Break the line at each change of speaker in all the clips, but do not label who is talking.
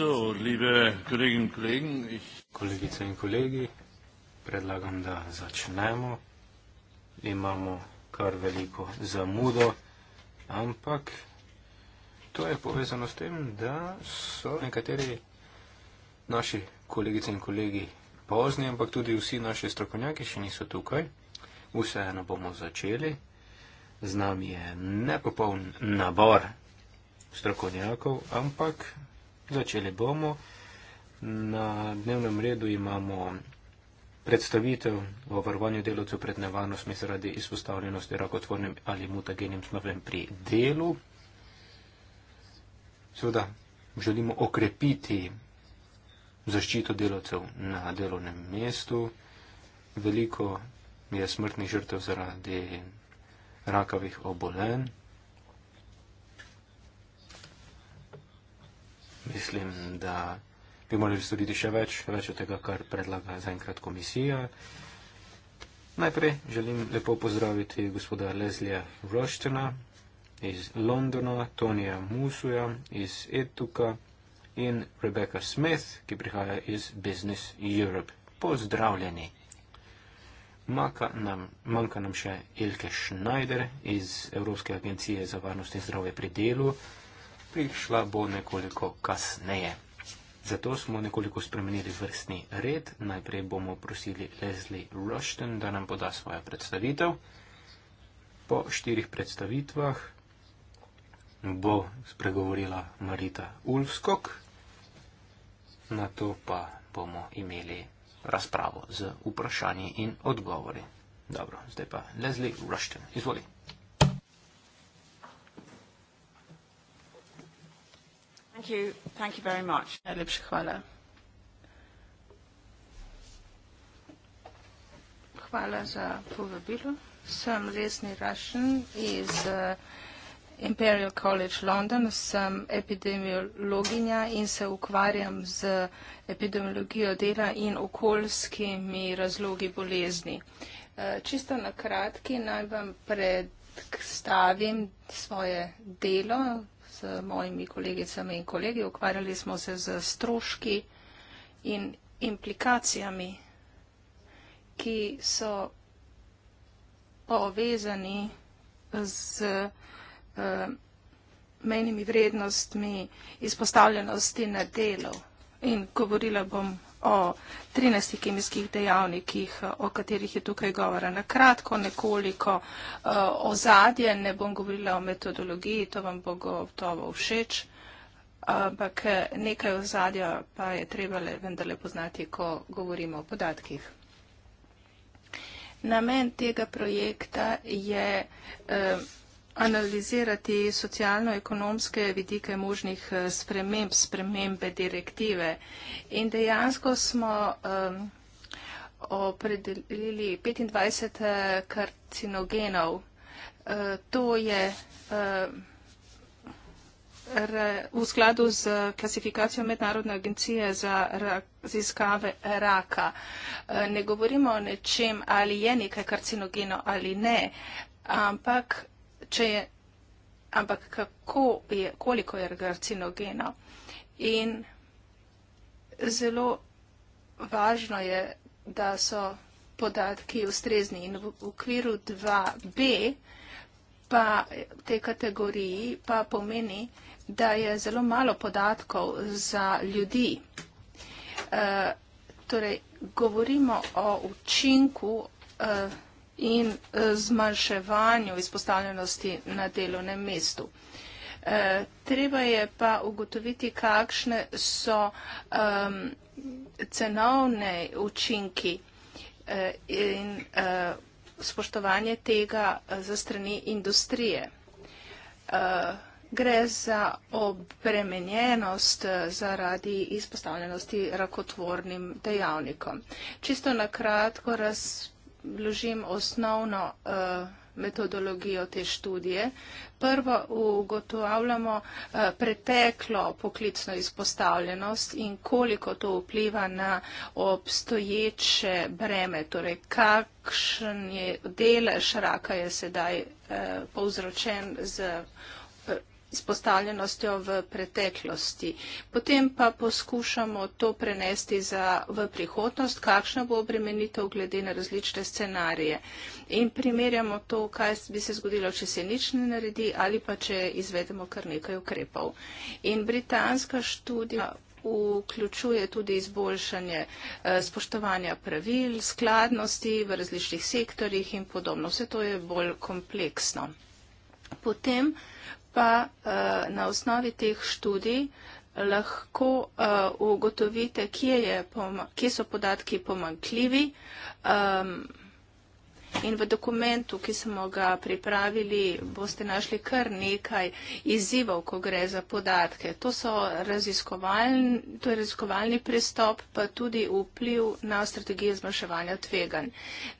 So, liebe Kolleginnen und Kollegen, ich Kolegice in kolegi, predlagam, da začnemo. Imamo kar veliko zamudo, ampak to je povezano s tem, da so nekateri naši kolegice in kolegi pozni, ampak tudi vsi naši strokovnjaki še niso tukaj. Vseeno bomo začeli. Z nami je nepopoln nabor strokovnjakov, ampak Začeli bomo. Na dnevnem redu imamo predstavitev o varovanju delovcev pred nevarnostmi zaradi izpostavljenosti rakotvornim ali mutagenim snovem pri delu. Seveda želimo okrepiti zaščito delovcev na delovnem mestu. Veliko je smrtnih žrtev zaradi rakavih obolenj. Mislim, da bi morali storiti še več, več od tega, kar predlaga zaenkrat komisija. Najprej želim lepo pozdraviti gospoda Leslija Roštena iz Londona, Tonija Musuja iz Etuka in Rebecca Smith, ki prihaja iz Business Europe. Pozdravljeni! Maka nam, manjka nam še Ilke Schneider iz Evropske agencije za varnost in zdravje pri delu prišla bo nekoliko kasneje. Zato smo nekoliko spremenili vrstni red. Najprej bomo prosili Leslie Rushton, da nam poda svojo predstavitev. Po štirih predstavitvah bo spregovorila Marita Ulfskog, na to pa bomo imeli razpravo z vprašanji in odgovori. Dobro, zdaj pa Leslie Rushton. Izvolite.
Thank you. Thank you very much. Najlepša hvala. Hvala za povabilo. Sem Lesni Rašen iz eh, Imperial College London. Sem epidemiologinja in se ukvarjam z epidemiologijo dela in okoljskimi razlogi bolezni. Eh, čisto na kratki naj vam predstavim svoje delo, mojimi kolegicami in kolegi, ukvarjali smo se z stroški in implikacijami, ki so povezani z uh, eh, menimi vrednostmi izpostavljenosti na delu. In govorila bom o 13 kemijskih dejavnikih, o katerih je tukaj govora. Na kratko, nekoliko uh, ozadje, ne bom govorila o metodologiji, to vam bo gotovo všeč, ampak eh, nekaj ozadja pa je treba le, vendarle poznati, ko govorimo o podatkih. Namen tega projekta je uh, analizirati socialno-ekonomske vidike možnih eh, sprememb, spremembe direktive. In dejansko smo um, opredelili 25 eh, karcinogenov. Uh, to je uh, re, v skladu z klasifikacijo Mednarodne agencije za raziskave raka. Uh, ne govorimo o nečem, ali je nekaj karcinogeno ali ne, ampak če je, ampak kako je, koliko je karcinogena. In zelo važno je, da so podatki ustrezni in v okviru 2b pa te kategoriji pa pomeni, da je zelo malo podatkov za ljudi. E, torej, govorimo o učinku. E, in eh, zmanjševanju izpostavljenosti na delovnem mestu. Eh, treba je pa ugotoviti, kakšne so um, cenovne učinki eh, in uh, spoštovanje tega za strani industrije. Uh, gre za obremenjenost zaradi izpostavljenosti rakotvornim dejavnikom. Čisto na kratko razpravljamo vložim osnovno eh, metodologijo te študije. Prvo ugotovljamo eh, preteklo poklicno izpostavljenost in koliko to vpliva na obstoječe breme, torej kakšen je delež raka je sedaj eh, povzročen z obstoječem izpostavljenostjo v preteklosti. Potem pa poskušamo to prenesti za, v prihodnost, kakšna bo obremenitev glede na različne scenarije. In primerjamo to, kaj bi se zgodilo, če se nič ne naredi ali pa če izvedemo kar nekaj ukrepov. In britanska študija vključuje tudi izboljšanje eh, spoštovanja pravil, skladnosti v različnih sektorjih in podobno. Vse to je bolj kompleksno. Potem pa uh, na osnovi teh študij lahko uh, ugotovite, kje, je, kje so podatki pomankljivi. Um, ehm, In v dokumentu, ki smo ga pripravili, boste našli kar nekaj izzivov, ko gre za podatke. To, to je raziskovalni pristop, pa tudi vpliv na strategije zmanjševanja tvegan.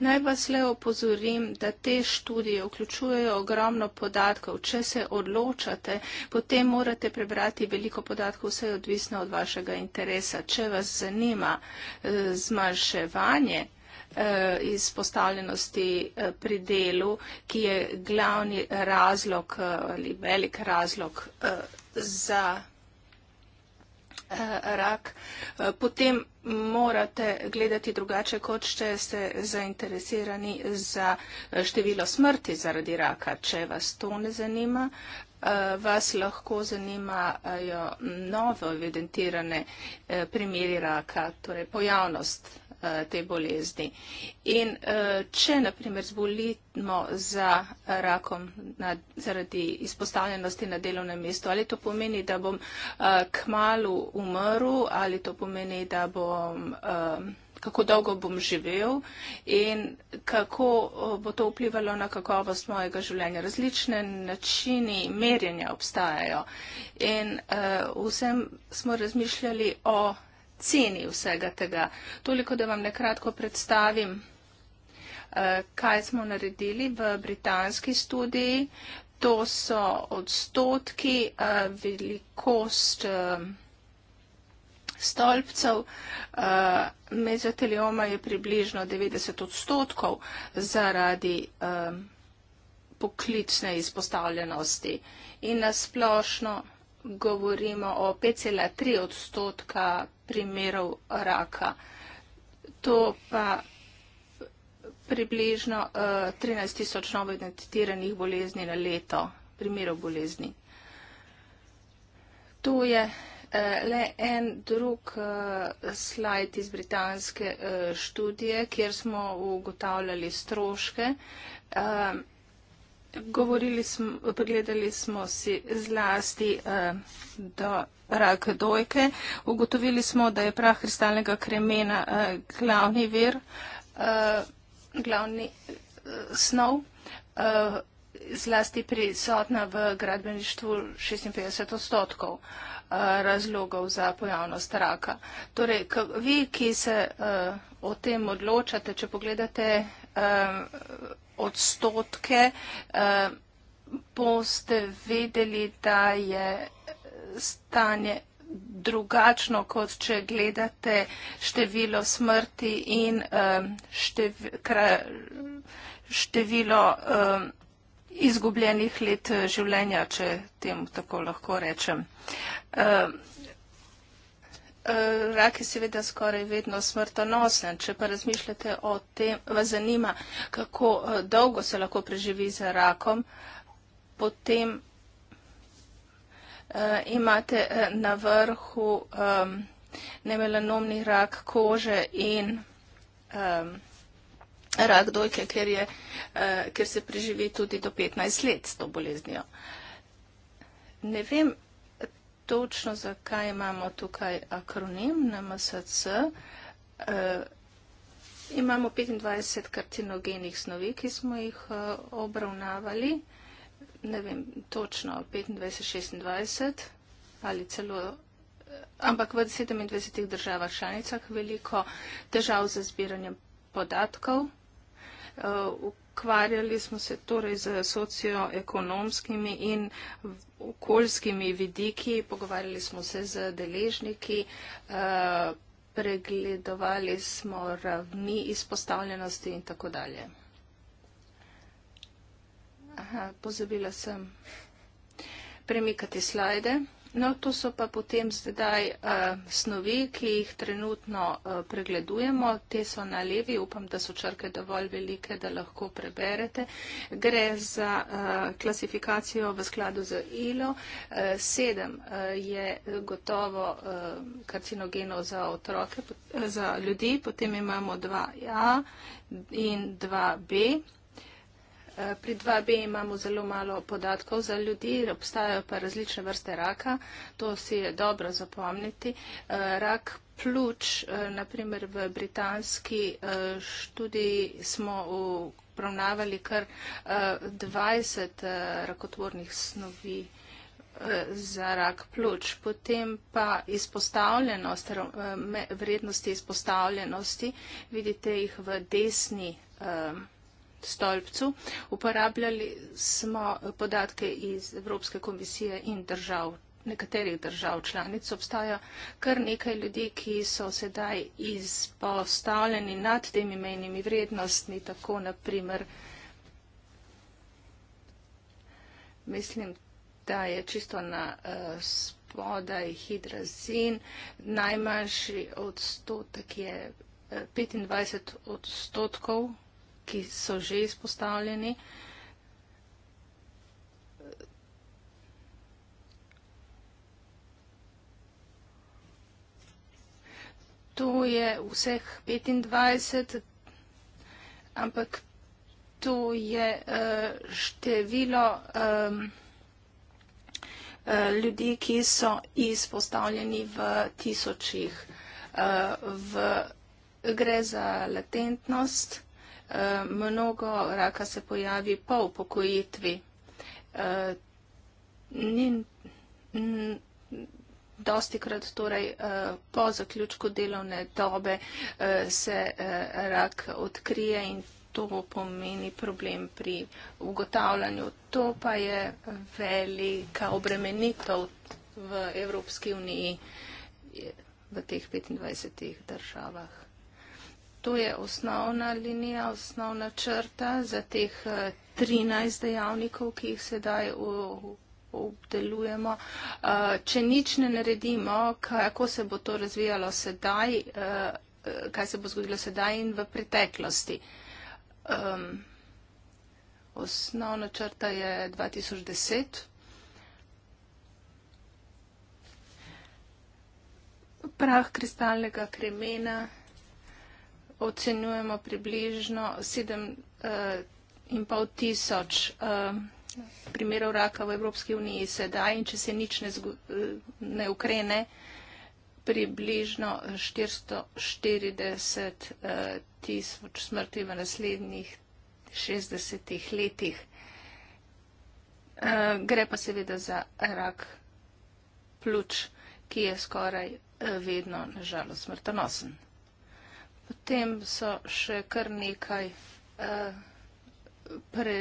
Naj vas le opozorim, da te študije vključujejo ogromno podatkov. Če se odločate, potem morate prebrati veliko podatkov, vse je odvisno od vašega interesa. Če vas zanima eh, zmanjševanje, Eh, izpostavljenosti eh, pri delu, ki je glavni razlog eh, ali velik razlog za rak, potem morate gledati drugače, kot če ste zainteresirani za število smrti zaradi raka. Če vas to ne zanima, vas lahko zanimajo novo evidentirane primeri raka, torej pojavnost Eh, te bolezni. In eh, če naprimer zbolimo za rakom na, zaradi izpostavljenosti na delovnem mestu, ali to pomeni, da bom eh, kmalu umrl, ali to pomeni, da bom kako dolgo bom živel in kako bo to vplivalo na kakovost mojega življenja. Različne načini merjenja obstajajo in uh, vsem smo razmišljali o ceni vsega tega. Toliko, da vam nekratko predstavim, eh, kaj smo naredili v britanski studiji. To so odstotki eh, velikost eh, stolpcev. Mezotelioma je približno 90 odstotkov zaradi poklicne izpostavljenosti. In nasplošno govorimo o 5,3 odstotka primerov raka. To pa približno uh, eh, 13 tisoč novo identitiranih bolezni na leto, primerov bolezni. To je uh, le en drug uh, slajd iz britanske uh, študije, kjer smo ugotavljali stroške. Uh, Govorili smo, pregledali smo si zlasti eh, do rak dojke. Ugotovili smo, da je prah kristalnega kremena eh, glavni vir, eh, glavni eh, snov, eh, zlasti prisotna v gradbeništvu 56 odstotkov eh, razlogov za pojavnost raka. Torej, vi, ki se eh, o tem odločate, če pogledate. Eh, odstotke, eh, boste vedeli, da je stanje drugačno, kot če gledate število smrti in eh, štev, kre, število eh, izgubljenih let življenja, če temu tako lahko rečem. Eh, rak je seveda skoraj vedno smrtonosen. Če pa razmišljate o tem, vas zanima, kako eh, dolgo se lahko preživi za rakom, potem uh, imate na vrhu um, nemelanomni rak kože in um, rak dojke, ker, je, uh, ker se preživi tudi do 15 let s to boleznijo. Ne vem, točno, zakaj imamo tukaj akronim na MSC. E, eh, imamo 25 kartinogenih snovi, ki smo jih e, obravnavali. Ne vem, točno 25-26 ali celo. Eh, ampak v 27 državah članicah veliko težav za zbiranje podatkov. E, v ukvarjali smo se torej z socioekonomskimi in okoljskimi vidiki, pogovarjali smo se z deležniki, eh, pregledovali smo ravni izpostavljenosti in tako dalje. Aha, pozabila sem premikati slajde. No, to so pa potem zdaj uh, snovi, ki jih trenutno uh, pregledujemo. Te so na levi, upam, da so črke dovolj velike, da lahko preberete. Gre za uh, klasifikacijo v skladu z ILO. Sedem uh, uh, je gotovo uh, karcinogeno za otroke, uh, za ljudi, potem imamo dva A in dva B. Pri 2B imamo zelo malo podatkov za ljudi, obstajajo pa različne vrste raka, to si je dobro zapomniti. Eh, rak pljuč, eh, naprimer v britanski eh, študiji smo obravnavali kar 20 rakotvornih snovi za rak pljuč. Potem pa izpostavljenost, vrednosti izpostavljenosti, vidite jih v desni stolpcu. Uporabljali smo podatke iz Evropske komisije in držav nekaterih držav članic obstaja kar nekaj ljudi, ki so sedaj izpostavljeni nad temi menjimi vrednostmi, tako naprimer, mislim, da je čisto na eh, spodaj hidrazin, najmanjši odstotek je 25 eh, odstotkov, ki so že izpostavljeni. Tu je vseh 25, ampak tu je uh, število um, ljudi, ki so izpostavljeni v tisočih. Uh, v, gre za latentnost mnogo raka se pojavi po upokojitvi. E, ni dosti krat torej e, po zaključku delovne dobe e, se rak odkrije in to pomeni problem pri ugotavljanju. To pa je velika obremenitev v Evropski uniji v teh 25 državah. To je osnovna linija, osnovna črta za teh 13 eh, dejavnikov, ki jih sedaj obdelujemo. Eh, če nič ne naredimo, kako se bo to razvijalo sedaj, eh, kaj se bo zgodilo sedaj in v preteklosti. Osnovna črta je 2010. Prah kristalnega kremena ocenjujemo približno 7,5 eh, tisoč eh, primerov raka v Evropski uniji sedaj in če se nič ne, eh, ne ukrene, približno 440 tisoč smrti v naslednjih 60 letih. Gre pa seveda za rak pljuč, ki je skoraj vedno nažalost smrtonosen. Potem so še kar nekaj eh, pre,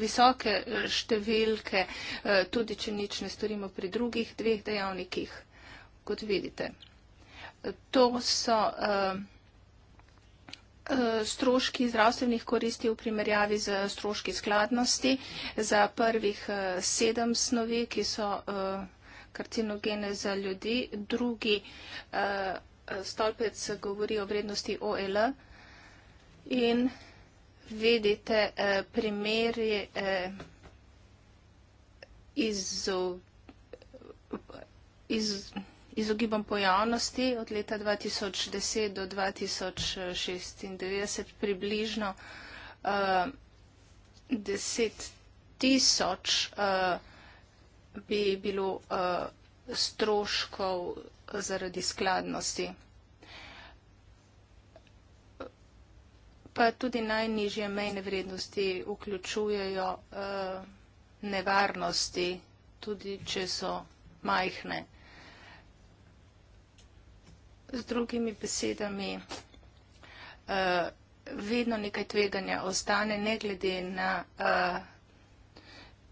visoke eh, številke, eh, tudi če nič ne storimo pri drugih dveh dejavnikih, kot vidite. To so stroški zdravstvenih koristi v primerjavi z stroški skladnosti za prvih sedem snovi, ki so karcinogene za ljudi, drugi stolpec govori o vrednosti OL in vidite eh, primer je eh, izo, iz, izogibom pojavnosti od leta 2010 do 2096 približno eh, 10 tisoč eh, bi bilo eh, stroškov zaradi skladnosti. Pa tudi najnižje mejne vrednosti vključujejo eh, nevarnosti, tudi če so majhne. Z drugimi besedami, eh, vedno nekaj tveganja ostane, ne glede na vrednosti, eh,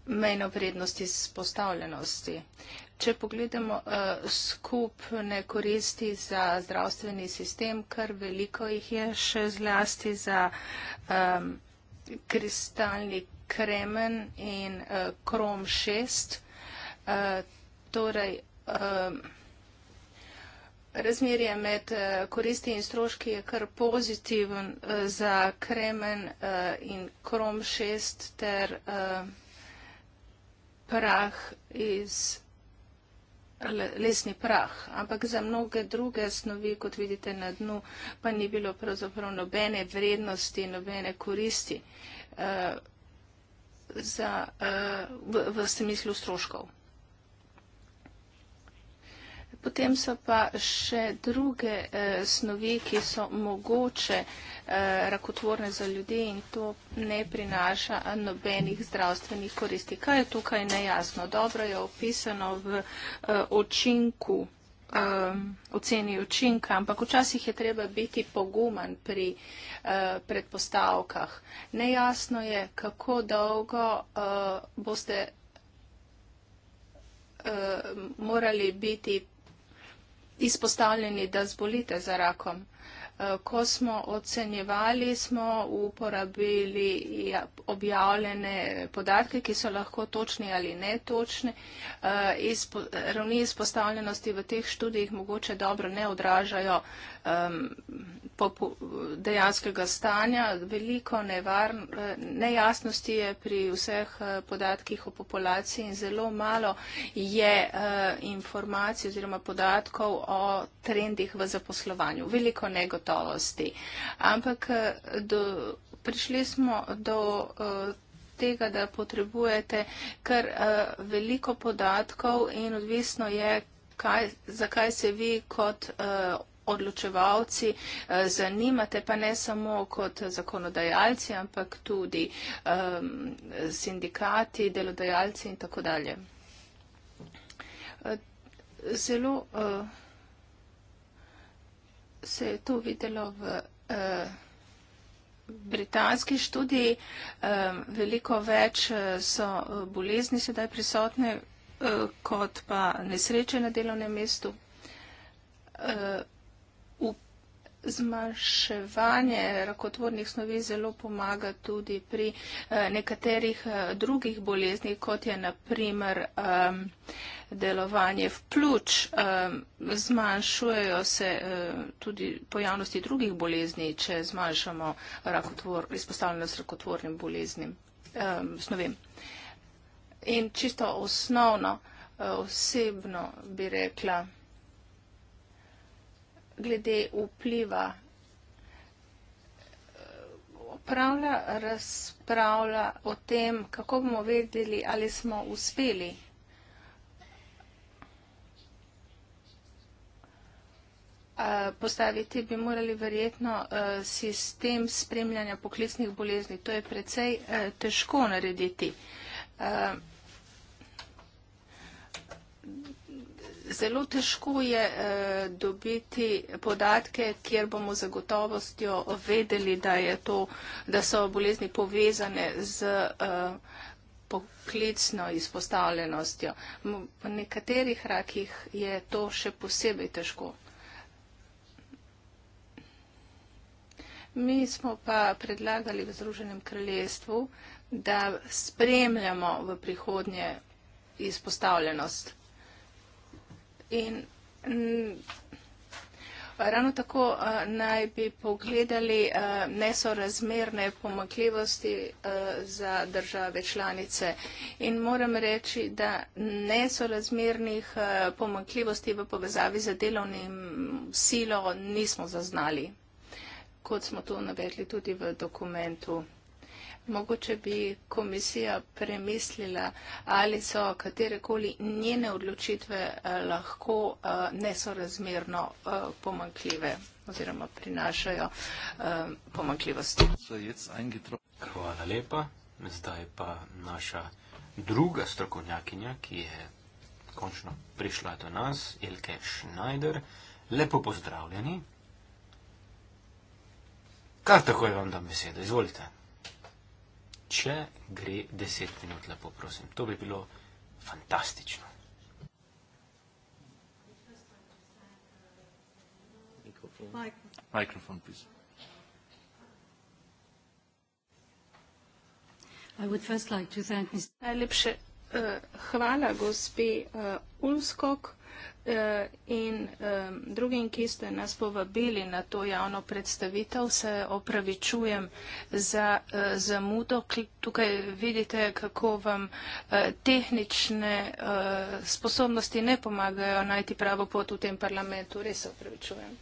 mejno vrednost izpostavljenosti. Če pogledamo uh, skupne koristi za zdravstveni sistem, kar veliko jih je še zlasti za um, kristalni kremen in uh, krom 6. Uh, eh, torej, uh, razmerje med uh, koristi in stroški je kar pozitiven uh, za kremen uh, in krom 6 ter. Uh, prah iz lesni prah, ampak za mnoge druge snovi, kot vidite na dnu, pa ni bilo pravzaprav nobene vrednosti, nobene koristi uh, za, uh, v, v smislu stroškov. Potem so pa še druge eh, snovi, ki so mogoče eh, rakotvorne za ljudi in to ne prinaša nobenih zdravstvenih koristi. Kaj je tukaj nejasno? Dobro je opisano v eh, očinku, eh, oceni očinka, ampak včasih je treba biti poguman pri eh, predpostavkah. Nejasno je, kako dolgo eh, boste eh, morali biti izpostavljeni, da zbolite za rakom. Eh, ko smo ocenjevali, smo uporabili ja, objavljene podatke, ki so lahko točni ali netočni. Eh, ravni izpostavljenosti v teh študijih mogoče dobro ne odražajo um, popu, dejanskega stanja. Veliko nevarn, nejasnosti je pri vseh eh, podatkih o populaciji in zelo malo je uh, informacij oziroma podatkov o trendih v zaposlovanju. Veliko negotovosti. Ampak eh, do, prišli smo do. Uh, tega, da potrebujete kar uh, veliko podatkov in odvisno je, kaj, zakaj se vi kot uh, odločevalci eh, zanimate, pa ne samo kot zakonodajalci, ampak tudi um, sindikati, delodajalci in tako dalje. Eh, zelo uh, se je to videlo v uh, Britanski študiji um, veliko več so bolezni sedaj prisotne, uh, kot pa nesreče na delovnem mestu. Uh, Zmanjševanje rakotvornih snovi zelo pomaga tudi pri eh, nekaterih eh, drugih boleznih, kot je naprimer delovanje v pljuč. Zmanjšujejo se eh, tudi pojavnosti drugih bolezni, če zmanjšamo rakotvor, izpostavljenost rakotvornim boleznim snovem. In čisto osnovno, osebno bi rekla, glede vpliva upravlja, razpravlja o tem, kako bomo vedeli, ali smo uspeli. Postaviti bi morali verjetno e, sistem spremljanja poklicnih bolezni. To je precej e, težko narediti. E, zelo težko je eh, dobiti podatke, kjer bomo z gotovostjo vedeli, da, to, da so bolezni povezane z eh, poklicno izpostavljenostjo. V nekaterih rakih je to še posebej težko. Mi smo pa predlagali v Združenem kraljestvu, da spremljamo v prihodnje izpostavljenost In mm, ravno tako eh, naj bi pogledali eh, nesorazmerne pomakljivosti eh, za države članice. In moram reči, da nesorazmernih pomakljivosti v povezavi z delovnim silo nismo zaznali, kot smo to navedli tudi v dokumentu mogoče bi komisija premislila, ali so katerekoli njene odločitve eh, lahko eh, nesorazmerno eh, pomankljive oziroma prinašajo pomankljivosti.
Hvala lepa. Zdaj pa naša druga strokovnjakinja, ki je končno prišla do nas, Ilke Schneider. Lepo pozdravljeni. Kar takoj vam dam besedo, izvolite če gre 10 minut lepo, prosim. To bi bilo fantastično. Mikrofon, please.
Najlepše eh, hvala gospe eh, Ulskog. Eh, in um, drugim, ki ste nas povabili na to javno predstavitev, se opravičujem za uh, zamudo. Tukaj vidite, kako vam uh, tehnične uh, sposobnosti ne pomagajo najti pravo pot v tem parlamentu. Res se opravičujem.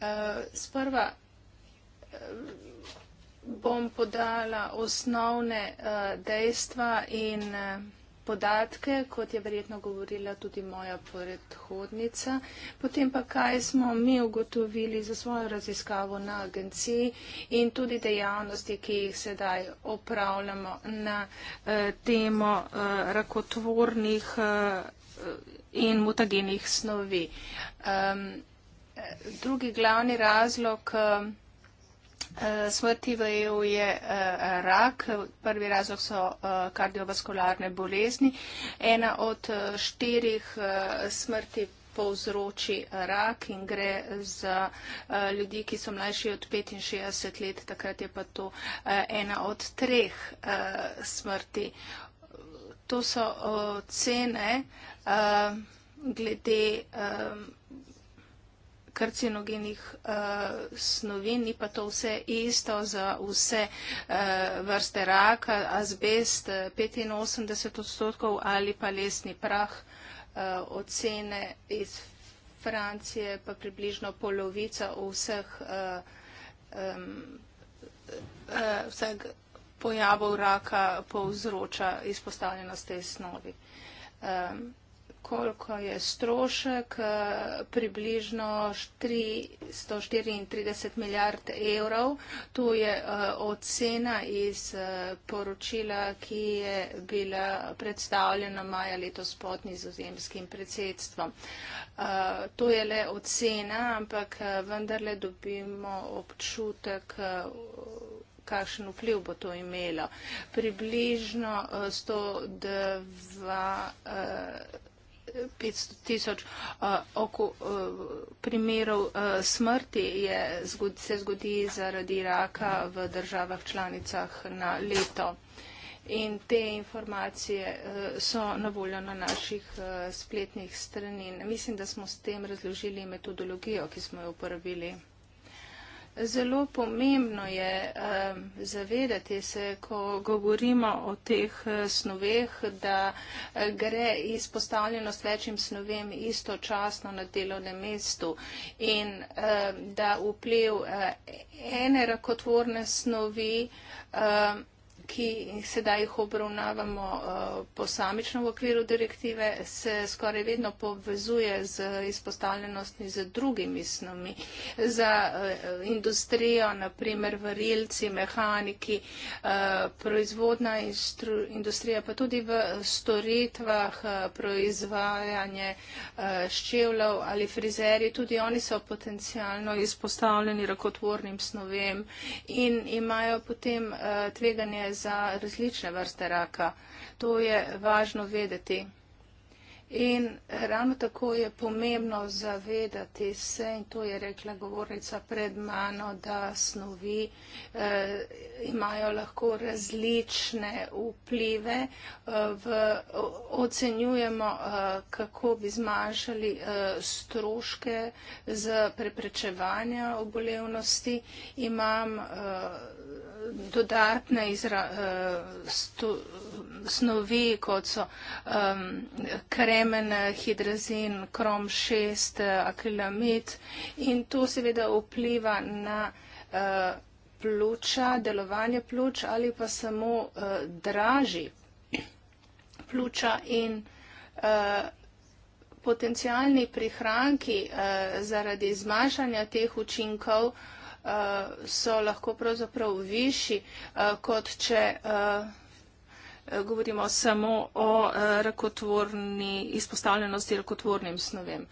Uh, sprva uh, bom podala osnovne uh, dejstva in. Uh, podatke, kot je verjetno govorila tudi moja predhodnica. Potem pa kaj smo mi ugotovili za svojo raziskavo na agenciji in tudi dejavnosti, ki jih sedaj opravljamo na eh, temo eh, rakotvornih eh, in mutagenih snovi. Um, drugi glavni razlog. Eh, Eh, smrti v EU je eh, rak, prvi razlog so eh, kardiovaskularne bolezni. Ena od štirih smrti povzroči rak in gre za ljudi, ki so mlajši od 65 let, takrat je pa to ena od treh smrti. To so cene glede karcinogenih uh, eh, snovi, ni pa to vse isto za vse uh, vrste raka, azbest 85 eh, odstotkov ali pa lesni prah uh, ocene iz Francije, pa približno polovica vseh, uh, um, uh, vseh pojavov raka povzroča izpostavljenost tej snovi. Um, koliko je strošek, eh, približno 334 milijard evrov. To je eh, ocena iz eh, poročila, ki je bila predstavljena maja letos pod nizozemskim predsedstvom. To je le ocena, ampak vendarle dobimo občutek kakšen vpliv bo to imelo. Približno 102 500 tisoč uh, eh, oko, uh, eh, primerov uh, smrti je, zgod, se zgodi zaradi raka v državah članicah na leto. In te informacije uh, so na voljo na naših uh, spletnih strani. Mislim, da smo s tem razložili metodologijo, ki smo jo uporabili. Zelo pomembno je eh, zavedati se, ko govorimo o teh eh, snoveh, da eh, gre izpostavljenost večjim snovem istočasno na delovnem mestu in da vpliv ene rakotvorne snovi ki sedaj jih obravnavamo eh, posamično v okviru direktive, se skoraj vedno povezuje z izpostavljenostmi z drugimi snovmi. Za eh, industrijo, naprimer varilci, mehaniki, eh, proizvodna industrija, pa tudi v storitvah proizvajanje ščevljev ali frizeri, tudi oni so potencialno izpostavljeni rakotvornim snovem in imajo potem tveganje za različne vrste raka. To je važno vedeti. In ravno tako je pomembno zavedati se, in to je rekla govornica pred mano, da snovi eh, imajo lahko različne vplive. Eh, v, ocenjujemo, eh, kako bi zmanjšali eh, stroške z preprečevanja obolevnosti. Imam, eh, dodatne izra, eh, stu, snovi, kot so um, kremen, hidrazin, krom 6, akrilamid in to seveda vpliva na uh, eh, pluča, delovanje pluč ali pa samo uh, eh, draži pluča in uh, potencijalni prihranki uh, zaradi zmanjšanja teh učinkov uh, Eh, so lahko pravzaprav višji, eh, kot če eh, govorimo samo o rakotvorni izpostavljenosti rakotvornim snovem.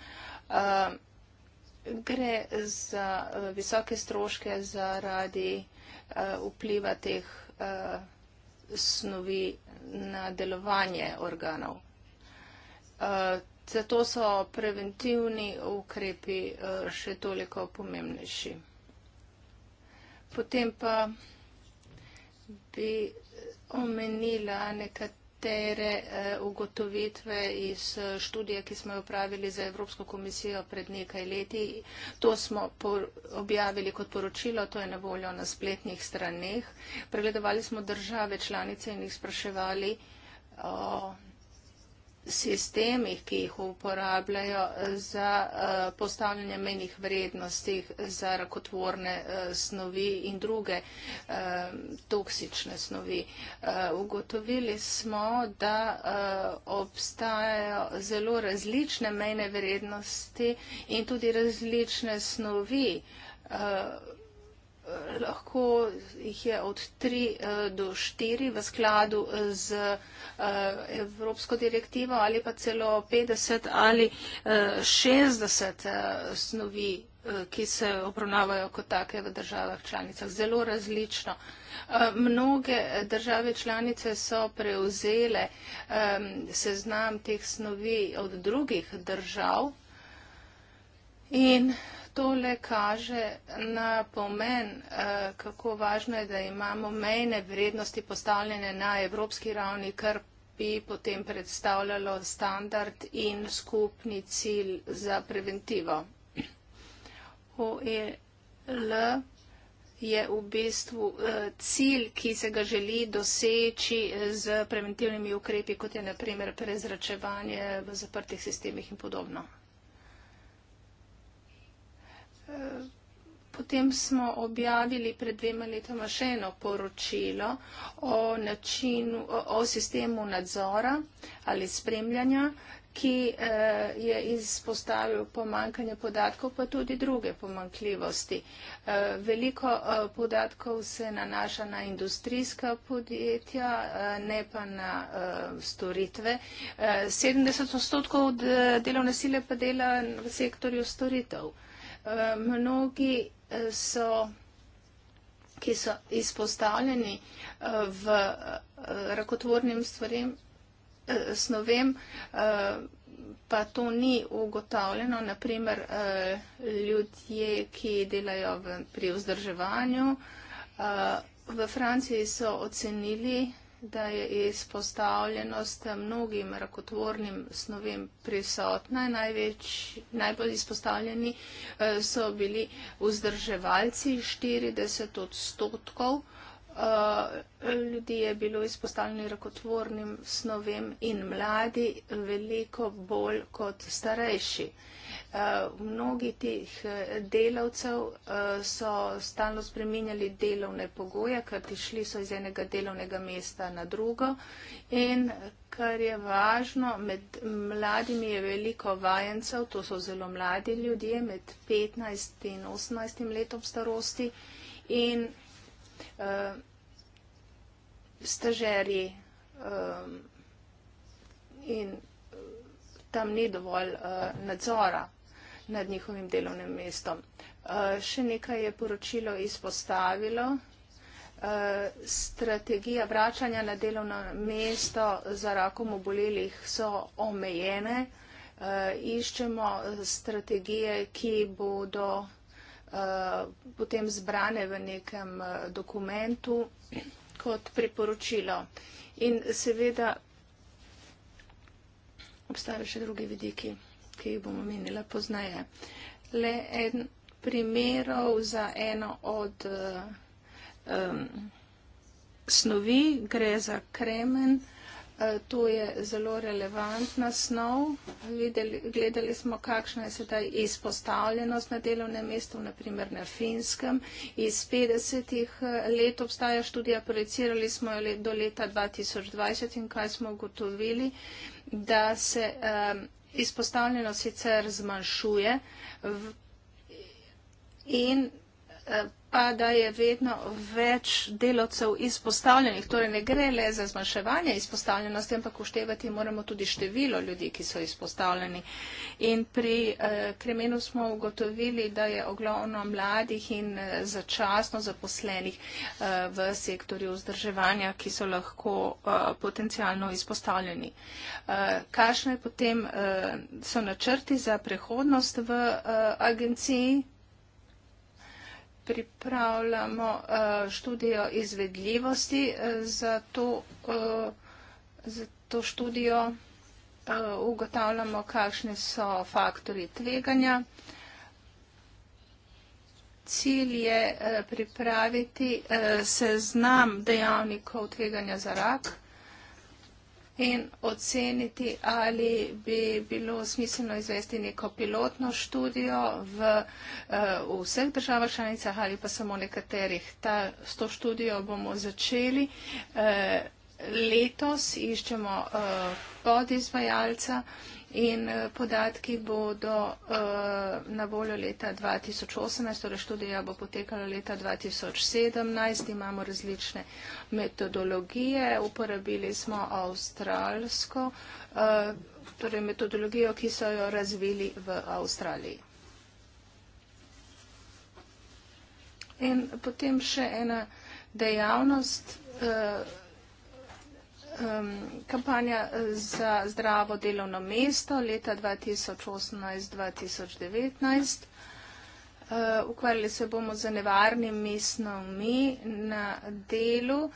Gre za visoke stroške zaradi vpliva teh snovi na delovanje organov. Zato so preventivni ukrepi še toliko pomembnejši. Potem pa bi omenila nekatere eh, ugotovitve iz eh, študije, ki smo jo upravili za Evropsko komisijo pred nekaj leti. To smo objavili kot poročilo, to je na voljo na spletnih straneh. Pregledovali smo države članice in jih spraševali sistemih, ki jih uporabljajo za eh, postavljanje menih vrednosti za rakotvorne eh, snovi in druge eh, toksične snovi. Ugotovili smo, da obstajajo zelo različne mejne vrednosti in tudi različne snovi lahko jih je od 3 eh, do 4 v skladu z eh, Evropsko direktivo ali pa celo 50 ali 60 eh, snovi, ki se obravnavajo kot take v državah članicah. Zelo različno. Mnoge države članice so prevzele seznam teh snovi od drugih držav in tole kaže na pomen, eh, kako važno je, da imamo mejne vrednosti postavljene na evropski ravni, kar bi potem predstavljalo standard in skupni cilj za preventivo. OEL je v bistvu eh, cilj, ki se ga želi doseči z eh, preventivnimi ukrepi, kot je naprimer prezračevanje v zaprtih sistemih in podobno. Potem smo objavili pred dvema letoma še eno poročilo o, načinu, o sistemu nadzora ali spremljanja, ki eh, je izpostavil pomankanje podatkov, pa tudi druge pomankljivosti. Eh, veliko eh, podatkov se nanaša na industrijska podjetja, ne pa na storitve. 70 odstotkov delovne sile pa dela v sektorju storitev. Eh, mnogi eh, so, ki so izpostavljeni eh, v rakotvornim stvarem, snovem, pa to ni ugotavljeno. Naprimer, ljudje, ki delajo pri vzdrževanju, v Franciji so ocenili, da je izpostavljenost mnogim rakotvornim snovem prisotna. Največ, najbolj izpostavljeni eh, so bili vzdrževalci 40 odstotkov. Eh, Ljudje je bilo izpostavljeni rakotvornim snovem in mladi veliko bolj kot starejši. Eh, mnogi tih eh, delavcev eh, so stalno spreminjali delovne pogoje, ker ti šli so iz enega delovnega mesta na drugo. In kar je važno, med mladimi je veliko vajencev, to so zelo mladi ljudje, med 15 in 18 letom starosti in uh, stažerji. Um, in tam ni dovolj uh, nadzora nad njihovim delovnim mestom. Uh, še nekaj je poročilo izpostavilo. Uh, strategija vračanja na delovno mesto za rakom obolelih so omejene. Uh, iščemo strategije, ki bodo potem zbrane v nekem dokumentu kot priporočilo. In seveda obstajajo še drugi vidiki ki jih bom omenila poznaje. Le en primerov za eno od uh, um, snovi, gre za kremen, uh, to je zelo relevantna snov. Videli, gledali smo, kakšna je sedaj izpostavljenost na delovnem mestu, naprimer na finskem. Iz 50 eh, let obstaja študija, projicirali smo jo let, do leta 2020 in kaj smo ugotovili, da se. Um, izpostavljenost sicer zmanjšuje in eh, pa da je vedno več delavcev izpostavljenih. Torej ne gre le za zmanjševanje izpostavljenosti, ampak uštevati moramo tudi število ljudi, ki so izpostavljeni. In pri eh, kremenu smo ugotovili, da je oglavno mladih in eh, začasno zaposlenih eh, v sektorju vzdrževanja, ki so lahko eh, potencijalno izpostavljeni. Eh, kašne potem eh, so načrti za prehodnost v eh, agenciji? pripravljamo eh, študijo izvedljivosti eh, za to, eh, za to študijo. Ugotavljamo, kakšni so faktori tveganja. Cilj je pripraviti seznam dejavnikov tveganja za rak in oceniti, ali bi bilo smiselno izvesti neko pilotno študijo v, eh, v vseh državah članicah ali pa samo nekaterih. Ta, s to študijo bomo začeli. Eh, letos iščemo eh, podizvajalca in eh, podatki bodo eh, na voljo leta 2018, torej študija bo potekala leta 2017, imamo različne metodologije, uporabili smo avstralsko, eh, torej metodologijo, ki so jo razvili v Avstraliji. In potem še ena dejavnost, ki je vsega, um, kampanja eh, za zdravo delovno mesto leta 2018-2019. Uh, eh, ukvarjali se bomo z nevarnim mesnomi na delu uh,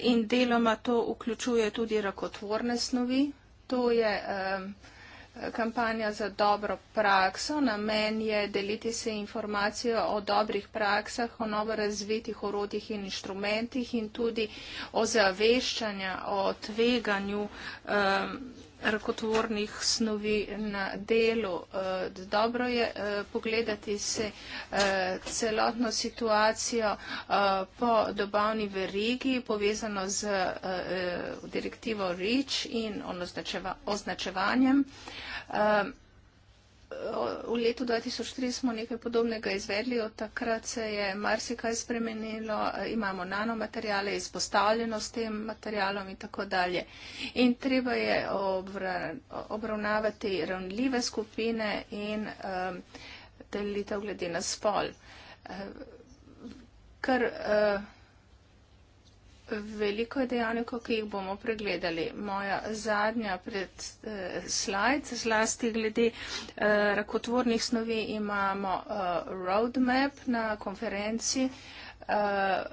in deloma to vključuje tudi rakotvorne snovi. To je um, kampanja za dobro prakso. Namen je deliti se informacijo o dobrih praksah, o novo razvitih orodjih in inštrumentih in tudi o zaveščanju, o tveganju. Um, rakotvornih snovi na delu. Eh, dobro je eh, pogledati se eh, celotno situacijo po dobavni verigi, povezano z direktivo REACH in označeva, označevanjem v letu 2003 smo nekaj podobnega izvedli, od takrat se je marsikaj spremenilo, imamo nanomaterjale, izpostavljeno s tem materialom in tako dalje. In treba je obravnavati ravnljive skupine in um, delitev glede na spol. Ker uh, veliko dejavnikov, ki jih bomo pregledali. Moja zadnja pred eh, slajd, zlasti glede eh, rakotvornih snovi, imamo eh, roadmap na konferenci. Eh,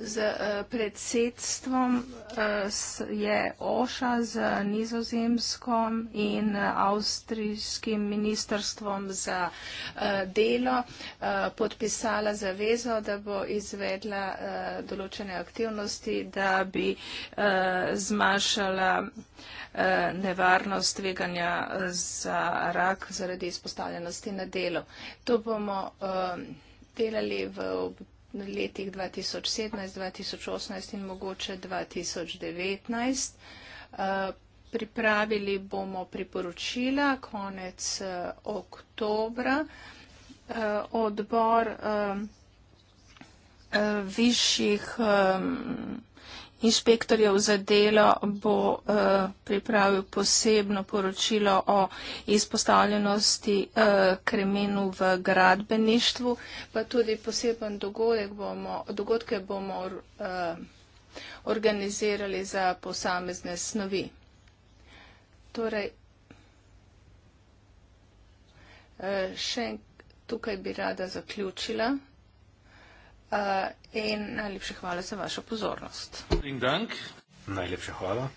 z uh, predsedstvom uh, je OŠA z nizozemskom in avstrijskim ministrstvom za uh, delo uh, podpisala zavezo, da bo izvedla uh, določene aktivnosti, da bi uh, zmanjšala uh, nevarnost tveganja za rak zaradi izpostavljenosti na delo. To bomo uh, delali v obdobju letih 2017, 2018 in mogoče 2019. Eh, pripravili bomo priporočila konec eh, oktobra. Eh, odbor višjih inšpektorjev za delo bo uh, pripravil posebno poročilo o izpostavljenosti uh, kremenu v gradbeništvu, pa tudi poseben dogodek bomo, dogodke bomo uh, organizirali za posamezne snovi. Torej, uh, še tukaj bi rada zaključila. Uh, In najlepša hvala za vašo pozornost.
In dank. Najlepša hvala.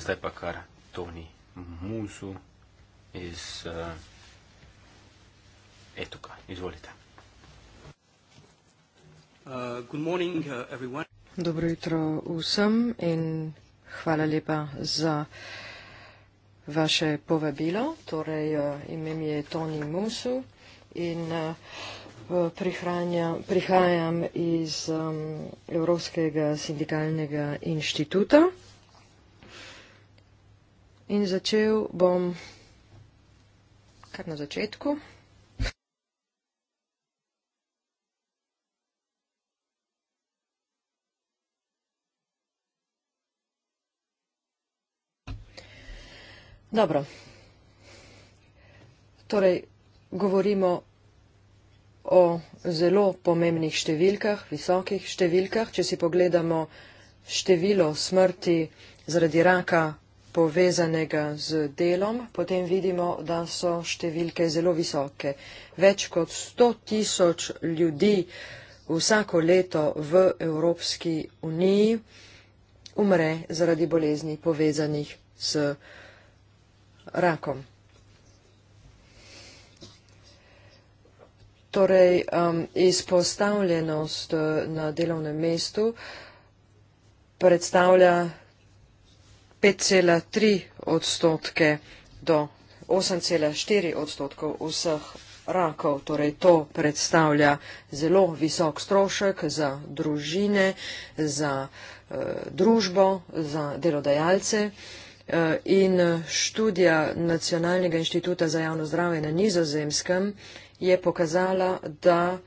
Zdaj pa kar Toni Musu iz uh, Etuka. Izvolite. Uh, morning, uh,
Dobro jutro vsem in hvala lepa za vaše povabilo. Torej, uh, ime mi je Toni Musu in uh, Eh, prihajam iz um, Evropskega sindikalnega inštituta. In začel bom kar na začetku. Dobro. Torej, govorimo o zelo pomembnih številkah, visokih številkah. Če si pogledamo število smrti zaradi raka povezanega z delom, potem vidimo, da so številke zelo visoke. Več kot 100 tisoč ljudi vsako leto v Evropski uniji umre zaradi bolezni povezanih s rakom. Torej, um, izpostavljenost uh, na delovnem mestu predstavlja 5,3 odstotke do 8,4 odstotkov vseh rakov. Torej, to predstavlja zelo visok strošek za družine, za uh, družbo, za delodajalce. Uh, in študija Nacionalnega inštituta za javno zdravje na nizozemskem je pokazala, da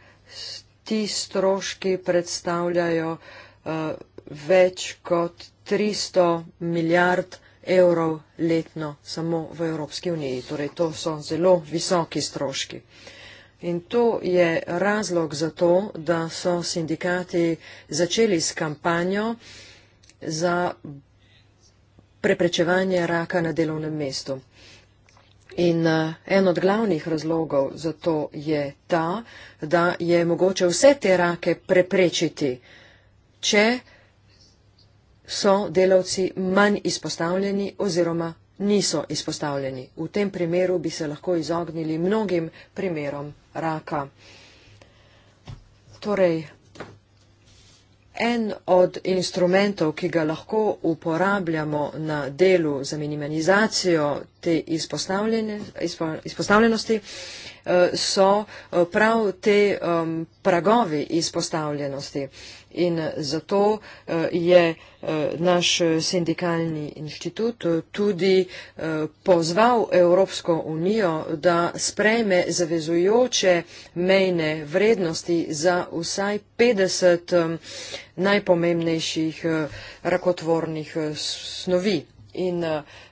ti stroški predstavljajo uh, več kot 300 milijard evrov letno samo v Evropski uniji. Torej, to so zelo visoki stroški. In to je razlog za to, da so sindikati začeli s kampanjo za preprečevanje raka na delovnem mestu. In eh, en od glavnih razlogov za to je ta, da je mogoče vse te rake preprečiti, če so delavci manj izpostavljeni oziroma niso izpostavljeni. V tem primeru bi se lahko izognili mnogim primerom raka. Torej, en od instrumentov, ki ga lahko uporabljamo na delu za minimalizacijo te izpostavljene, izpostavljenosti, eh, so eh, prav te um, pragovi izpostavljenosti. Uh, in eh, zato eh, je eh, naš sindikalni inštitut tudi pozval Evropsko unijo, da sprejme zavezujoče mejne vrednosti za vsaj 50 najpomembnejših rakotvornih snovi. In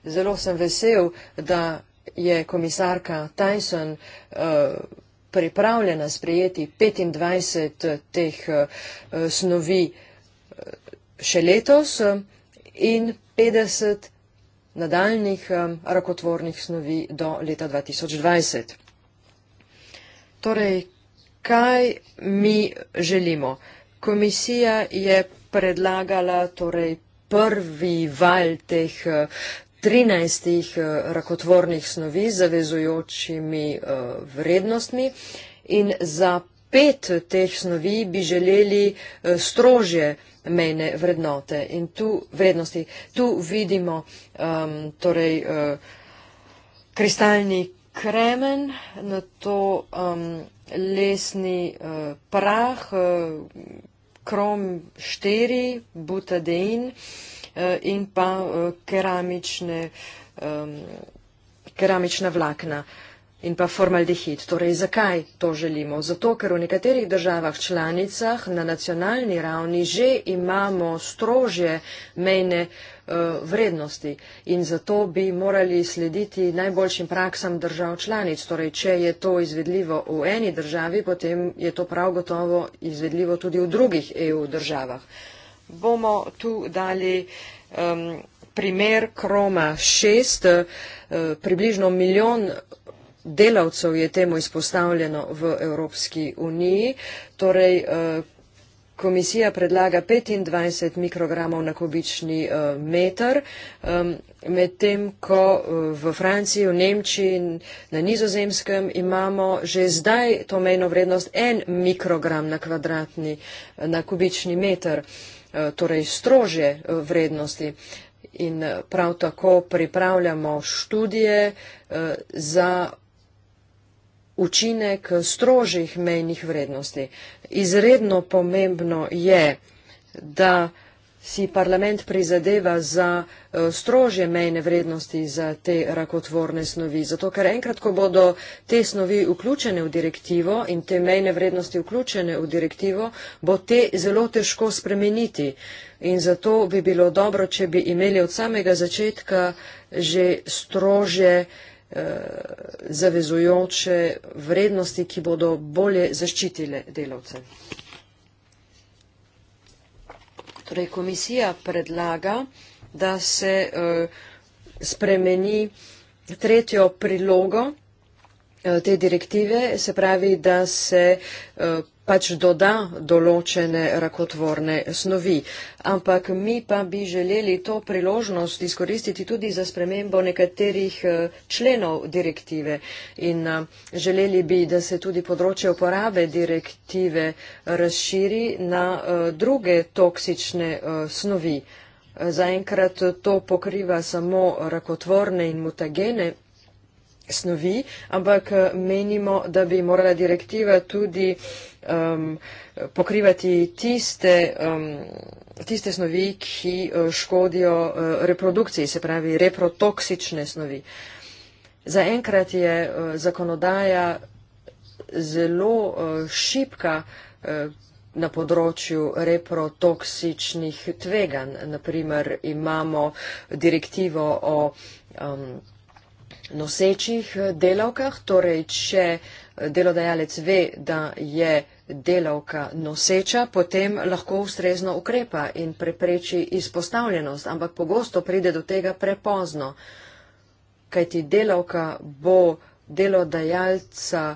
zelo sem vesel, da je komisarka Tyson uh, pripravljena sprejeti 25 eh, teh eh, eh, snovi še letos in 50 nadaljnih rakotvornih snovi do leta 2020. Torej, kaj mi želimo? Komisija je predlagala torej, prvi val teh 13 eh, rakotvornih snovi z zavezujočimi eh, vrednostmi in za pet teh snovi bi želeli eh, strožje mejne vrednote in tu vrednosti. Tu vidimo um, torej, uh, kristalni kremen, na to um, lesni uh, prah, uh, krom 4, butadein. Uh, Eh, in pa eh, keramične, keramična vlakna in pa formaldehid. Torej, zakaj to želimo? Zato, ker v nekaterih državah članicah na nacionalni ravni že imamo strožje mejne eh, vrednosti in zato bi morali slediti najboljšim praksam držav članic. Torej, če je to izvedljivo v eni državi, potem je to prav gotovo izvedljivo tudi v drugih EU državah bomo tu dali um, primer Kroma 6. Uh, približno milijon delavcev je temu izpostavljeno v Evropski uniji. Torej, uh, Komisija predlaga 25 mikrogramov na kubični uh, meter, um, medtem ko uh, v Franciji, v Nemčiji in na nizozemskem imamo že zdaj to mejno vrednost 1 mikrogram na, na kubični meter. Uh, Eh, torej strože eh, vrednosti. In eh, prav tako pripravljamo študije za učinek strožjih mejnih vrednosti. Izredno pomembno je, da si parlament prizadeva za eh, strožje mejne vrednosti za te rakotvorne snovi. Zato, ker enkrat, ko bodo te snovi vključene v direktivo in te mejne vrednosti vključene v direktivo, bo te zelo težko spremeniti. In zato bi bilo dobro, če bi imeli od samega začetka že strožje eh, zavezujoče vrednosti, ki bodo bolje zaščitile delavce. Torej, komisija predlaga, da se eh, spremeni tretjo prilogo eh, te direktive, se pravi, da se eh, pač doda določene rakotvorne snovi. Ampak mi pa bi želeli to priložnost izkoristiti tudi za spremembo nekaterih eh, členov direktive in eh, želeli bi, da se tudi področje uporabe direktive razširi na eh, druge toksične snovi. Zaenkrat to pokriva samo rakotvorne in mutagene snovi, ampak eh, menimo, da bi morala direktiva tudi um, pokrivati tiste, um, tiste snovi, ki eh, škodijo eh, reprodukciji, se pravi reprotoksične snovi. Zaenkrat je zakonodaja zelo šipka na področju reprotoksičnih tveganj. Naprimer imamo direktivo o um, nosečih eh, delavkah, torej če eh, delodajalec ve, da je delavka noseča, potem lahko ustrezno ukrepa in prepreči izpostavljenost, ampak pogosto pride do tega prepozno, kajti delavka bo delodajalca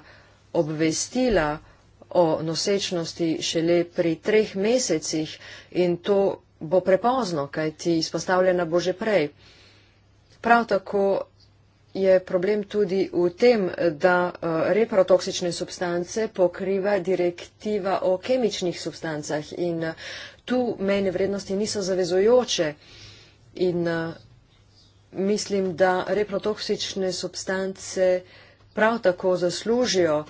obvestila o nosečnosti šele pri treh mesecih in to bo prepozno, kajti izpostavljena bo že prej. Prav tako je problem tudi v tem, da eh, reprotoksične substance pokriva direktiva o kemičnih substancah in eh, tu mejne vrednosti niso zavezujoče in eh, mislim, da reprotoksične substance prav tako zaslužijo,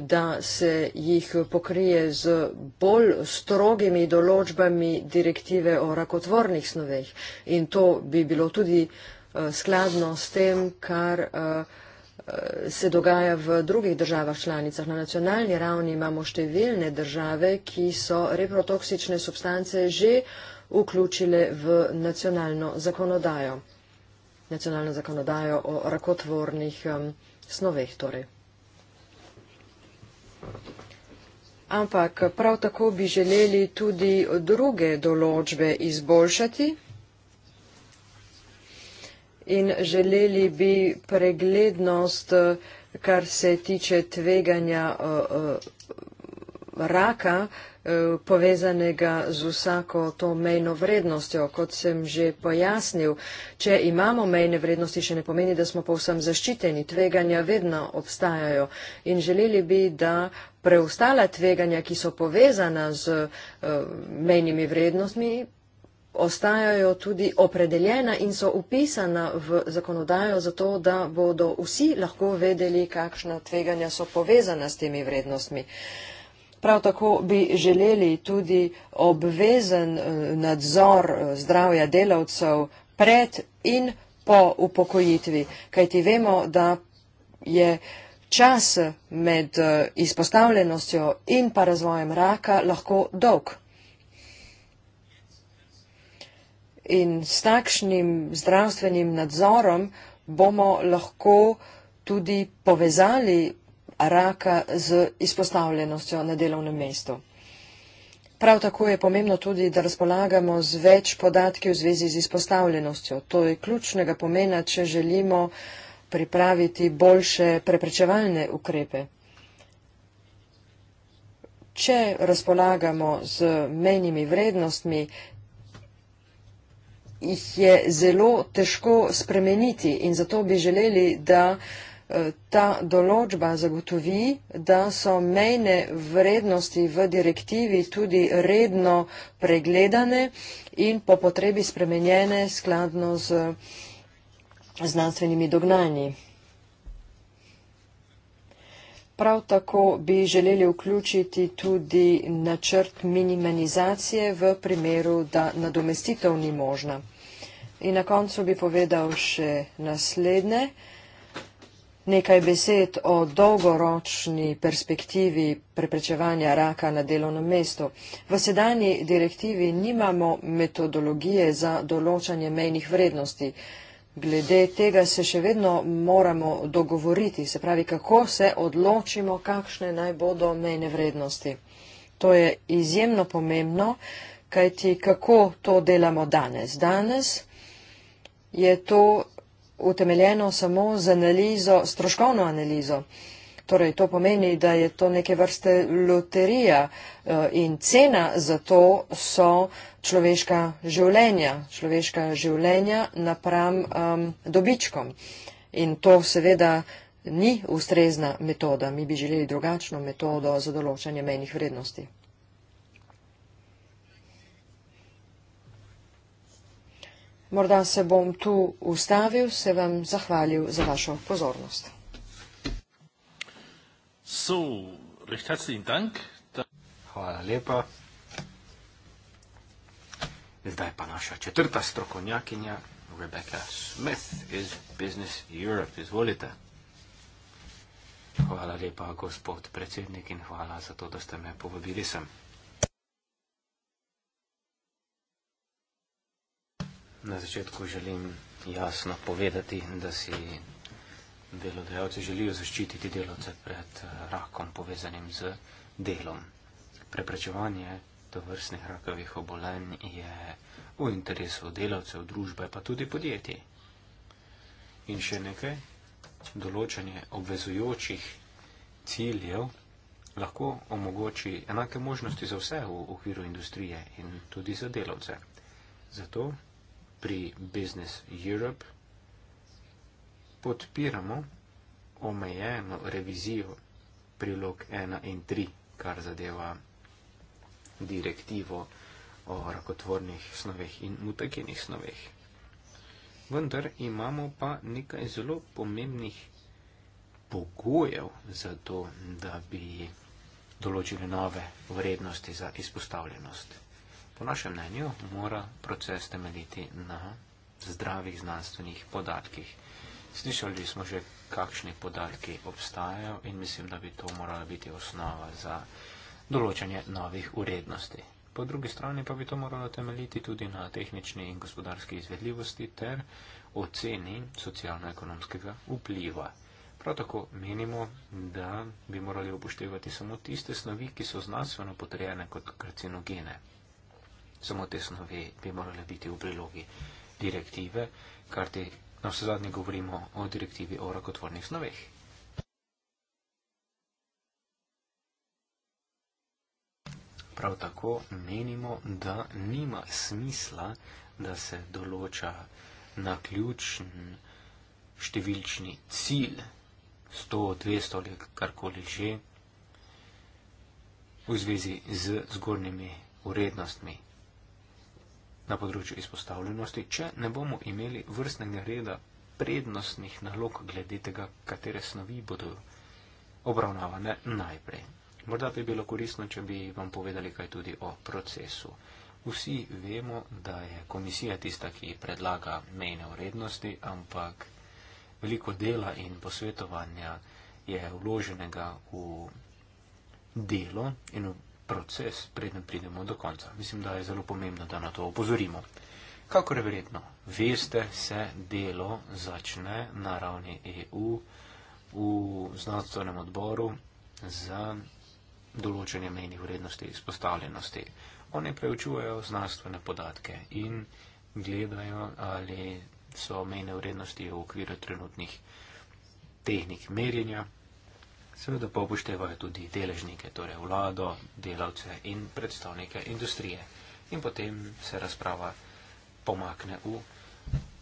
da se jih pokrije z bolj strogimi določbami direktive o rakotvornih snoveh in to bi bilo tudi uh, Eh, skladno s tem, kar eh, eh, se dogaja v drugih državah članicah. Na nacionalni ravni imamo številne države, ki so reprotoksične substance že vključile v nacionalno zakonodajo. Nacionalno zakonodajo o rakotvornih snoveh torej. Ampak prav tako bi želeli tudi druge določbe izboljšati in želeli bi preglednost, kar se tiče tveganja eh, eh, raka eh, povezanega z vsako to mejno vrednostjo. Kot sem že pojasnil, če imamo mejne vrednosti, še ne pomeni, da smo povsem zaščiteni. Tveganja vedno obstajajo in želeli bi, da preostala tveganja, ki so povezana z mejnimi vrednostmi, ostajajo tudi opredeljena in so upisana v zakonodajo zato, da bodo vsi lahko vedeli, kakšna tveganja so povezana s temi vrednostmi. Prav tako bi želeli tudi obvezen eh, nadzor eh, zdravja delavcev pred in po upokojitvi, kajti vemo, da je čas med eh, izpostavljenostjo in pa razvojem raka lahko dolg. in s takšnim zdravstvenim nadzorom bomo lahko tudi povezali raka z izpostavljenostjo na delovnem mestu. Prav tako je pomembno tudi, da razpolagamo z več podatki v zvezi z izpostavljenostjo. To je ključnega pomena, če želimo pripraviti boljše preprečevalne ukrepe. Če razpolagamo z menjimi vrednostmi, jih je zelo težko spremeniti in zato bi želeli, da eh, ta določba zagotovi, da so mejne vrednosti v direktivi tudi redno pregledane in po potrebi spremenjene skladno z znanstvenimi dognanji. Prav tako bi želeli vključiti tudi načrt minimalizacije v primeru, da nadomestitev ni možna. In na koncu bi povedal še naslednje. Nekaj besed o dolgoročni perspektivi preprečevanja raka na delovnem mestu. V sedanji direktivi nimamo metodologije za določanje mejnih vrednosti glede tega se še vedno moramo dogovoriti, se pravi, kako se odločimo, kakšne naj bodo mejne vrednosti. To je izjemno pomembno, kajti kako to delamo danes? Danes je to utemeljeno samo z analizo, stroškovno analizo. Torej, to pomeni, da je to neke vrste loterija eh, in cena za to so človeška življenja, človeška življenja napram um, dobičkom. In to seveda ni ustrezna metoda. Mi bi želeli drugačno metodo za določanje menjih vrednosti. Morda se bom tu ustavil, se vam zahvalil za vašo pozornost.
So, recht herzlichen Dank. Da Hvala lepa. Zdaj pa naša četrta strokovnjakinja, Rebecca Smith iz Business Europe. Izvolite. Hvala lepa, gospod predsednik, in hvala za to, da ste me povabili sem. Na začetku želim jasno povedati, da si delodajalci želijo zaščititi delavce pred eh, rakom povezanim z delom. Preprečevanje do vrstnih rakavih obolenj je v interesu delavcev, družbe pa tudi podjetij. In še nekaj, določanje obvezujočih ciljev lahko omogoči enake možnosti za vse v okviru industrije in tudi za delavce. Zato pri Business Europe podpiramo omejeno revizijo prilog 1 in 3, kar zadeva direktivo o rakotvornih snoveh in mutagenih snoveh. Vendar imamo pa nekaj zelo pomembnih pogojev za to, da bi določili nove vrednosti za izpostavljenost. Po našem mnenju mora proces temeljiti na zdravih znanstvenih podatkih. Slišali smo že, kakšni podatki obstajajo in mislim, da bi to morala biti osnova za določanje novih urednosti. Po drugi strani pa bi to moralo temeljiti tudi na tehnični in gospodarski izvedljivosti ter oceni socialno-ekonomskega vpliva. Prav tako menimo, da bi morali upoštevati samo tiste snovi, ki so znanstveno potrjene kot karcinogene. Samo te snovi bi morali biti v prilogi direktive, kar te Na vse zadnje govorimo o direktivi o rakotvornih snoveh. Prav tako menimo, da nima smisla, da se določa na ključen številčni cilj 100, 200 ali karkoli že v zvezi z zgornjimi vrednostmi na področju izpostavljenosti, če ne bomo imeli vrstnega reda prednostnih nalog glede tega, katere snovi bodo obravnavane najprej. Morda bi bilo koristno, če bi vam povedali kaj tudi o procesu. Vsi vemo, da je komisija tista, ki predlaga mejne vrednosti, ampak veliko dela in posvetovanja je vloženega v delo in v proces, preden pridemo do konca. Mislim, da je zelo pomembno, da na to opozorimo. Kakor je verjetno, veste, se delo začne na ravni EU v znanstvenem odboru za določanje mejnih vrednosti izpostavljenosti. Oni preučujejo znanstvene podatke in gledajo, ali so mejne vrednosti v okviru trenutnih tehnik merjenja seveda pa upoštevajo tudi deležnike, torej vlado, delavce in predstavnike industrije. In potem se razprava pomakne v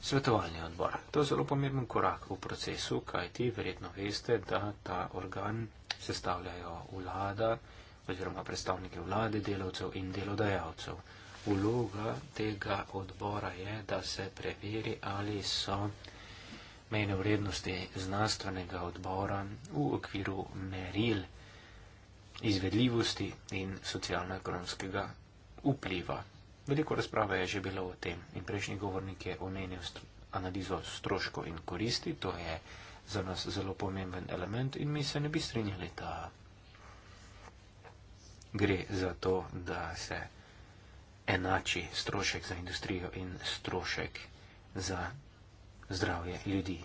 svetovalni odbor. To je zelo pomemben korak v procesu, kaj ti verjetno veste, da ta organ sestavljajo vlada oziroma predstavnike vlade, delavcev in delodajalcev. Vloga tega odbora je, da se preveri, ali so mejne vrednosti znanstvenega odbora v okviru meril izvedljivosti in socialno-ekonomskega vpliva. Veliko razprave je že bilo o tem in prejšnji govornik je omenil analizo stroškov in koristi, to je za nas zelo pomemben element in mi se ne bi strinjali, da gre za to, da se enači strošek za industrijo in strošek za zdravje ljudi.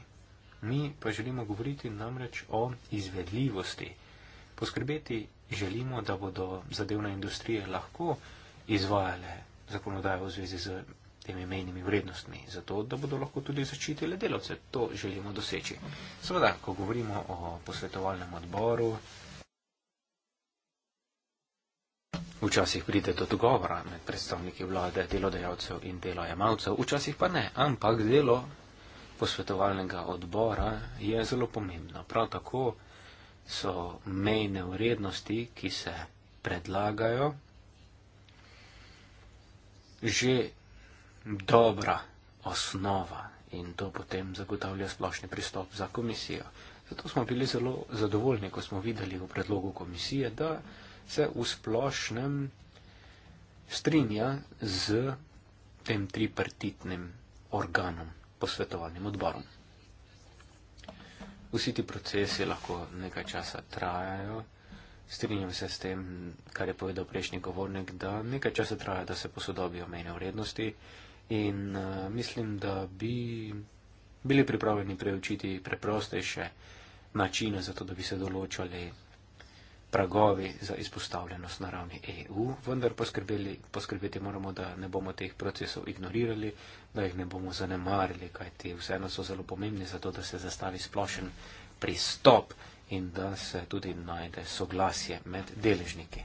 Mi pa želimo govoriti namreč o izvedljivosti. Poskrbeti želimo, da bodo zadevne industrije lahko izvajale zakonodajo v zvezi z temi mejnimi vrednostmi, zato da bodo lahko tudi zaščitile delavce. To želimo doseči. Seveda, ko govorimo o posvetovalnem odboru, včasih pride do dogovora med predstavniki vlade, delodajalcev in delojemalcev, včasih pa ne, ampak delo posvetovalnega odbora je zelo pomembno. Prav tako so mejne vrednosti, ki se predlagajo, že dobra osnova in to potem zagotavlja splošni pristop za komisijo. Zato smo bili zelo zadovoljni, ko smo videli v predlogu komisije, da se v splošnem strinja z tem tripartitnim organom posvetovalnim odborom. Vsi ti procesi lahko nekaj časa trajajo. Strinjam se s tem, kar je povedal prejšnji govornik, da nekaj časa traja, da se posodobijo mejne vrednosti in uh, mislim, da bi bili pripravljeni preučiti preprostejše načine za to, da bi se določali pragovi za izpostavljenost na ravni EU, vendar poskrbeti moramo, da ne bomo teh procesov ignorirali, da jih ne bomo zanemarili, kajti vseeno so zelo pomembni za to, da se zastavi splošen pristop in da se tudi najde soglasje med deležniki.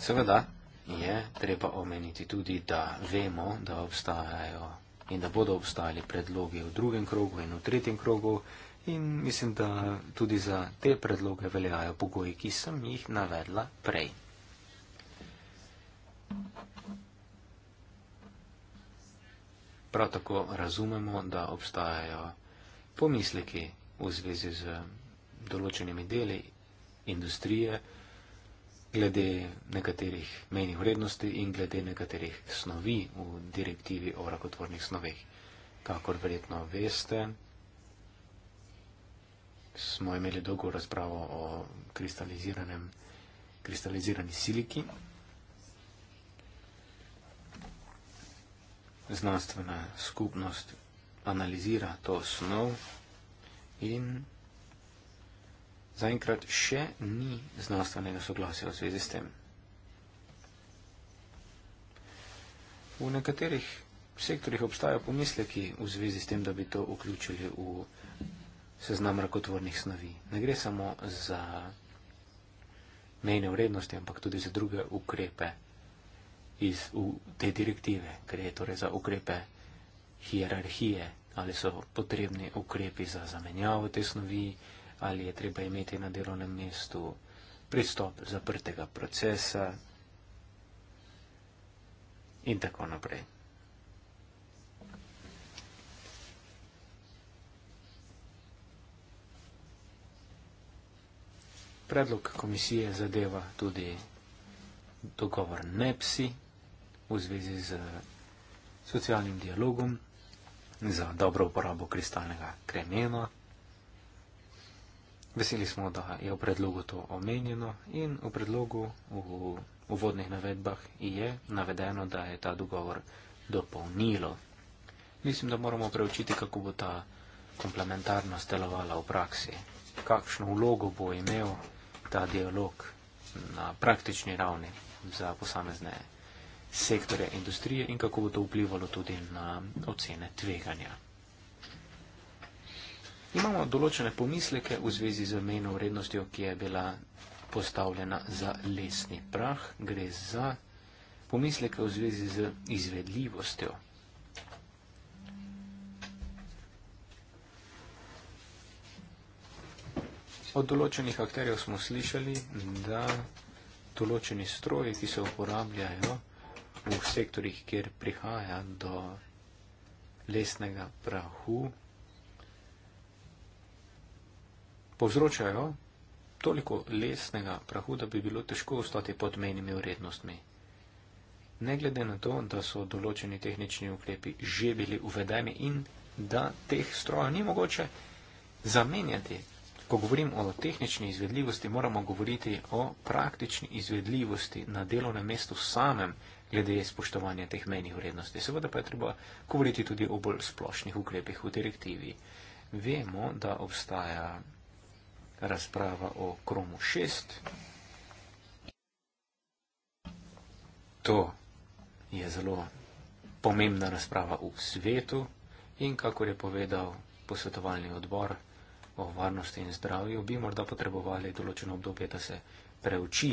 Seveda je treba omeniti tudi, da vemo, da obstajajo in da bodo obstajali predlogi v drugem krogu in v tretjem krogu. In mislim, da tudi za te predloge veljajo pogoji, ki sem jih navedla prej. Prav tako razumemo, da obstajajo pomisleki v zvezi z določenimi deli industrije glede nekaterih menih vrednosti in glede nekaterih snovi v direktivi o rakotvornih snoveh. Kakor verjetno veste, smo imeli dolgo razpravo o kristalizirani siliki. Znanstvena skupnost analizira to snov in zaenkrat še ni znanstvenega soglasja v zvezi s tem. V nekaterih sektorjih obstajajo pomisleki v zvezi s tem, da bi to vključili v seznam rakotvornih snovi. Ne gre samo za mejne vrednosti, ampak tudi za druge ukrepe iz te direktive. Gre torej za ukrepe hierarhije, ali so potrebni ukrepi za zamenjavo te snovi, ali je treba imeti na delovnem mestu pristop zaprtega procesa in tako naprej. predlog komisije zadeva tudi dogovor NEPSI v zvezi z socialnim dialogom za dobro uporabo kristalnega kremena. Veseli smo, da je v predlogu to omenjeno in v predlogu v uvodnih navedbah je navedeno, da je ta dogovor dopolnilo. Mislim, da moramo preučiti, kako bo ta komplementarnost delovala v praksi. Kakšno vlogo bo imel ta dialog na praktični ravni za posamezne sektorje industrije in kako bo to vplivalo tudi na ocene tveganja. Imamo določene pomisleke v zvezi z menjo vrednostjo, ki je bila postavljena za lesni prah. Gre za pomisleke v zvezi z izvedljivostjo Od določenih akterjev smo slišali, da določeni stroji, ki se uporabljajo v sektorjih, kjer prihaja do lesnega prahu, povzročajo toliko lesnega prahu, da bi bilo težko ostati pod menimi vrednostmi. Ne glede na to, da so določeni tehnični ukrepi že bili uvedeni in da teh strojev ni mogoče zamenjati ko govorim o tehnični izvedljivosti, moramo govoriti o praktični izvedljivosti na delovnem mestu samem, glede spoštovanja teh menjih vrednosti. Seveda pa je treba govoriti tudi o bolj splošnih ukrepih v direktivi. Vemo, da obstaja razprava o kromu 6. To je zelo pomembna razprava v svetu in kako je povedal posvetovalni odbor, o varnosti in zdravju, bi morda potrebovali določeno obdobje, da se preuči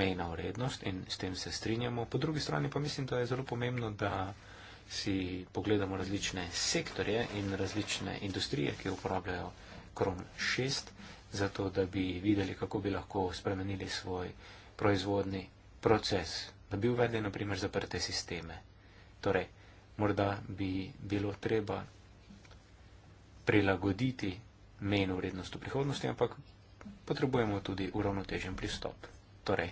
mejna vrednost in s tem se strinjamo. Po drugi strani pa mislim, da je zelo pomembno, da si pogledamo različne sektorje in različne industrije, ki uporabljajo krom 6, zato da bi videli, kako bi lahko spremenili svoj proizvodni proces, da bi uvedli naprimer zaprte sisteme. Torej, morda bi bilo treba prilagoditi mejno vrednost v prihodnosti, ampak potrebujemo tudi uravnotežen pristop. Torej,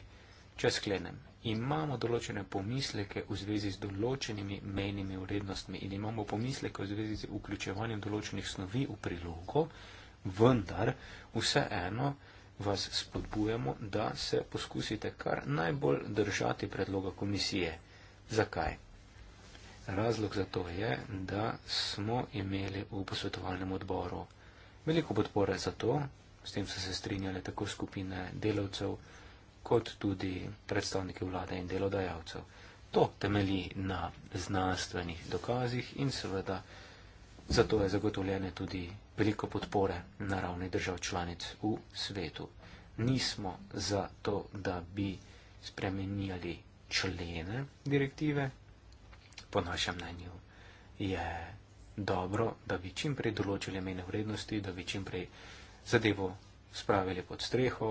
če sklenem, imamo določene pomisleke v zvezi z določenimi mejnimi vrednostmi in imamo pomisleke v zvezi z vključevanjem določenih snovi v prilogo, vendar vseeno vas spodbujamo, da se poskusite kar najbolj držati predloga komisije. Zakaj? Razlog za to je, da smo imeli v posvetovalnem odboru Veliko podpore za to, s tem so se strinjali tako skupine delavcev, kot tudi predstavniki vlade in delodajalcev. To temelji na znanstvenih dokazih in seveda zato je zagotovljene tudi veliko podpore na ravni držav članic v svetu. Nismo za to, da bi spremenjali člene direktive, po našem mnenju je dobro, da bi čim prej določili mejne vrednosti, da bi čim prej zadevo spravili pod streho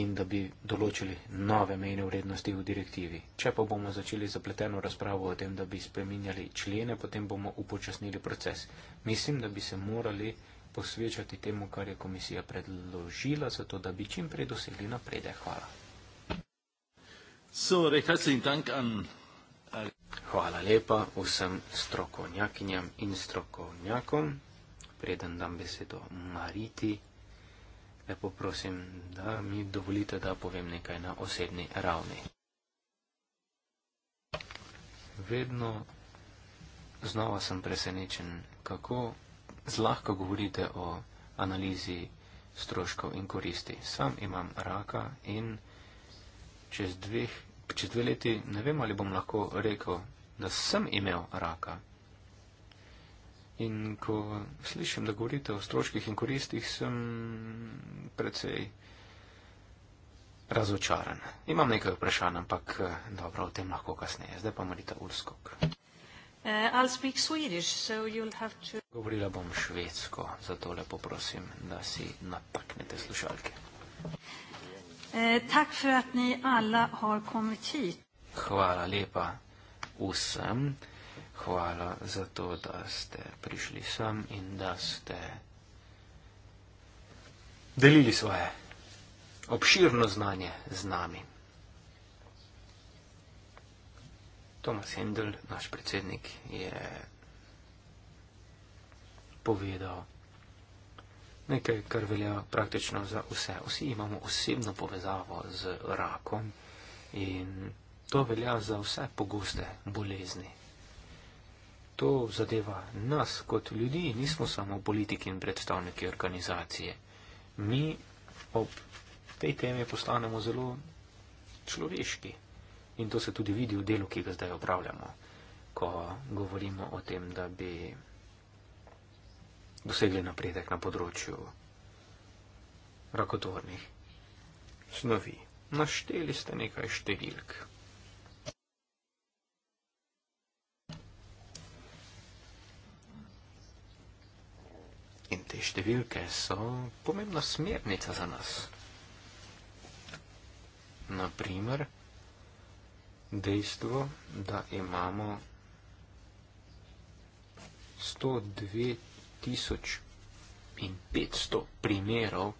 in da bi določili nove mejne vrednosti v direktivi. Če pa bomo začeli zapleteno razpravo o tem, da bi spreminjali člene, potem bomo upočasnili proces. Mislim, da bi se morali posvečati temu, kar je komisija predložila, zato da bi čim prej dosegli napredek. Hvala. So, rekel sem, dank an ali. Hvala lepa vsem strokovnjakinjam in strokovnjakom. Preden dam besedo Mariti, lepo prosim, da mi dovolite, da povem nekaj na osebni ravni. Vedno znova sem presenečen, kako zlahka govorite o analizi stroškov in koristi. Sam imam raka in čez dveh čez dve leti ne vem, ali bom lahko rekel, da sem imel raka. In ko slišim, da govorite o stroških in koristih, sem precej razočaran. Imam nekaj vprašanj, ampak eh, dobro, o tem lahko kasneje. Zdaj pa morita Ulskok.
Eh, uh, so to...
Govorila bom švedsko, zato lepo prosim, da si nataknete slušalke.
Eh, tak för att ni alla har kommit hit.
Hvala lepa vsem. Hvala za to, da ste prišli sem in da ste delili svoje obširno znanje z nami. Tomas Hendel, naš predsednik, je povedal, nekaj, kar velja praktično za vse. Vsi imamo osebno povezavo z rakom in to velja za vse pogoste bolezni. To zadeva nas kot ljudi, nismo samo politiki in predstavniki organizacije. Mi ob tej temi postanemo zelo človeški in to se tudi vidi v delu, ki ga zdaj opravljamo, ko govorimo o tem, da bi dosegli napredek na področju rakotvornih snovi. Našteli ste nekaj številk. In te številke so pomembna smernica za nas. Naprimer, dejstvo, da imamo 102 tisoč in petsto primerov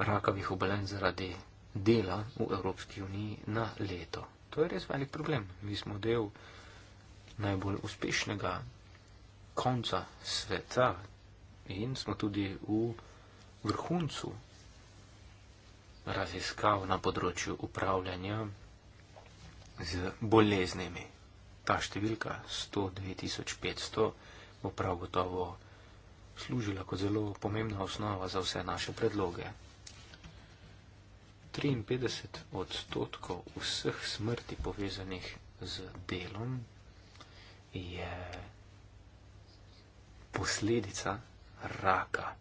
rakavih obolenj zaradi dela v Evropski uniji na leto. To je res velik problem. Mi smo del najbolj uspešnega konca sveta in smo tudi v vrhuncu raziskav na področju upravljanja z boleznimi. Ta številka 102 500 bo prav gotovo služila kot zelo pomembna osnova za vse naše predloge. 53 odstotkov vseh smrti povezanih z delom je posledica raka.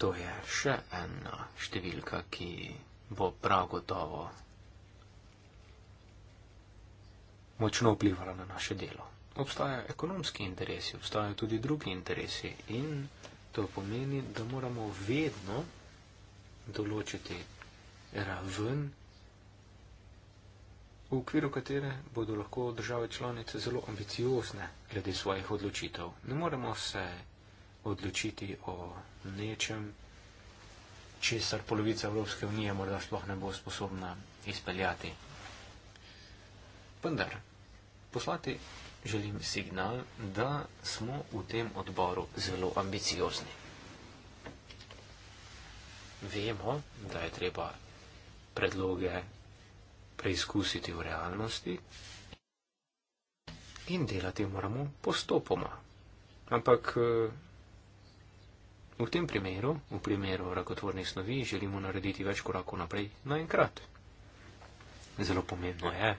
To je še ena številka, ki bo prav gotovo močno vplivala na naše delo. Obstajajo ekonomski interesi, obstajajo tudi drugi interesi in to pomeni, da moramo vedno določiti raven, v okviru katere bodo lahko države članice zelo ambiciozne glede svojih odločitev. Ne moremo se odločiti o nečem, česar polovica Evropske unije morda sploh ne bo sposobna izpeljati. Vendar poslati želim signal, da smo v tem odboru zelo ambiciozni. Vemo, da je treba predloge preizkusiti v realnosti in delati moramo postopoma. Ampak eh, v tem primeru, v primeru rakotvornih snovi, želimo narediti več korakov naprej naenkrat. Zelo pomembno je,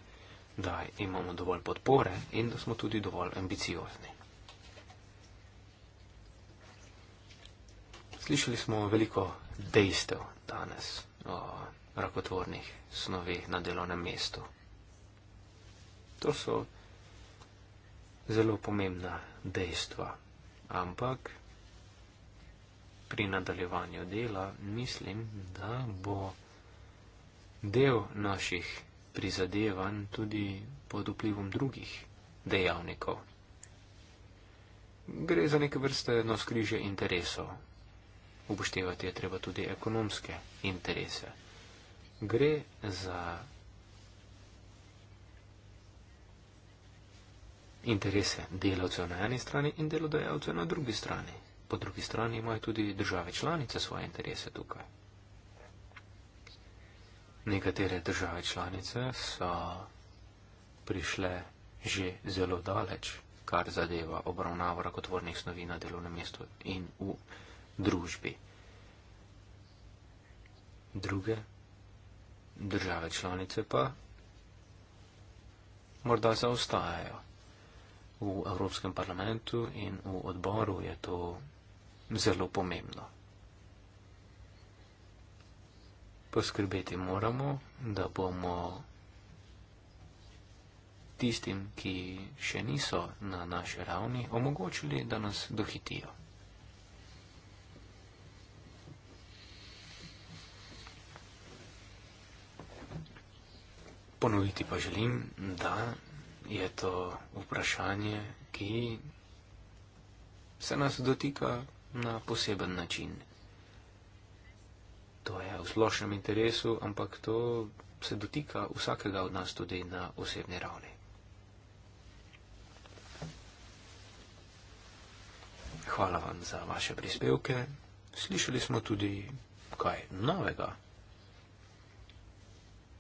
da imamo dovolj podpore in da smo tudi dovolj ambiciozni. Slišali smo veliko dejstev danes o rakotvornih snovih na delovnem mestu. To so zelo pomembna dejstva, ampak pri nadaljevanju dela mislim, da bo del naših prizadevanj tudi pod vplivom drugih dejavnikov. Gre za neke vrste noskriže interesov. Upoštevati je treba tudi ekonomske interese. Gre za interese delavcev na eni strani in delodajalcev na drugi strani. Po drugi strani imajo tudi države članice svoje interese tukaj. Nekatere države članice so prišle že zelo daleč, kar zadeva obravnavo rakotvornih snovi na delovnem mestu in v družbi. Druge države članice pa morda zaostajajo. V Evropskem parlamentu in v odboru je to zelo pomembno. poskrbeti moramo, da bomo tistim, ki še niso na naši ravni, omogočili, da nas dohitijo. Ponoviti pa želim, da je to vprašanje, ki se nas dotika na poseben način to je v splošnem interesu, ampak to se dotika vsakega od nas tudi na osebni ravni. Hvala vam za vaše prispevke. Slišali smo tudi kaj novega.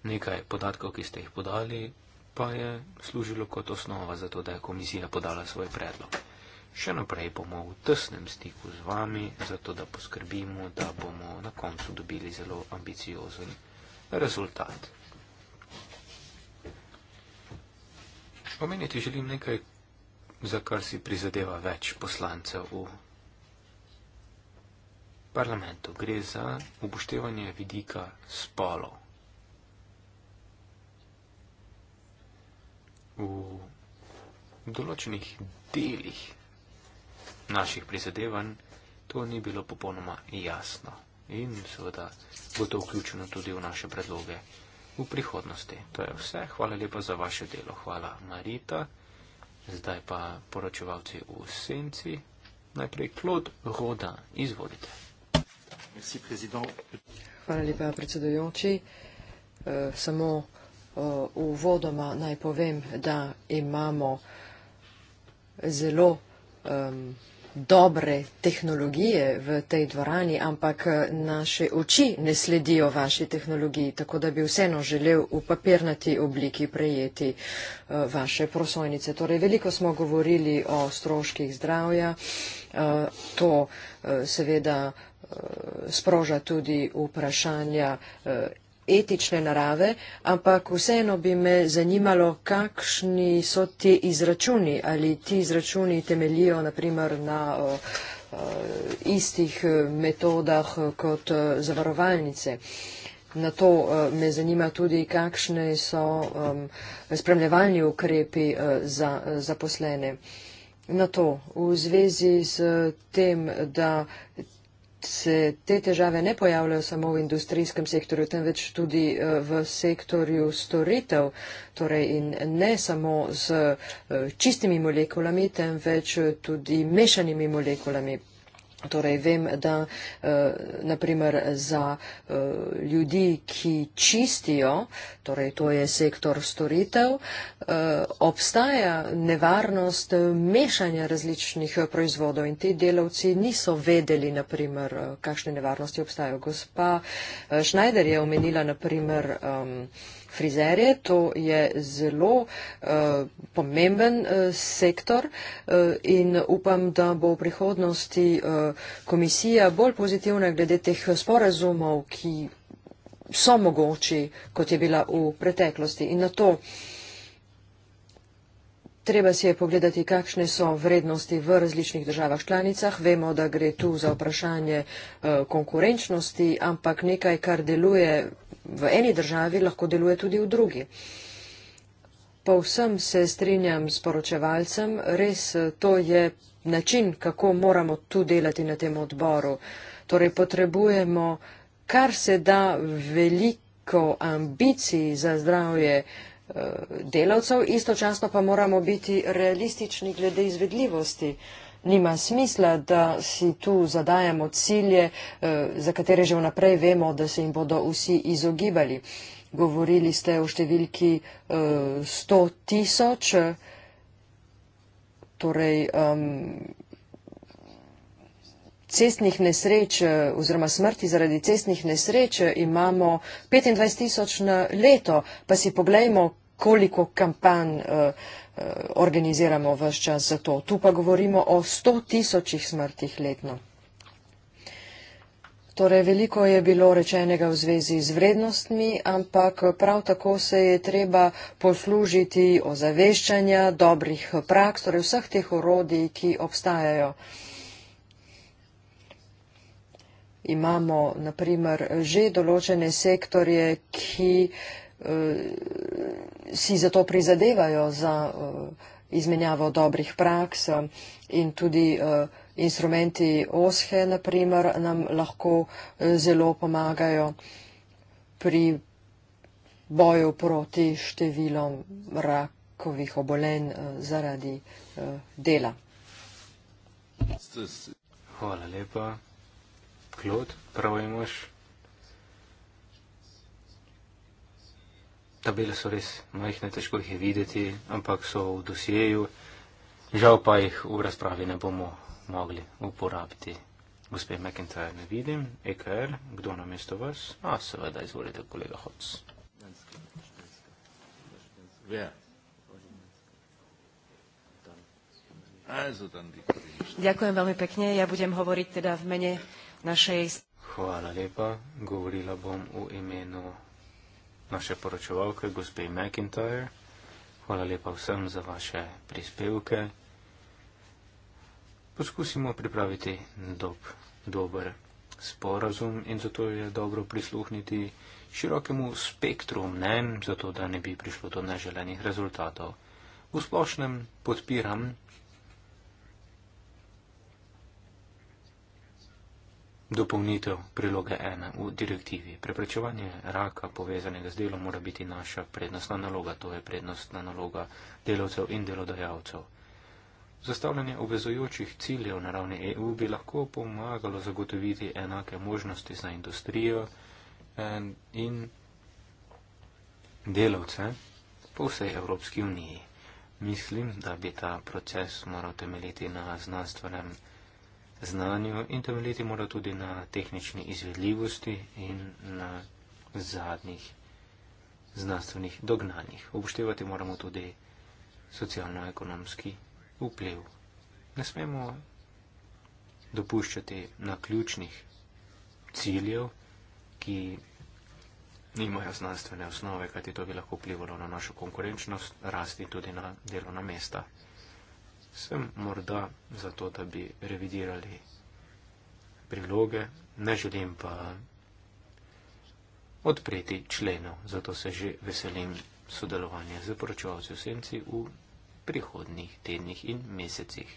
Nekaj podatkov, ki ste jih podali, pa je služilo kot osnova za to, da je komisija podala svoj predlog še naprej bomo v tesnem stiku z vami, zato da poskrbimo, da bomo na koncu dobili zelo ambiciozen rezultat. Omeniti želim nekaj, za kar si prizadeva več poslancev v parlamentu. Gre za upoštevanje vidika spolov. V določenih delih naših prizadevanj, to ni bilo popolnoma jasno. In seveda bo to vključeno tudi v naše predloge v prihodnosti. To je vse. Hvala lepa za vaše delo. Hvala Marita. Zdaj pa poročevalci v senci. Najprej Klod Roda, izvolite.
Hvala lepa, predsedujoči. Eh, samo eh, uvodoma naj povem, da imamo zelo um, dobre tehnologije v tej dvorani, ampak eh, naše oči ne sledijo vaši tehnologiji, tako da bi vseeno želel v papirnati obliki prejeti eh, vaše prosojnice. Torej, veliko smo govorili o stroških zdravja, eh, to seveda sproža tudi vprašanja etične narave, ampak vseeno bi me zanimalo, kakšni so ti izračuni. Ali ti izračuni temelijo naprimer na o, o, istih e, metodah kot e, zavarovalnice. Na to e, me zanima tudi, kakšne so um, spremljevalni ukrepi za zaposlene. Na to, v zvezi z tem, da se te težave ne pojavljajo samo v industrijskem sektorju, temveč tudi eh, v sektorju storitev. Torej in ne samo z eh, čistimi molekulami, temveč tudi mešanimi molekulami. Torej, vem, da eh, naprimer za eh, ljudi, ki čistijo, torej to je sektor storitev, eh, obstaja nevarnost mešanja različnih proizvodov in ti delavci niso vedeli, naprimer, kakšne nevarnosti obstajajo. Gospa Schneider je omenila, naprimer, um, frizerje. To je zelo uh, pomemben uh, sektor uh, in upam, da bo v prihodnosti uh, komisija bolj pozitivna glede teh sporazumov, ki so mogoči, kot je bila v preteklosti. In na to treba si je pogledati, kakšne so vrednosti v različnih državah članicah. Vemo, da gre tu za vprašanje uh, konkurenčnosti, ampak nekaj, kar deluje v eni državi, lahko deluje tudi v drugi. Pa vsem se strinjam s poročevalcem, res to je način, kako moramo tu delati na tem odboru. Torej potrebujemo kar se da veliko ambicij za zdravje eh, delavcev, istočasno pa moramo biti realistični glede izvedljivosti. Uh, nima smisla, da si tu zadajamo cilje, eh, za katere že vnaprej vemo, da se jim bodo vsi izogibali. Govorili ste o številki 100 eh, tisoč, torej um, cestnih nesreč eh, oziroma smrti zaradi cestnih nesreč imamo 25 tisoč na leto, pa si poglejmo, koliko kampanj. Uh, Eh, organiziramo vse čas za to. Tu pa govorimo o 100 tisočih smrtih letno. Torej, veliko je bilo rečenega v zvezi z vrednostmi, ampak prav tako se je treba poslužiti ozaveščanja, dobrih praks, torej vseh teh orodij, ki obstajajo. Imamo, naprimer, že določene sektorje, ki uh, Eh, si za to prizadevajo, za eh, izmenjavo dobrih praks eh, in tudi instrumenti OSHE, naprimer, nam lahko zelo pomagajo pri boju proti številom rakovih obolenj zaradi dela.
Hvala lepa. Klod, pravo imaš. Tabele so res majhne, težko jih je videti, ampak so v dosjeju. Žal pa jih v razpravi ne bomo mogli uporabiti. Gospe McIntyre ne vidim, EKR, kdo na mesto vas? A seveda, izvolite, kolega Hoc.
Ďakujem veľmi pekne, ja budem hovoriť teda v mene našej...
Hvala lepa, govorila bom u imenu naše poročevalke, gospe McIntyre. Hvala lepa vsem za vaše prispevke. Poskusimo pripraviti dob, dober sporazum in zato je dobro prisluhniti širokemu spektru mnen, zato da ne bi prišlo do neželenih rezultatov. V splošnem podpiram Dopolnitev priloge 1 v direktivi. Preprečevanje raka povezanega z delom mora biti naša prednostna naloga, to je prednostna naloga delavcev in delodajalcev. Zastavljanje obvezujočih ciljev na ravni EU bi lahko pomagalo zagotoviti enake možnosti za industrijo in delavce po vsej Evropski uniji. Mislim, da bi ta proces moral temeljiti na znanstvenem znanju in temeljiti mora tudi na tehnični izvedljivosti in na zadnjih znanstvenih dognanjih. Obštevati moramo tudi socialno-ekonomski vpliv. Ne smemo dopuščati na ključnih ciljev, ki nimajo znanstvene osnove, kajti to bi lahko vplivalo na našo konkurenčnost, rasti tudi na delovna mesta sem morda zato, da bi revidirali priloge, ne želim pa odpreti členov, zato se že veselim sodelovanja z poročevalci v Senci v prihodnih tednih in mesecih.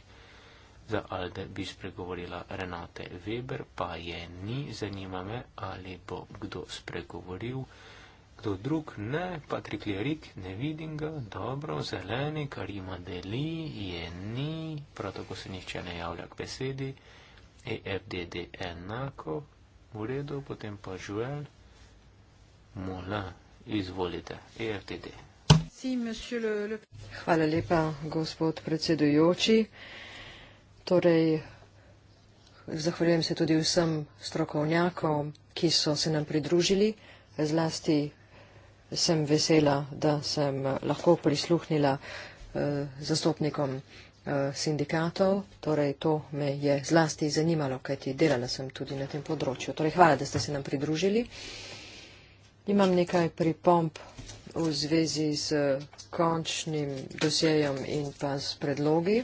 Za Alde bi spregovorila Renate Weber, pa je ni, zanima me, ali bo kdo spregovoril kdo drug ne, Patrik Lerik, ne vidim ga, dobro, zeleni, kar ima deli, je ni, prav tako se nihče ne javlja k besedi, EFDD enako, v redu, potem pa Žuel, Mola, izvolite, EFDD.
Hvala lepa, gospod predsedujoči. Torej, zahvaljujem se tudi vsem strokovnjakom, ki so se nam pridružili, zlasti sem vesela, da sem eh, lahko prisluhnila eh, zastopnikom eh, sindikatov, torej to me je zlasti zanimalo, kajti delala sem tudi na tem področju. Torej hvala, da ste se nam pridružili. Imam nekaj pripomp v zvezi z končnim dosjejem in pa s predlogi.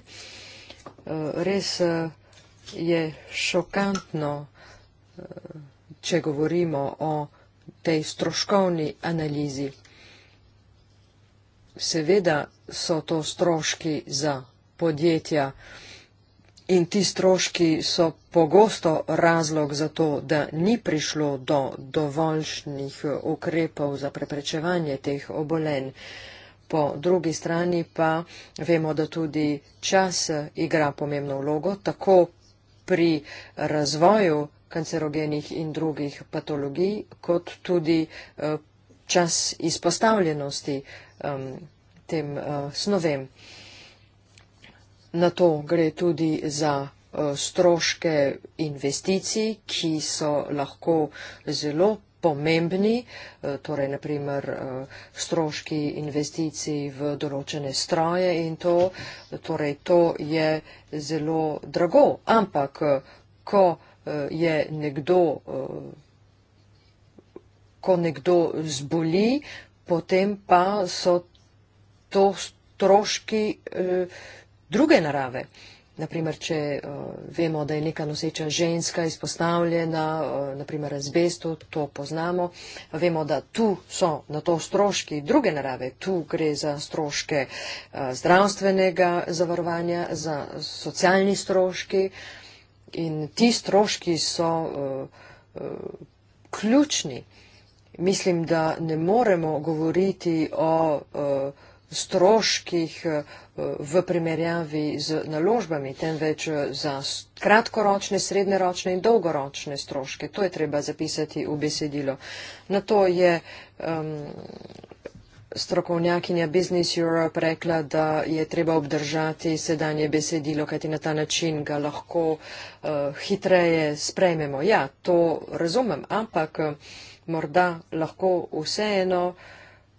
Res je šokantno, če govorimo o tej stroškovni analizi. Seveda so to stroški za podjetja in ti stroški so pogosto razlog za to, da ni prišlo do dovoljšnih ukrepov za preprečevanje teh obolenj. Po drugi strani pa vemo, da tudi čas igra pomembno vlogo, tako pri razvoju kancerogenih in drugih patologij, kot tudi eh, čas izpostavljenosti tem eh, snovem. Na to gre tudi za eh, stroške investicij, ki so lahko zelo pomembni, torej naprimer stroški investicij v določene stroje in to, torej to je zelo drago, ampak ko Eh, je nekdo, eh, ko nekdo zboli, potem pa so to stroški eh, druge narave. Naprimer, če uh, vemo, da je neka noseča ženska izpostavljena, uh, naprimer razbestu, to poznamo, vemo, da tu so na to stroški druge narave, tu gre za stroške uh, zdravstvenega zavarovanja, za socialni stroški, uh, In ti stroški so uh, uh, ključni. Mislim, da ne moremo govoriti o uh, stroških uh, v primerjavi z naložbami, temveč za kratkoročne, srednjeročne in dolgoročne stroške. To je treba zapisati v besedilo. Na to je um, strokovnjakinja Business Europe rekla, da je treba obdržati sedanje besedilo, kajti na ta način ga lahko uh, hitreje sprejmemo. Ja, to razumem, ampak eh, morda lahko vseeno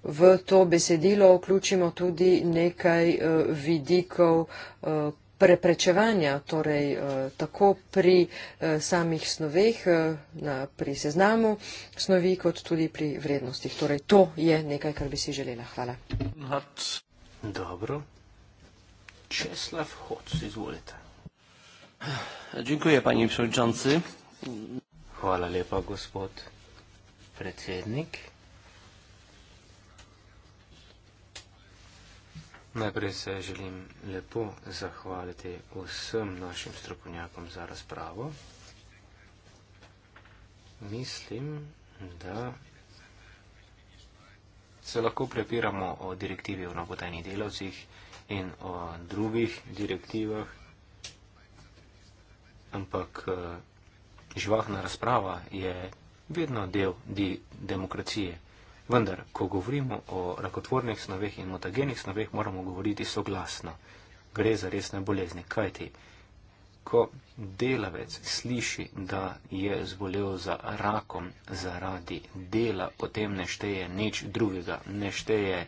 v to besedilo vključimo tudi nekaj uh, vidikov, uh, preprečevanja, torej eh, tako pri eh, samih snoveh, eh, pri seznamu snovi, kot tudi pri vrednostih. Torej to je nekaj, kar bi si želela. Hvala.
Dobro. Česlav Hoc, izvolite. Dziękuję panie przewodniczący. Chwała lepa, gospod predsiednik. Najprej se želim lepo zahvaliti vsem našim strokovnjakom za razpravo. Mislim, da se lahko prepiramo o direktivi o napotajnih delavcih in o drugih direktivah, ampak eh, živahna razprava je vedno del di demokracije. Vendar, ko govorimo o rakotvornih snoveh in mutagenih snoveh, moramo govoriti soglasno. Gre za resne bolezni. Kaj ti? Ko delavec sliši, da je zbolel za rakom zaradi dela, potem ne šteje nič drugega, ne šteje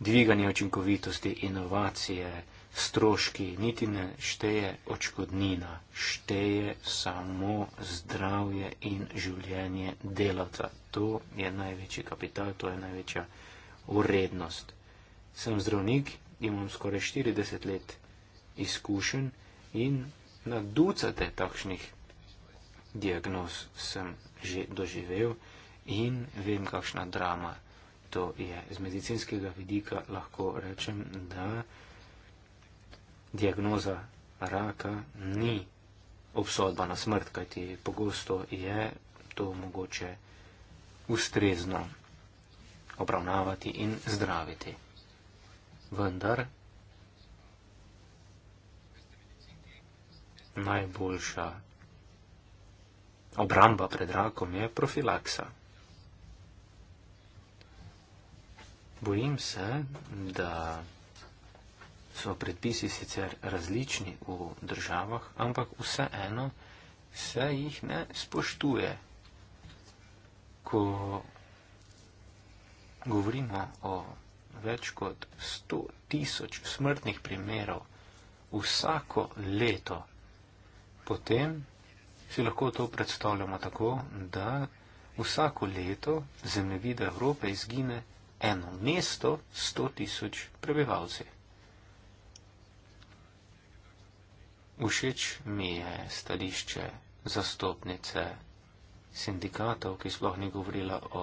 dviganje učinkovitosti, inovacije, stroški, niti ne šteje očkodnina, šteje samo zdravje in življenje delavca. To je največji kapital, to je največja urednost. Sem zdravnik, imam skoraj 40 let izkušen in na ducate takšnih diagnoz sem že doživel in vem, kakšna drama to je. Z medicinskega vidika lahko rečem, da diagnoza raka ni obsodba na smrt, kajti pogosto je to mogoče ustrezno obravnavati in zdraviti. Vendar najboljša obramba pred rakom je profilaksa. Bojim se, da so predpisi sicer različni v državah, ampak vseeno se jih ne spoštuje. Ko govorimo o več kot 100 tisoč smrtnih primerov vsako leto, potem si lahko to predstavljamo tako, da vsako leto zemljevida Evrope izgine eno mesto 100 tisoč prebivalcev. Všeč mi je stališče zastopnice sindikatov, ki sploh ni govorila o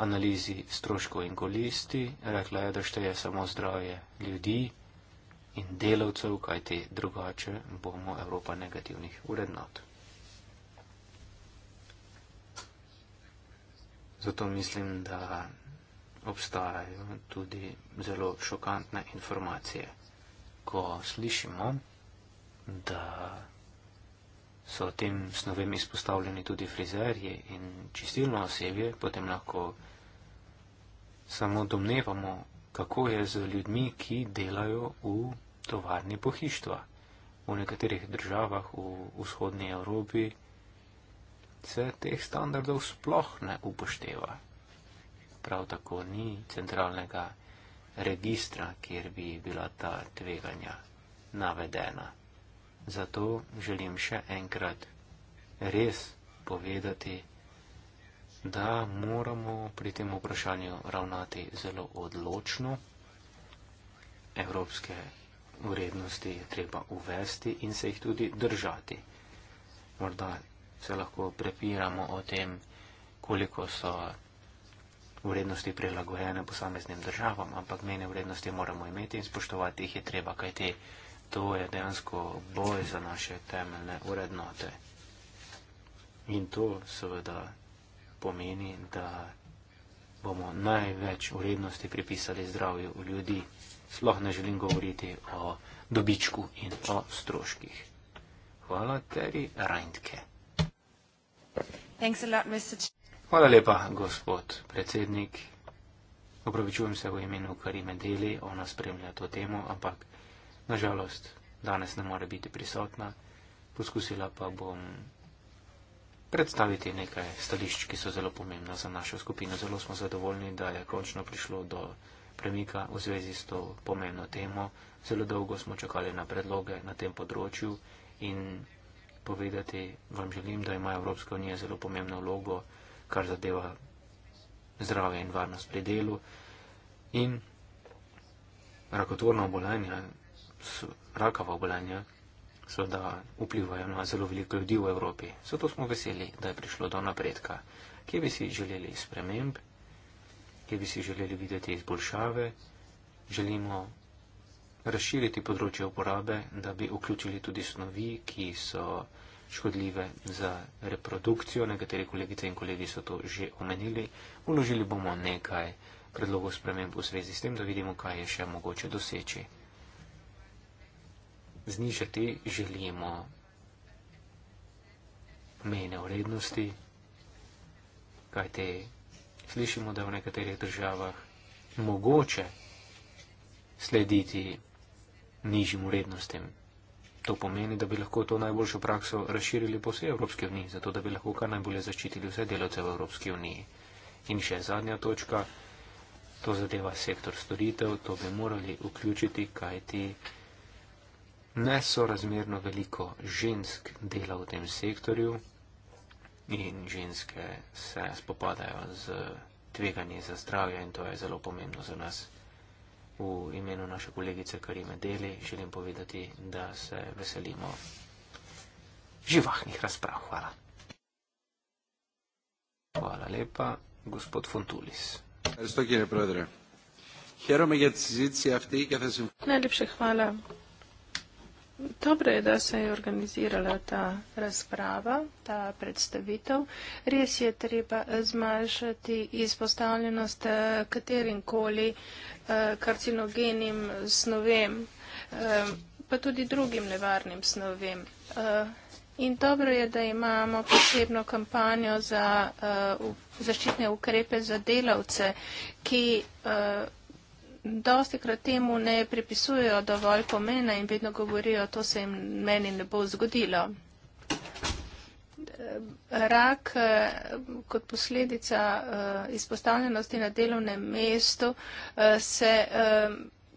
analizi stroškov in kolisti. Rekla je, da šteje samo zdravje ljudi in delavcev, kajti drugače bomo Evropa negativnih urednot. Zato mislim, da obstajajo tudi zelo šokantne informacije, ko slišimo, da so tem snovem izpostavljeni tudi frizerji in čistilno osebje, potem lahko samo domnevamo, kako je z ljudmi, ki delajo v tovarni pohištva. V nekaterih državah v vzhodnji Evropi se teh standardov sploh ne upošteva. Prav tako ni centralnega registra, kjer bi bila ta tveganja navedena. Zato želim še enkrat res povedati, da moramo pri tem vprašanju ravnati zelo odločno. Evropske vrednosti je treba uvesti in se jih tudi držati. Morda se lahko prepiramo o tem, koliko so vrednosti prilagojene posameznim državam, ampak mene vrednosti moramo imeti in spoštovati jih je treba, kajti to je dejansko boj za naše temeljne urednote. In to seveda pomeni, da bomo največ urednosti pripisali zdravju v ljudi. Sploh ne želim govoriti o dobičku in o stroških. Hvala, Terry Reintke. Hvala lepa, gospod predsednik. Opravičujem se v imenu Karime Deli, ona spremlja to temo, ampak nažalost, danes ne more biti prisotna, poskusila pa bom predstaviti nekaj stališč, ki so zelo pomembna za našo skupino. Zelo smo zadovoljni, da je končno prišlo do premika v zvezi s to pomembno temo. Zelo dolgo smo čakali na predloge na tem področju in povedati vam želim, da ima Evropska unija zelo pomembno vlogo, kar zadeva zdravje in varnost pri delu. In rakotvorna obolenja raka v obolenju seveda vplivajo na zelo veliko ljudi v Evropi. Zato smo veseli, da je prišlo do napredka. Kje bi si želeli sprememb, kje bi si želeli videti izboljšave, želimo razširiti področje uporabe, da bi vključili tudi snovi, ki so škodljive za reprodukcijo. Nekateri kolegice in kolegi so to že omenili. Uložili bomo nekaj predlogov sprememb v zvezi s tem, da vidimo, kaj je še mogoče doseči znižati želimo mejne vrednosti, kajte slišimo, da v nekaterih državah mogoče slediti nižjim vrednostem. To pomeni, da bi lahko to najboljšo prakso razširili po vsej Evropski uniji, zato da bi lahko kar najbolje zaščitili vse delavce v Evropski uniji. In še zadnja točka, to zadeva sektor storitev, to bi morali vključiti, kajti nesorazmerno veliko žensk dela v tem sektorju in ženske se spopadajo z tveganje za zdravje in to je zelo pomembno za nas. V imenu naše kolegice Karime Deli želim povedati, da se veselimo živahnih razprav. Hvala. Hvala lepa, gospod
Fontulis. Najlepša hvala. Dobro je, da se je organizirala ta razprava, ta predstavitev. Res je treba eh, zmanjšati izpostavljenost eh, katerim koli eh, karcinogenim snovem, pa tudi drugim nevarnim snovem. In dobro je, da imamo posebno kampanjo za zaščitne ukrepe za delavce, ki dosti krat temu ne pripisujejo dovolj pomena in vedno govorijo, to se jim meni ne bo zgodilo. Rak eh, kot posledica eh, izpostavljenosti na delovnem mestu eh, se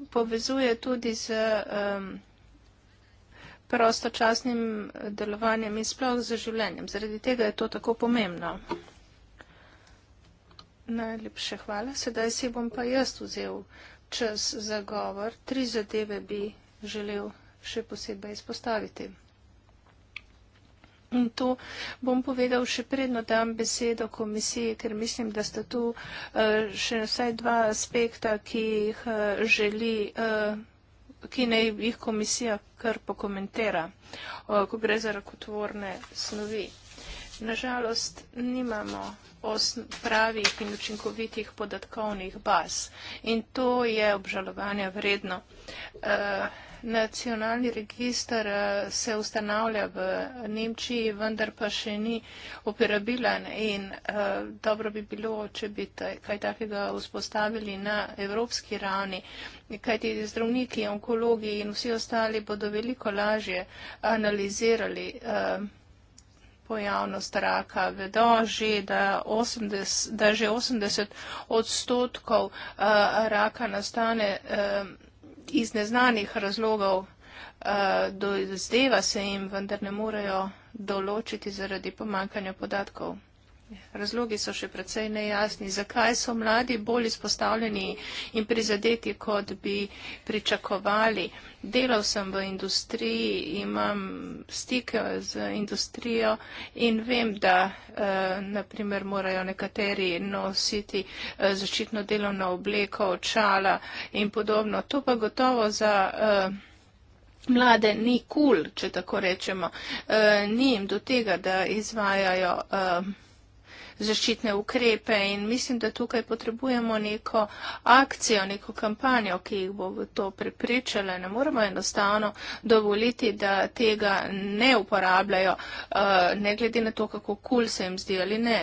povezuje tudi z prostočasnim delovanjem in sploh z življenjem. Zaradi tega je to tako pomembno. Najlepše hvala. Sedaj si bom pa jaz vzel čas za govor, tri zadeve bi želel še posebej izpostaviti. In to bom povedal še predno dam besedo komisiji, ker mislim, da sta tu eh, še vsaj dva aspekta, ki jih eh, želi, eh, ki naj jih komisija kar pokomentira, ko gre za rakotvorne snovi. Nažalost, nimamo pravih in učinkovitih podatkovnih baz. In to je obžalovanja vredno. Eh, nacionalni registr eh, se ustanavlja v Nemčiji, vendar pa še ni operabilan in eh, dobro bi bilo, če bi kaj takega vzpostavili na evropski ravni, kajti zdravniki, onkologi in vsi ostali bodo veliko lažje analizirali pojavnost raka. Vedo že, da, 80, da že 80 odstotkov uh, raka nastane uh, iz neznanih razlogov. Uh, do zdajva se jim vendar ne morejo določiti zaradi pomankanja podatkov. Razlogi so še precej nejasni. Zakaj so mladi bolj izpostavljeni in prizadeti, kot bi pričakovali? Delal sem v industriji, imam stike z industrijo in vem, da eh, naprimer morajo nekateri nositi eh, zaščitno delovno obleko, očala in podobno. To pa gotovo za. Eh, mlade ni kul, cool, če tako rečemo, uh, ni jim do tega, da izvajajo. Uh zaščitne ukrepe in mislim, da tukaj potrebujemo neko akcijo, neko kampanjo, ki jih bo to prepričala. Ne moramo enostavno dovoliti, da tega ne uporabljajo, eh, ne glede na to, kako kul cool se jim zdi ali ne.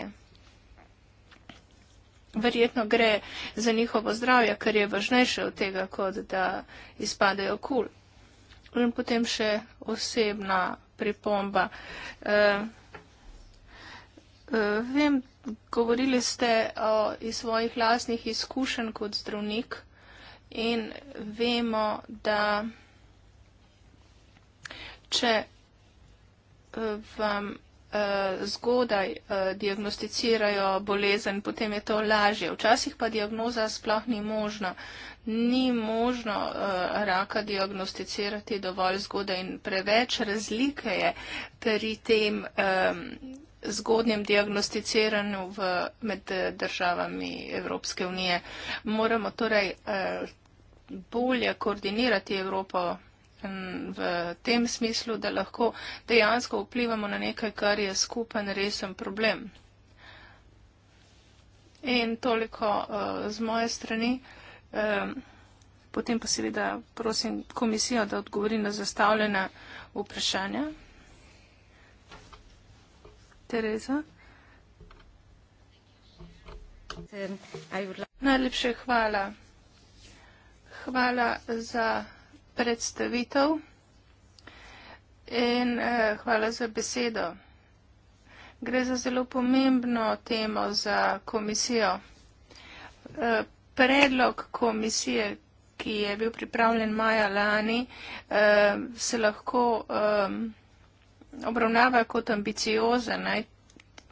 Verjetno gre za njihovo zdravje, kar je važnejše od tega, kot da izpadajo kul. Cool. In potem še osebna pripomba. Uh, Eh, vem, govorili ste o, iz svojih lasnih izkušenj kot zdravnik in vemo, da če eh, vam eh, zgodaj diagnosticirajo bolezen, potem je to lažje. Včasih pa diagnoza sploh ni možna. Ni možno raka diagnosticirati dovolj zgodaj in preveč razlike je pri tem. Um, zgodnjem diagnosticiranju v, med eh, državami Evropske unije. Moramo torej eh, bolje koordinirati Evropo mm, v tem smislu, da lahko dejansko vplivamo na nekaj, kar je skupen resen problem. In toliko eh, z moje strani. Ehm, potem pa seveda prosim komisijo, da odgovori na zastavljena vprašanja. Tereza. Najlepše hvala. Hvala za predstavitev in eh, hvala za besedo. Gre za zelo pomembno temo za komisijo. Eh, predlog komisije, ki je bil pripravljen maja lani, eh, se lahko vsega obravnava kot ambiciozen.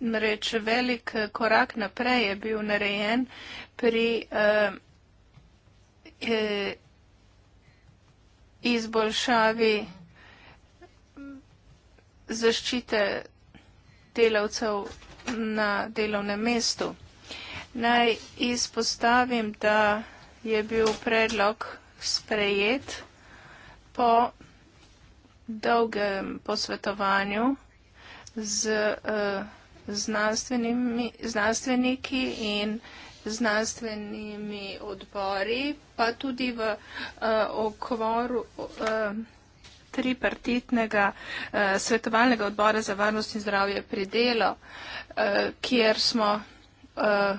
Reč velik korak naprej je bil narejen pri eh, eh, izboljšavi zaščite delavcev na delovnem mestu. Naj izpostavim, da je bil predlog sprejet po dolgem posvetovanju z eh, znanstveniki in znanstvenimi odbori, pa tudi v eh, okvoru eh, tripartitnega svetovalnega odbora za varnost in zdravje pri delo, kjer smo vsega,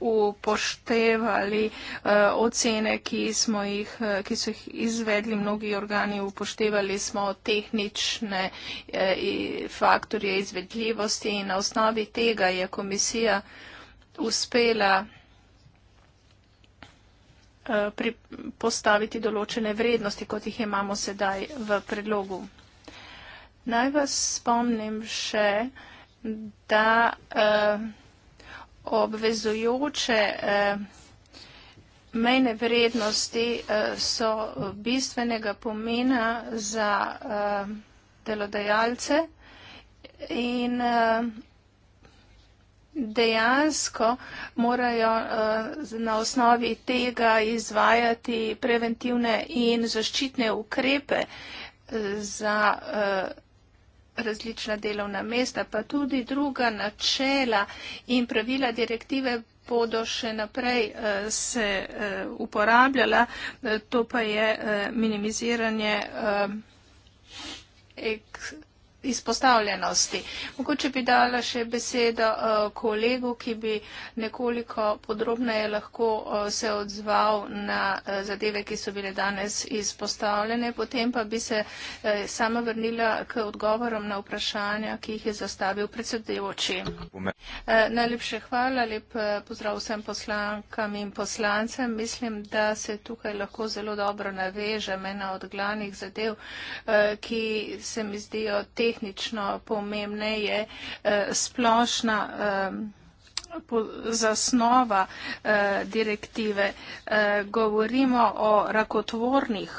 upoštevali uh, ocene, ki, smo jih, uh, ki so jih izvedli mnogi organi, upoštevali smo tehnične uh, faktorje izvedljivosti in na osnovi tega je komisija uspela uh, postaviti določene vrednosti, kot jih imamo sedaj v predlogu. Naj vas spomnim še, da uh, obvezujoče eh, mejne vrednosti eh, so bistvenega pomena za eh, delodajalce in dejansko morajo na osnovi tega izvajati preventivne in zaščitne ukrepe za delodajalce različna delovna mesta, pa tudi druga načela in pravila direktive bodo še naprej eh, se eh, uporabljala, eh, to pa je minimiziranje eks izpostavljenosti. Mogoče bi dala še besedo eh, kolegu, ki bi nekoliko podrobneje lahko eh, se odzval na eh, zadeve, ki so bile danes izpostavljene, potem pa bi se sama vrnila k odgovorom na vprašanja, ki jih je zastavil predsedujoči. Najlepše hvala, lep pozdrav vsem poslankam in poslancem. Mislim, da se tukaj lahko zelo dobro naveže ena od glavnih zadev, ki se mi zdijo te tehnično pomembneje eh, splošna eh, zasnova eh, direktive. Govorimo o rakotvornih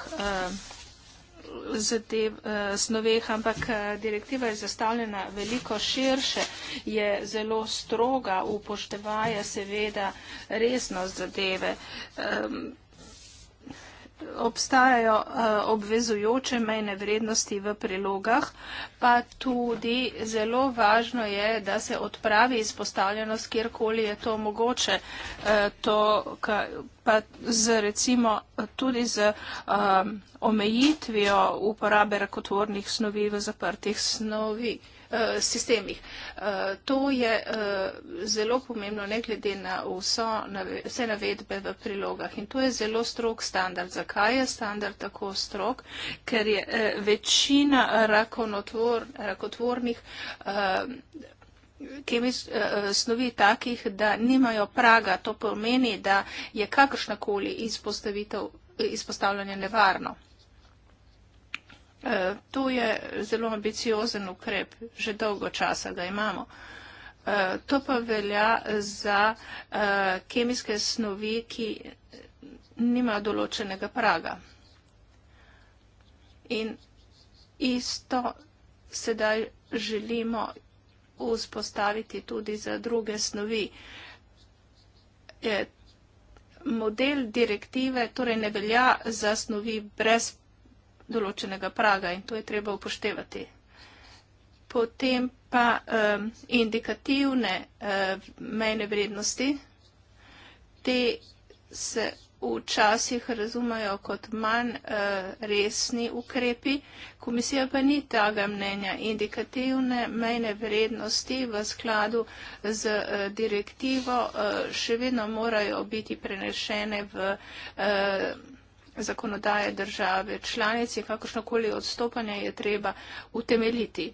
zadev, snoveh, ampak direktiva je zastavljena veliko širše, je zelo stroga, upoštevaja seveda resnost zadeve. Ehm, obstajajo eh, obvezujoče mejne vrednosti v prilogah, pa tudi zelo važno je, da se odpravi izpostavljenost, kjerkoli je to mogoče, eh, to, pa z recimo tudi z eh, omejitvijo uporabe rakotvornih snovi v zaprtih snovi. Eh, sistemih. Eh, to je eh, zelo pomembno, ne glede na vso, vse navedbe v prilogah. In to je zelo strok standard. Zakaj je standard tako strok? Ker je večina rakotvornih kemijskih snovi takih, da nimajo praga. To pomeni, da je kakršnakoli izpostavljanje nevarno. E, to je zelo ambiciozen ukrep, že dolgo časa ga imamo. E, to pa velja za e, kemijske snovi, ki nima določenega praga. In isto sedaj želimo vzpostaviti tudi za druge snovi. Model direktive torej ne velja za snovi brez praga določenega praga in to je treba upoštevati. Potem pa um, indikativne uh, mejne vrednosti, te se včasih razumejo kot manj uh, resni ukrepi. Komisija pa ni tega mnenja. Indikativne mejne vrednosti v skladu z uh, direktivo uh, še vedno morajo biti prenešene v. Uh, zakonodaje države članice in kakršnokoli odstopanje je treba utemeljiti.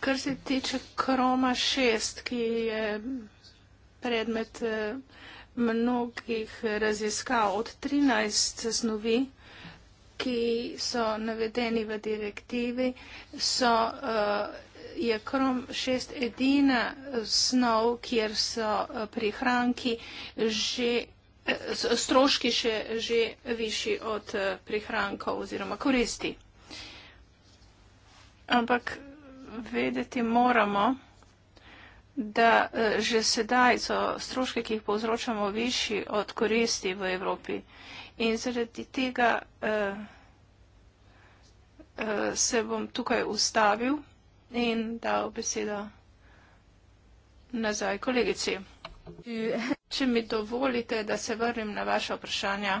Kar se tiče kroma šest, ki je predmet eh, mnogih raziskav od 13 snovi, ki so navedeni v direktivi, so uh, je krom 6 edina snov, kjer so eh, prihranki že eh, stroški še že višji od eh, prihrankov oziroma koristi. Ampak vedeti moramo, da že sedaj so stroške, ki jih povzročamo, višji od koristi v Evropi. In zaradi tega eh, eh, se bom tukaj ustavil in dal besedo nazaj kolegici. Če mi dovolite, da se vrnem na vaše vprašanja,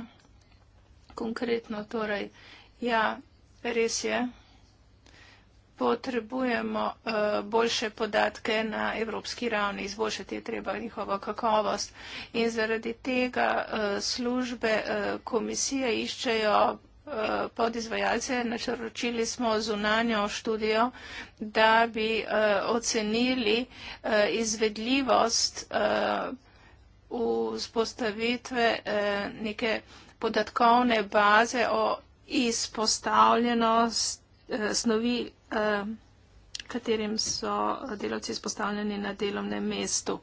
konkretno torej, ja, res je, potrebujemo uh, boljše podatke na evropski ravni, izboljšati je treba njihovo kakovost in zaradi tega uh, službe uh, komisije iščejo podizvajalce, načrločili smo zunanjo študijo, da bi eh, ocenili eh, izvedljivost eh, vzpostavitve neke podatkovne baze o izpostavljenost snovi, katerim so delavci izpostavljeni na delovnem mestu.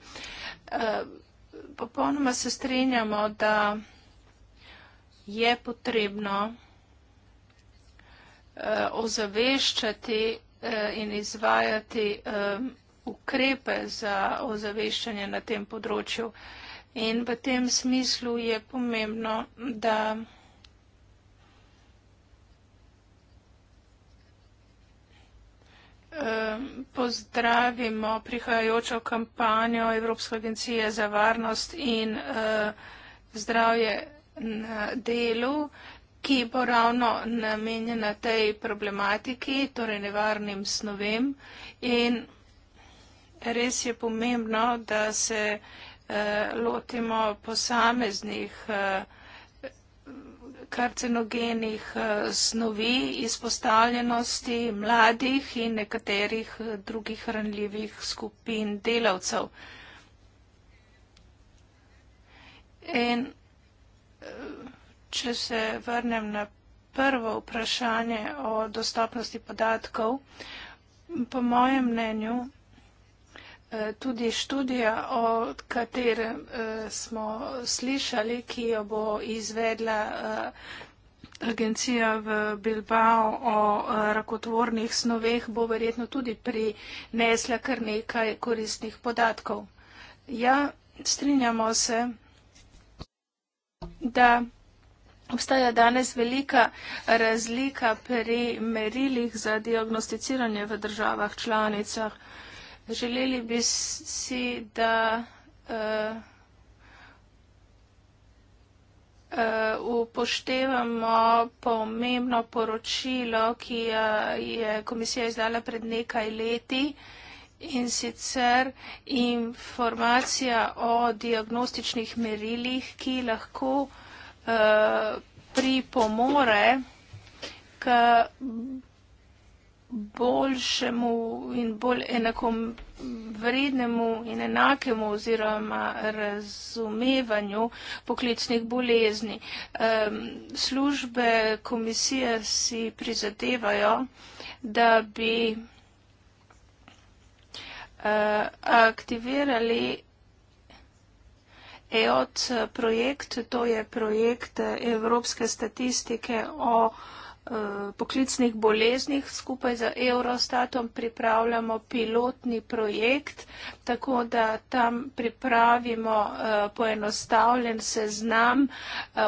Popolnoma se strenjamo, da je potrebno Eh, ozaveščati eh, in izvajati eh, ukrepe za ozaveščanje na tem področju. In v tem smislu je pomembno, da pozdravimo prihajajočo kampanjo Evropske agencije za varnost in zdravje na delu, ki bo ravno namenjena tej problematiki, torej nevarnim snovem. In res je pomembno, da se eh, lotimo posameznih eh, karcinogenih eh, snovi, izpostavljenosti mladih in nekaterih eh, drugih ranljivih skupin delavcev. In, eh, Če se vrnem na prvo vprašanje o dostopnosti podatkov, po mojem mnenju eh, tudi študija, o kateri eh, smo slišali, ki jo bo izvedla eh, agencija v Bilbao o rakotvornih snoveh, bo verjetno tudi prinesla kar nekaj koristnih podatkov. Ja, strinjamo se, da Obstaja danes velika razlika pri merilih za diagnosticiranje v državah članicah. Želeli bi si, da uh, uh, upoštevamo pomembno poročilo, ki ja je komisija izdala pred nekaj leti in sicer informacija o diagnostičnih merilih, ki lahko uh, Eh, pripomore k boljšemu in bolj enakom vrednemu in enakemu oziroma razumevanju poklicnih bolezni. Službe komisije si prizadevajo, da bi eh, aktivirali EOT projekt, to je projekt eh, Evropske statistike o eh, poklicnih boleznih. Skupaj z Eurostatom pripravljamo pilotni projekt, tako da tam pripravimo eh, poenostavljen seznam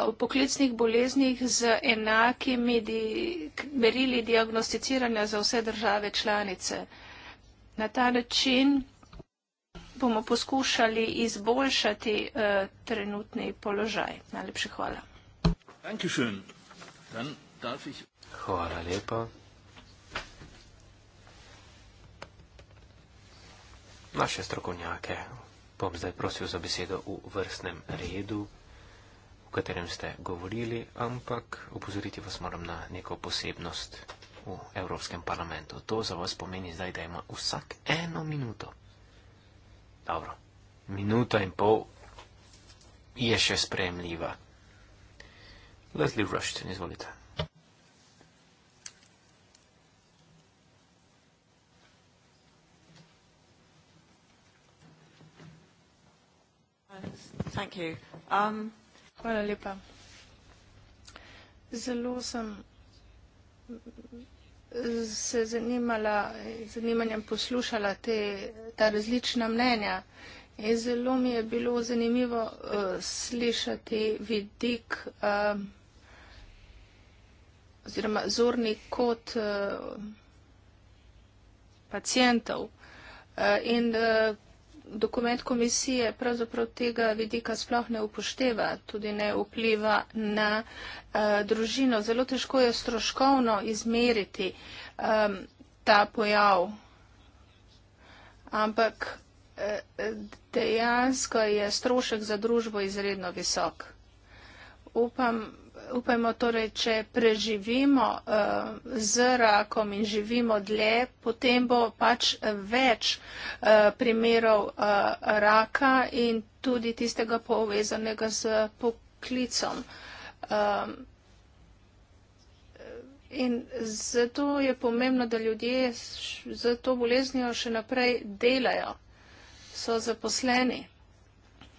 o poklicnih boleznih z enakimi di merili diagnosticiranja za vse države članice. Na ta način bomo poskušali izboljšati eh, trenutni položaj. Najlepša hvala.
Hvala lepa. Naše strokovnjake bom zdaj prosil za besedo v vrstnem redu, v katerem ste govorili, ampak upozoriti vas moram na neko posebnost v Evropskem parlamentu. To za vas pomeni zdaj, da ima vsak eno minuto. Dobro. Minuta in pol je še sprejemljiva. Leslie Rushton, izvolite.
Um,
hvala lepa. Zelo sem se zanimala, zanimanjem poslušala te, ta različna mnenja. In zelo mi je bilo zanimivo uh, slišati vidik uh, oziroma zorni kot uh, eh, pacijentov uh, in uh, dokument komisije pravzaprav tega vidika sploh ne upošteva, tudi ne vpliva na uh, družino. Zelo težko je stroškovno izmeriti um, ta pojav, ampak eh, dejansko je strošek za družbo izredno visok. Upam, upajmo torej, če preživimo uh, z rakom in živimo dlje, potem bo pač več uh, primerov uh, raka in tudi tistega povezanega z poklicom. Um, In zato je pomembno, da ljudje z to boleznijo še naprej delajo, so zaposleni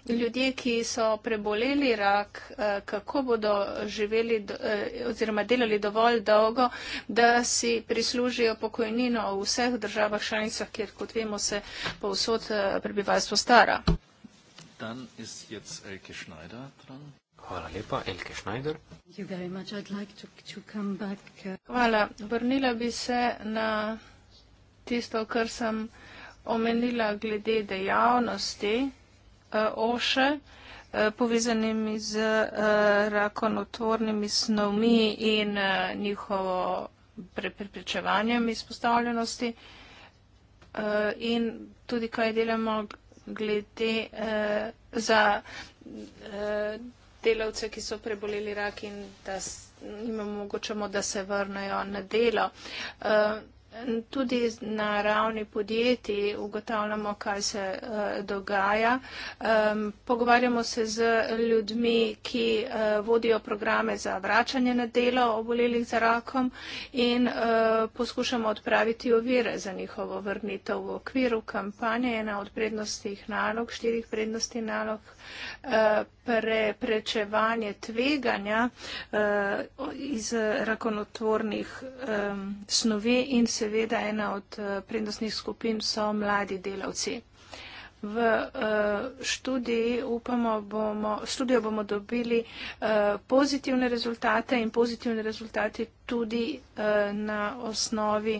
ljudje, ki so preboleli rak, eh, kako bodo živeli eh, oziroma delali dovolj dolgo, da si prislužijo pokojnino v vseh državah članicah, kjer, kot vemo, se povsod eh, prebivalstvo stara.
Hvala lepa, Elke Schneider.
Uh,
Hvala. Vrnila bi se na tisto, kar sem omenila glede dejavnosti oše eh, povezanimi z eh, rakonotvornimi snovmi in eh, njihovo preprečevanjem izpostavljenosti in tudi kaj delamo glede za delavce, ki so preboleli rak in da imamo mogočemo, da se vrnajo na delo. Tudi na ravni podjetij ugotavljamo, kaj se uh, dogaja. Um, pogovarjamo se z ljudmi, ki uh, vodijo programe za vračanje na delo obolelih za rakom in uh, poskušamo odpraviti ovire za njihovo vrnitev v okviru kampanje. Ena od prednostih nalog, štirih prednosti nalog, uh, preprečevanje tveganja uh, iz rakonotvornih um, snovi in se seveda ena od eh, prednostnih skupin so mladi delavci. V eh, študiji upamo, bomo, študijo bomo dobili eh, pozitivne rezultate in pozitivne rezultate tudi na osnovi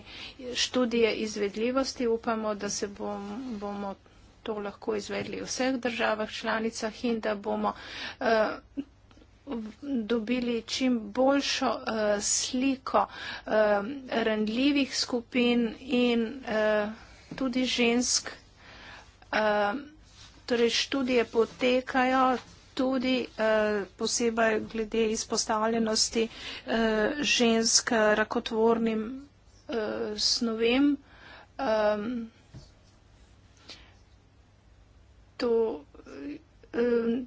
študije izvedljivosti. Upamo, da se bom, bomo to lahko izvedli v vseh državah članicah in da bomo dobili čim boljšo uh, sliko uh, eh, randljivih skupin in uh, tudi žensk. Uh, torej študije potekajo tudi eh, posebej glede izpostavljenosti eh, žensk rakotvornim eh, snovem. Eh, to eh,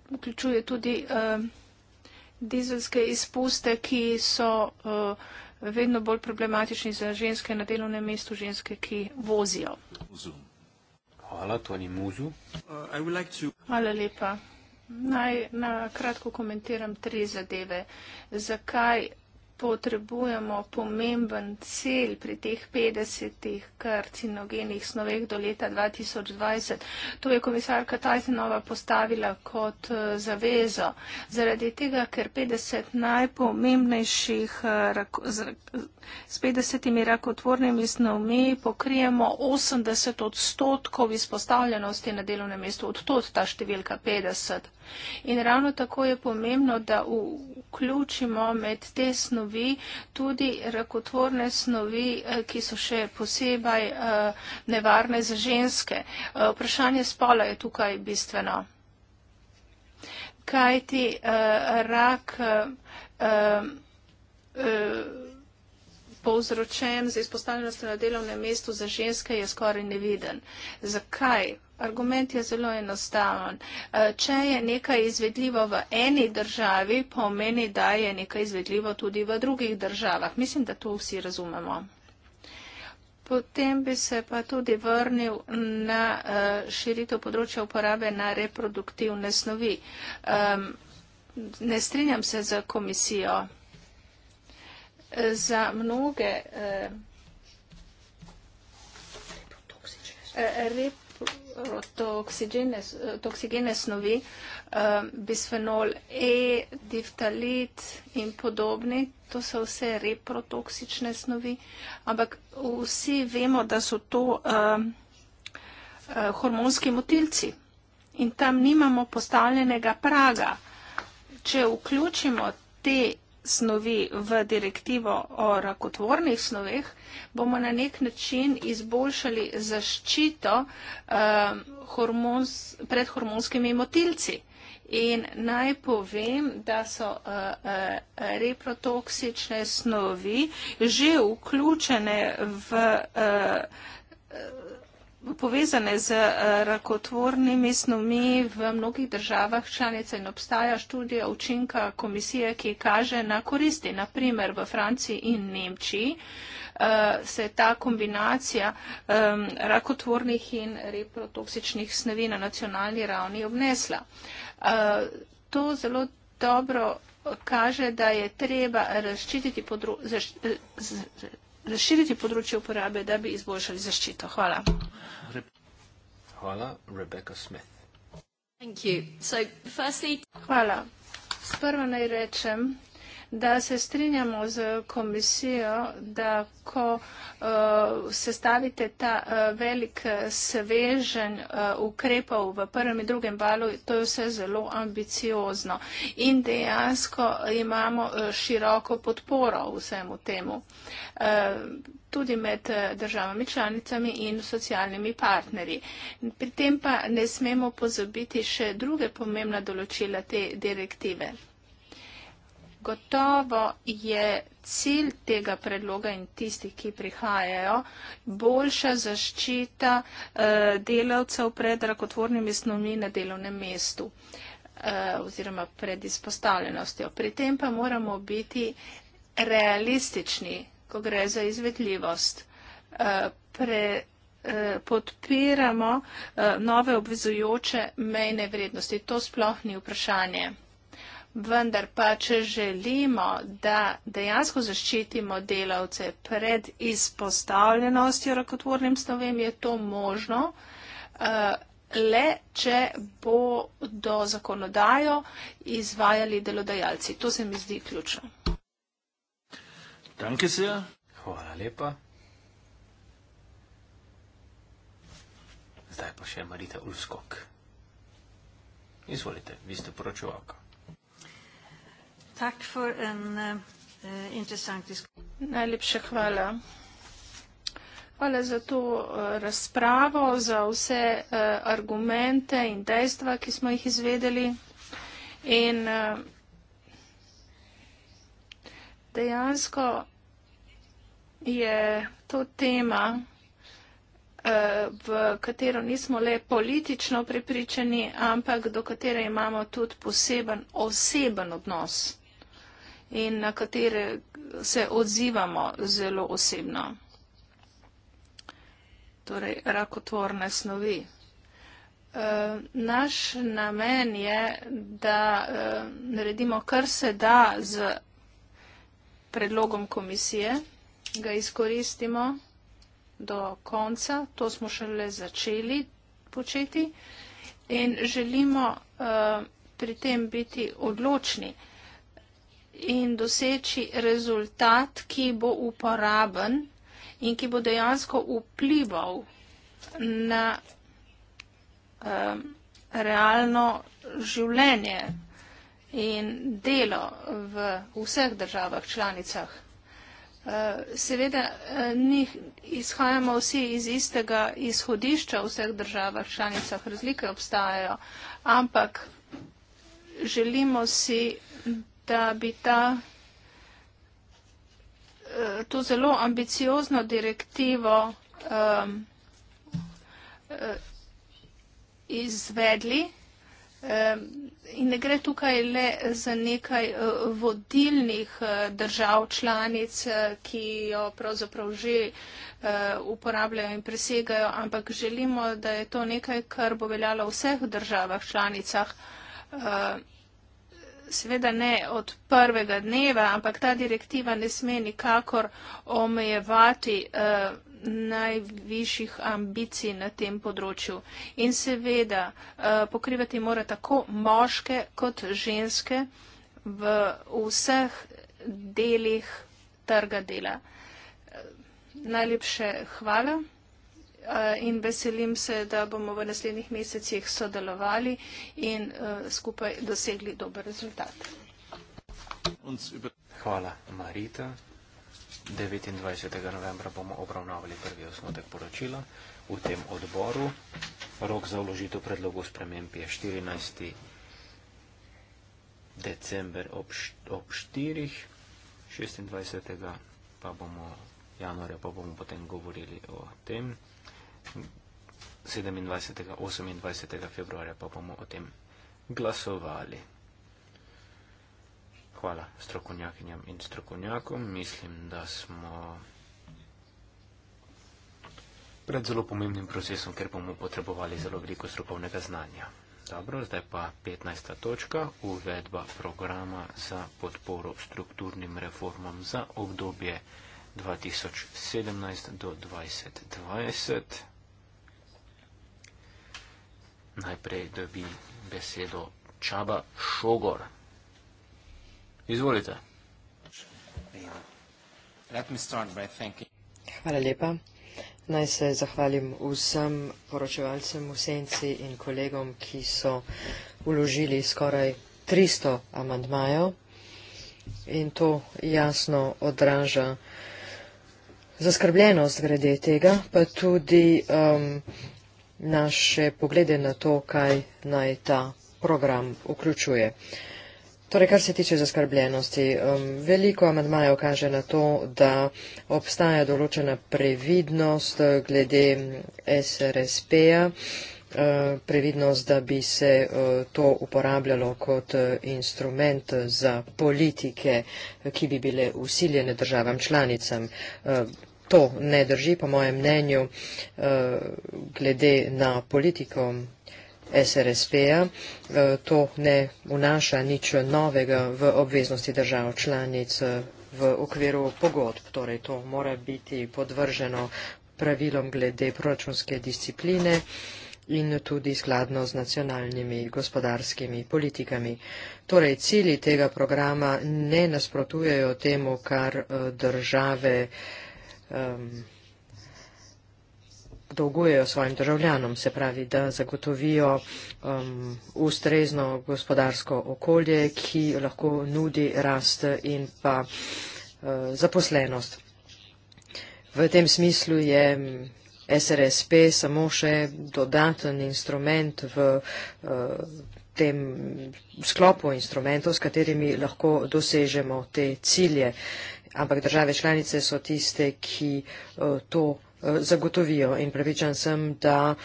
vključuje tudi eh, dizelske izpuste, ki so uh, vedno bolj problematični za ženske na delovnem mestu, ženske, ki vozijo.
Hvala, Toni Muzu. Uh, like to...
Hvala lepa. Naj na kratko komentiram tri zadeve. Zakaj potrebujemo pomemben cel pri teh 50 karcinogenih snoveh do leta 2020. To je komisarka Tajtenova postavila kot eh, zavezo. Zaradi tega, ker 50 najpomembnejših eh, s 50 rakotvornimi snovmi pokrijemo 80 odstotkov izpostavljenosti na delovnem mestu. Od tod ta številka 50. In ravno tako je pomembno, da vključimo med te snovi tudi rakotvorne snovi, eh, ki so še posebej eh, nevarne za ženske. Eh, vprašanje spola je tukaj bistveno. Kaj ti rak povzročen za izpostavljenost na delovnem mestu za ženske je skoraj neviden. Zakaj? Argument je zelo enostaven. Eh, če je nekaj izvedljivo v eni državi, pomeni, da je nekaj izvedljivo tudi v drugih državah. Mislim, da to vsi razumemo. Potem bi se pa tudi vrnil na eh, širitev področja uporabe na reproduktivne snovi. Ne strinjam se za komisijo. Za mnoge reproduktivne eh, toksigene snovi, eh, bisfenol E, diftalit in podobni, to so vse reprotoksične snovi, ampak vsi vemo, da so to eh, eh, hormonski motilci in tam nimamo postavljenega praga. Če vključimo te snovi v direktivo o rakotvornih snoveh, bomo na nek način izboljšali zaščito eh, hormons, pred hormonskimi motilci. In naj povem, da so uh, uh, reprotoksične snovi že vključene v uh, povezane z eh, rakotvornimi snovmi v mnogih državah članice in obstaja študija učinka komisije, ki kaže na koristi. Naprimer v Franciji in Nemčiji eh, se ta kombinacija rakotvornih in reprotoksičnih snovi na nacionalni ravni obnesla. Eh, to zelo dobro kaže, da je treba razčititi področje, razširiti področje uporabe, da bi izboljšali zaščito. Hvala.
Hvala. Rebecca Smith.
Thank you. So, firstly... Hvala. Sprva naj rečem, da se strinjamo z komisijo, da ko uh, sestavite ta uh, velik eh, svežen uh, ukrepov v prvem in drugem valu, to je vse zelo ambiciozno. In dejansko imamo uh, široko podporo vsemu temu. Uh, tudi med eh, državami članicami in socialnimi partnerji. Pri tem pa ne smemo pozabiti še druge pomembna določila te direktive. Gotovo je cilj tega predloga in tistih, ki prihajajo, boljša zaščita eh, delavcev pred rakotvornimi snovmi na delovnem mestu eh, oziroma pred izpostavljenostjo. Pri tem pa moramo biti realistični ko gre za izvedljivost. Eh, pre, eh, podpiramo eh, nove obvezujoče mejne vrednosti. To sploh ni vprašanje. Vendar pa, če želimo, da dejansko zaščitimo delavce pred izpostavljenostjo rakotvornim snovem, je to možno, le če bo do zakonodajo izvajali delodajalci. To se mi zdi ključno.
Danke sehr. Hvala lepa. Zdaj pa še Marita Ulskok. Izvolite, vi ste poročevalka.
Tak for en uh, interesant Najlepša hvala. Hvala za to uh, razpravo, za vse uh, argumente in dejstva, ki smo jih izvedeli. In, uh, dejansko je to tema, eh, v katero nismo le politično prepričani, ampak do katere imamo tudi poseben oseben odnos in na katere se odzivamo zelo osebno. Torej, rakotvorne snovi. Eh, naš namen je, da eh, naredimo kar se da z predlogom komisije, ga izkoristimo do konca, to smo šele začeli početi in želimo uh, pri tem biti odločni in doseči rezultat, ki bo uporaben in ki bo dejansko vplival na uh, realno življenje in delo v vseh državah, članicah. Eh, seveda njih eh, izhajamo vsi iz istega izhodišča v vseh državah, članicah, razlike obstajajo, ampak želimo si, da bi ta, eh, to zelo ambiciozno direktivo um, izvedli. Um, in ne gre tukaj le za nekaj eh, vodilnih eh, držav članic, eh, ki jo pravzaprav že uporabljajo in presegajo, ampak želimo, da je to nekaj, kar bo veljalo v vseh državah članicah. Seveda ne od prvega dneva, ampak ta direktiva ne sme nikakor omejevati najvišjih ambicij na tem področju. In seveda eh, pokrivati mora tako moške kot ženske v vseh delih trga dela. Najlepše hvala eh, in veselim se, da bomo v naslednjih mesecih sodelovali in eh, skupaj dosegli dober rezultat.
Hvala, Marita. 29. novembra bomo obravnavali prvi osnotek poročila v tem odboru. Rok za vložitev predlogov sprememb je 14. december ob, ob 4. 26. pa bomo januarja, pa bomo potem govorili o tem. 27. 28. februarja pa bomo o tem glasovali. Hvala strokovnjakinjam in strokovnjakom. Mislim, da smo pred zelo pomembnim procesom, ker bomo potrebovali zelo veliko strokovnega znanja. Dobro, zdaj pa 15. točka, uvedba programa za podporo strukturnim reformam za obdobje 2017 do 2020. Najprej dobi besedo Čaba Šogor. Izvolite.
Hvala lepa. Naj se zahvalim vsem poročevalcem v senci in kolegom, ki so uložili skoraj 300 amandmajev. In to jasno odraža zaskrbljenost grede tega, pa tudi um, naše poglede na to, kaj naj ta program vključuje. Uh, Torej, kar se tiče zaskrbljenosti, um, veliko amadmajev kaže na to, da obstaja določena previdnost glede SRSP-a, uh, previdnost, da bi se uh, to uporabljalo kot uh, instrument za politike, ki bi bile usiljene državam članicam. Uh, To ne drži, po mojem mnenju, uh, glede na politiko SRSP-ja. E, to ne vnaša nič novega v obveznosti držav članic e, v okviru pogodb. Torej, to mora biti podvrženo pravilom glede proračunske discipline in tudi skladno z nacionalnimi gospodarskimi politikami. Torej, cili tega programa ne nasprotujejo temu, kar e, države um, dolgujejo svojim državljanom, se pravi, da zagotovijo um, ustrezno gospodarsko okolje, ki lahko nudi rast in pa uh, zaposlenost. V tem smislu je um, SRSP samo še dodaten instrument v uh, tem sklopu instrumentov, s katerimi lahko dosežemo te cilje. Ampak države članice so tiste, ki uh, to Eh, zagotovijo. In prepričan sem, da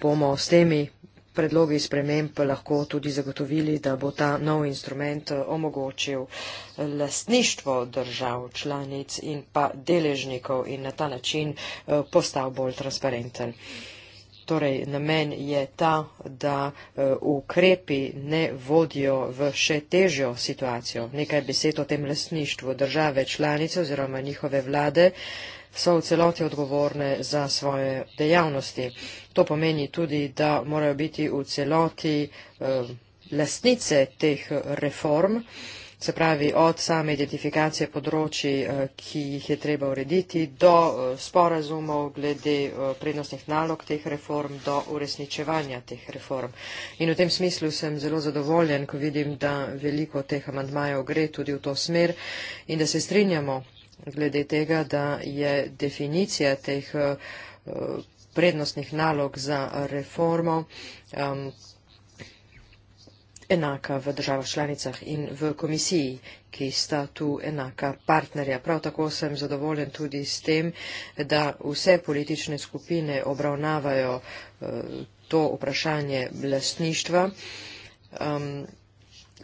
bomo s temi predlogi sprememb lahko tudi zagotovili, da bo ta nov instrument eh, omogočil eh, lastništvo držav, članic in pa deležnikov in na ta način postal bolj transparenten. Torej, namen je ta, da ukrepi ne vodijo v še težjo situacijo. Nekaj besed o tem lastništvu države članice oziroma njihove vlade so v celoti odgovorne za svoje dejavnosti. To pomeni tudi, da morajo biti v celoti eh, lasnice teh reform, se pravi od same identifikacije področji, eh, ki jih je treba urediti, do eh, sporazumov glede eh, prednostnih nalog teh reform, do uresničevanja teh reform. In v tem smislu sem zelo zadovoljen, ko vidim, da veliko teh amandmajev gre tudi v to smer in da se strinjamo glede tega, da je definicija teh eh, prednostnih nalog za reformo um, enaka v državah članicah in v komisiji, ki sta tu enaka partnerja. Prav tako sem zadovoljen tudi s tem, da vse politične skupine obravnavajo uh, to vprašanje lastništva. Um,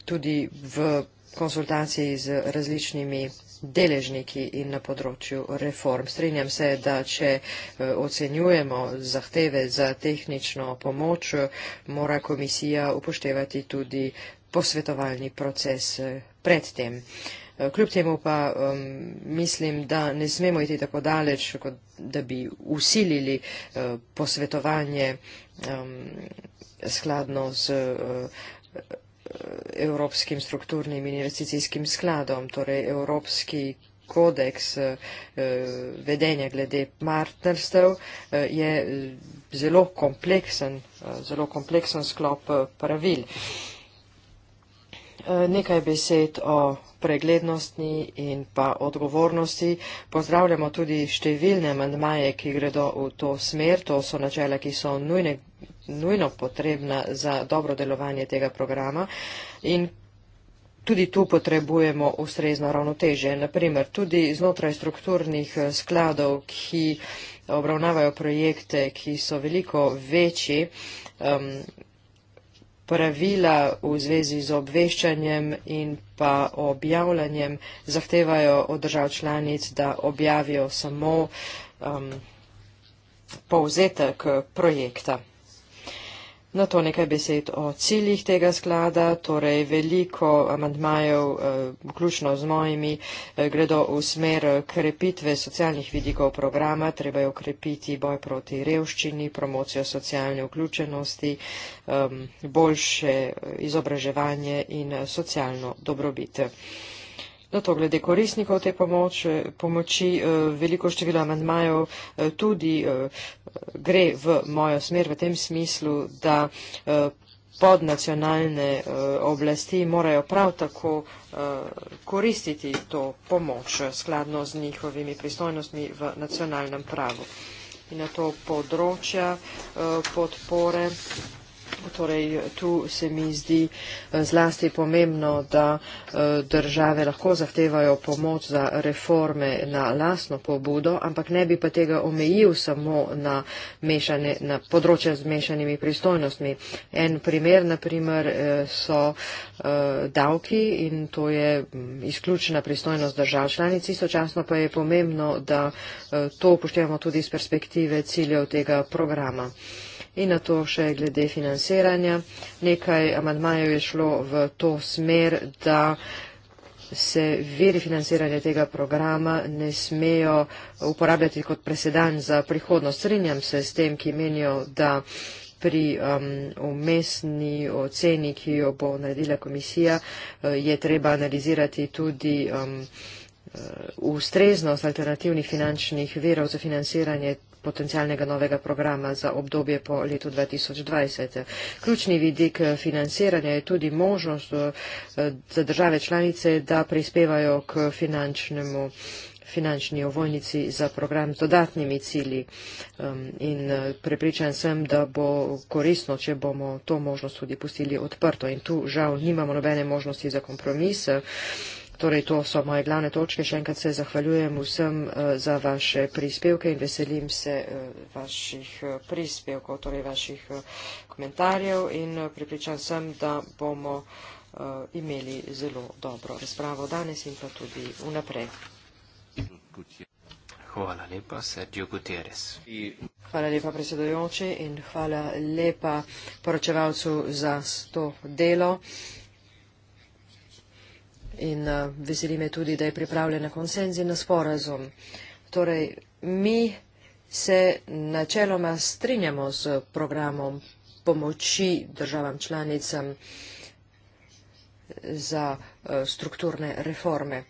tudi v konsultaciji z različnimi deležniki in na področju reform. Strenjam se, da če eh, ocenjujemo zahteve za tehnično pomoč, eh, mora komisija upoštevati tudi posvetovalni proces eh, predtem. Kljub temu pa um, mislim, da ne smemo iti tako daleč, kot da bi usilili uh, posvetovanje um, skladno z. Uh, Evropskim strukturnim in investicijskim skladom, torej Evropski kodeks eh, vedenja glede partnerstev eh, je eh, zelo kompleksen, zelo kompleksen sklop pravil. Nekaj besed o preglednosti in pa odgovornosti. Pozdravljamo tudi številne mandmaje, ki gredo v to smer. To so načela, ki so nujne nujno potrebna za dobro delovanje tega programa in tudi tu potrebujemo ustrezno ravnoteže. Naprimer, tudi znotraj strukturnih eh, skladov, ki obravnavajo projekte, ki so veliko večji, um, pravila v zvezi z obveščanjem in pa objavljanjem zahtevajo od držav članic, da objavijo samo um, povzetek projekta. Na to nekaj besed o ciljih tega sklada, torej veliko amantmajev, eh, vključno z mojimi, eh, gredo v smer krepitve socialnih vidikov programa, treba je ukrepiti boj proti revščini, promocijo socialne vključenosti, boljše izobraževanje in socialno dobrobit. Na to glede koristnikov te pomoč, eh, pomoči, veliko število amantmajev tudi gre v mojo smer v tem smislu, da eh, podnacionalne eh, oblasti morajo prav tako eh, koristiti to pomoč skladno z njihovimi pristojnostmi v nacionalnem pravu. In na to področja podpore Torej, tu se mi zdi eh, zlasti pomembno, da eh, države lahko zahtevajo pomoč za reforme na lasno pobudo, ampak ne bi pa tega omejil samo na, mešane, na področje z mešanimi pristojnostmi. En primer, naprimer, eh, so davki in to je mm, izključna pristojnost držav članic. Istočasno pa je pomembno, da to upoštevamo tudi iz perspektive ciljev tega programa in na to še glede financiranja. Nekaj amadmajev je šlo v to smer, da se veri financiranja tega programa ne smejo uporabljati kot presedan za prihodnost. Srinjam se s tem, ki menijo, da pri um, umestni um, oceni, ki jo bo naredila komisija, eh, je treba analizirati tudi um, eh, ustreznost alternativnih finančnih verov za financiranje potencialnega novega programa za obdobje po letu 2020. Ključni vidik eh, financiranja je tudi možnost eh, za države članice, da prispevajo k finančnemu finančni ovojnici za program z dodatnimi cilji um, in eh, prepričan sem, da bo korisno, če bomo to možnost tudi pustili odprto in tu žal nimamo nobene možnosti za kompromis. Um, Torej, to so moje glavne točke. Še enkrat se zahvaljujem vsem uh, za vaše prispevke in veselim se uh, vaših uh, prispevkov, torej vaših uh, komentarjev in uh, pripričan sem, da bomo uh, imeli zelo dobro razpravo danes in pa tudi vnaprej.
Hvala lepa, Sergio Guterres.
Hvala lepa, predsedojoči, in hvala lepa poročevalcu za to delo. Uh, in eh, veseli me tudi, da je pripravljena konsenz in sporazum. Torej, mi se načeloma strinjamo z programom pomoči državam članicam eh, za eh, strukturne reforme.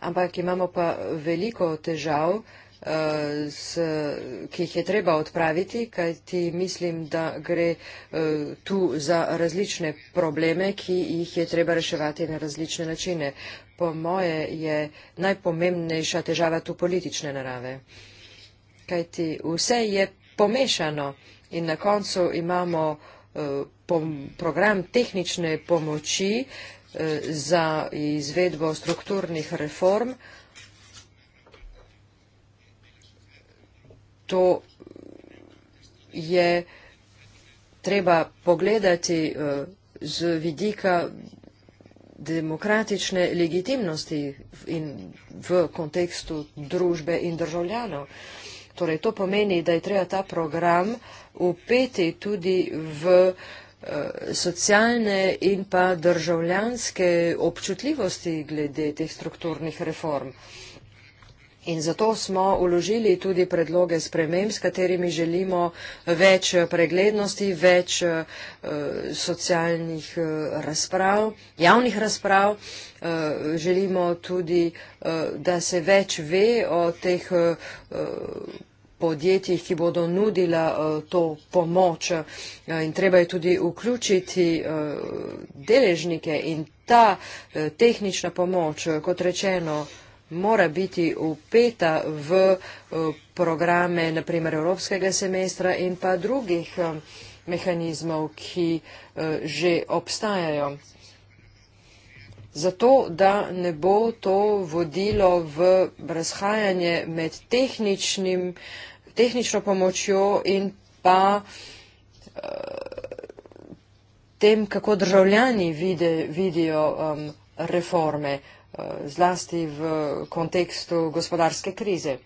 Ampak imamo pa veliko težav, s, ki jih je treba odpraviti, kajti mislim, da gre eh, tu za različne probleme, ki jih je treba reševati na različne načine. Po moje je najpomembnejša težava tu politične narave. Kajti vse je pomešano in na koncu imamo eh, program tehnične pomoči eh, za izvedbo strukturnih reform, to je treba pogledati eh, z vidika demokratične legitimnosti in v kontekstu družbe in državljanov. Torej, to pomeni, da je treba ta program upeti tudi v eh, socialne in pa državljanske občutljivosti glede teh strukturnih reform. In zato smo uložili tudi predloge sprememb, s katerimi želimo več eh, preglednosti, več eh, eh, socialnih razprav, javnih razprav. Želimo tudi, da se več ve o teh podjetjih, ki bodo nudila to pomoč. In treba je tudi vključiti deležnike in ta tehnična pomoč, kot rečeno, mora biti upeta v eh, programe naprimer evropskega semestra in pa drugih eh, mehanizmov, ki eh, že obstajajo. Zato, da ne bo to vodilo v razhajanje med tehničnim, tehnično pomočjo in pa tem, kako državljani vide, vidijo um, reforme. Eh, zlasti v kontekstu gospodarske krize.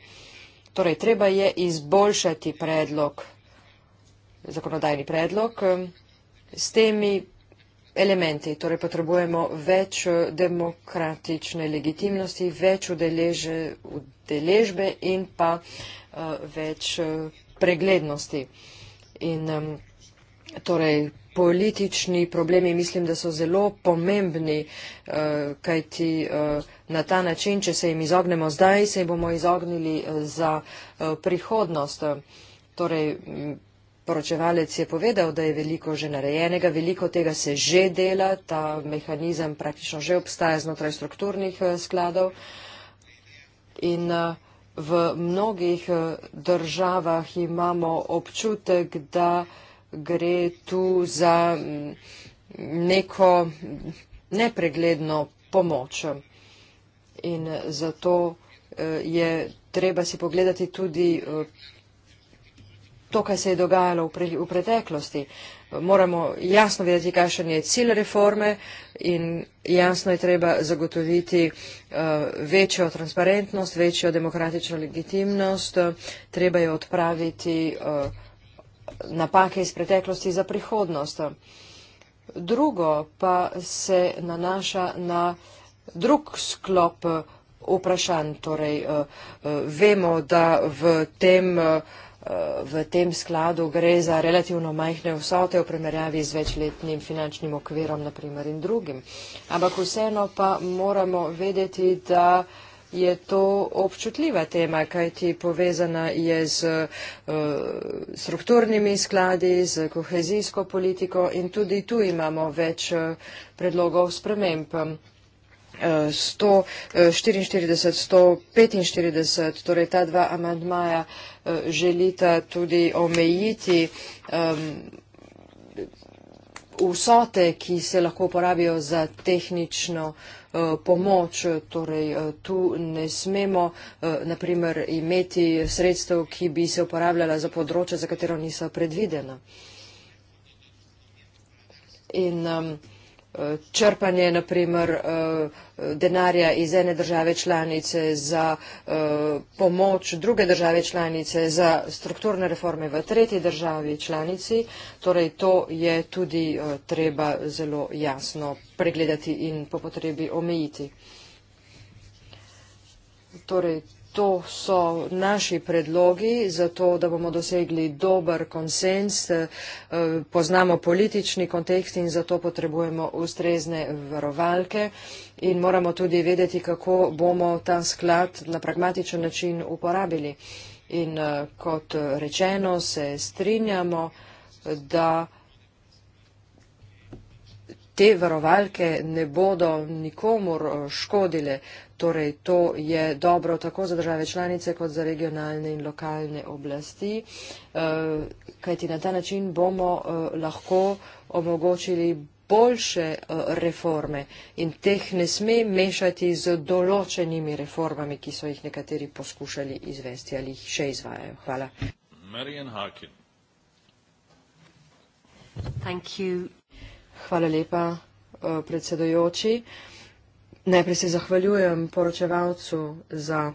Torej, treba je izboljšati predlog, zakonodajni predlog eh, s temi elementi. Torej, potrebujemo več eh, demokratične legitimnosti, več udeleže, udeležbe in pa uh, več preglednosti. In, um, Torej, politični problemi mislim, da so zelo pomembni, eh, kajti eh, na ta način, če se jim izognemo zdaj, se jim bomo izognili eh, za prihodnost. Torej, poročevalec je povedal, da je veliko že narejenega, veliko tega se že dela, ta mehanizem praktično že obstaja znotraj strukturnih skladov. In v mnogih državah imamo občutek, da gre tu za mm, neko nepregledno pomoč. In zato e, je treba si pogledati tudi e, to, kaj se je dogajalo v, pre, v preteklosti. Moramo jasno vedeti, kakšen je cilj reforme in jasno je treba zagotoviti uh, večjo transparentnost, večjo demokratično legitimnost, treba je odpraviti uh, napake iz preteklosti za prihodnost. Drugo pa se nanaša na drug sklop vprašanj. Torej, eh, eh, vemo, da v tem, eh, v tem skladu gre za relativno majhne vsote v primerjavi z večletnim finančnim okvirom naprimer, in drugim. Ampak vseeno pa moramo vedeti, da je to občutljiva tema, kajti povezana je z uh, strukturnimi skladi, z kohezijsko politiko in tudi tu imamo več uh, predlogov sprememb. 144, eh, 145, torej ta dva amandmaja želita tudi omejiti um, vsote, ki se lahko uporabijo za tehnično eh, pomoč. Torej, eh, tu ne smemo eh, naprimer, imeti sredstev, ki bi se uporabljala za področje, za katero niso predvidena. In um, črpanje naprimer eh, denarja iz ene države članice za eh, pomoč druge države članice za strukturne reforme v tretji državi članici. Torej to je tudi eh, treba zelo jasno pregledati in po potrebi omejiti. Torej, To so naši predlogi za to, da bomo dosegli dober konsens, eh, poznamo politični kontekst in zato potrebujemo ustrezne varovalke in moramo tudi vedeti, kako bomo ta sklad na pragmatičen način uporabili. In eh, kot rečeno, se strinjamo, da te varovalke ne bodo nikomor eh, škodile. Torej, to je dobro tako za države članice kot za regionalne in lokalne oblasti, eh, kajti na ta način bomo eh, lahko omogočili boljše reforme in teh ne sme mešati z določenimi reformami, ki so jih nekateri poskušali izvesti ali jih še izvajajo. Hvala.
Marian Harkin.
Thank you, Hvala lepa, eh, predsedojoči. Najprej se zahvaljujem poročevalcu za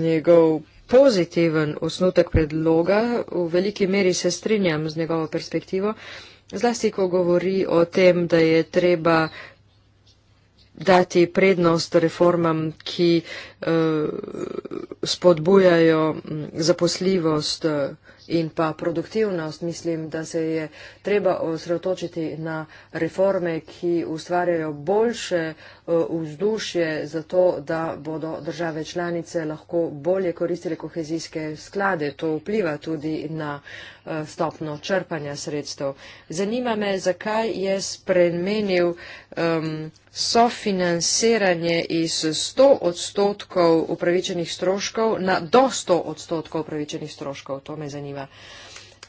njegov pozitiven osnutek predloga. V veliki meri se strinjam z njegovo perspektivo, zlasti ko govori o tem, da je treba dati prednost reformam, ki uh, spodbujajo mm, zaposljivost. Uh, in pa produktivnost, mislim, da se je treba osredotočiti na reforme, ki ustvarjajo boljše eh, vzdušje za to, da bodo države članice lahko bolje koristile kohezijske sklade. To vpliva tudi na eh, stopno črpanja sredstev. Zanima me, zakaj je spremenil um, sofinansiranje iz 100 odstotkov upravičenih stroškov na do 100 odstotkov upravičenih stroškov. To me zanima zanimiva.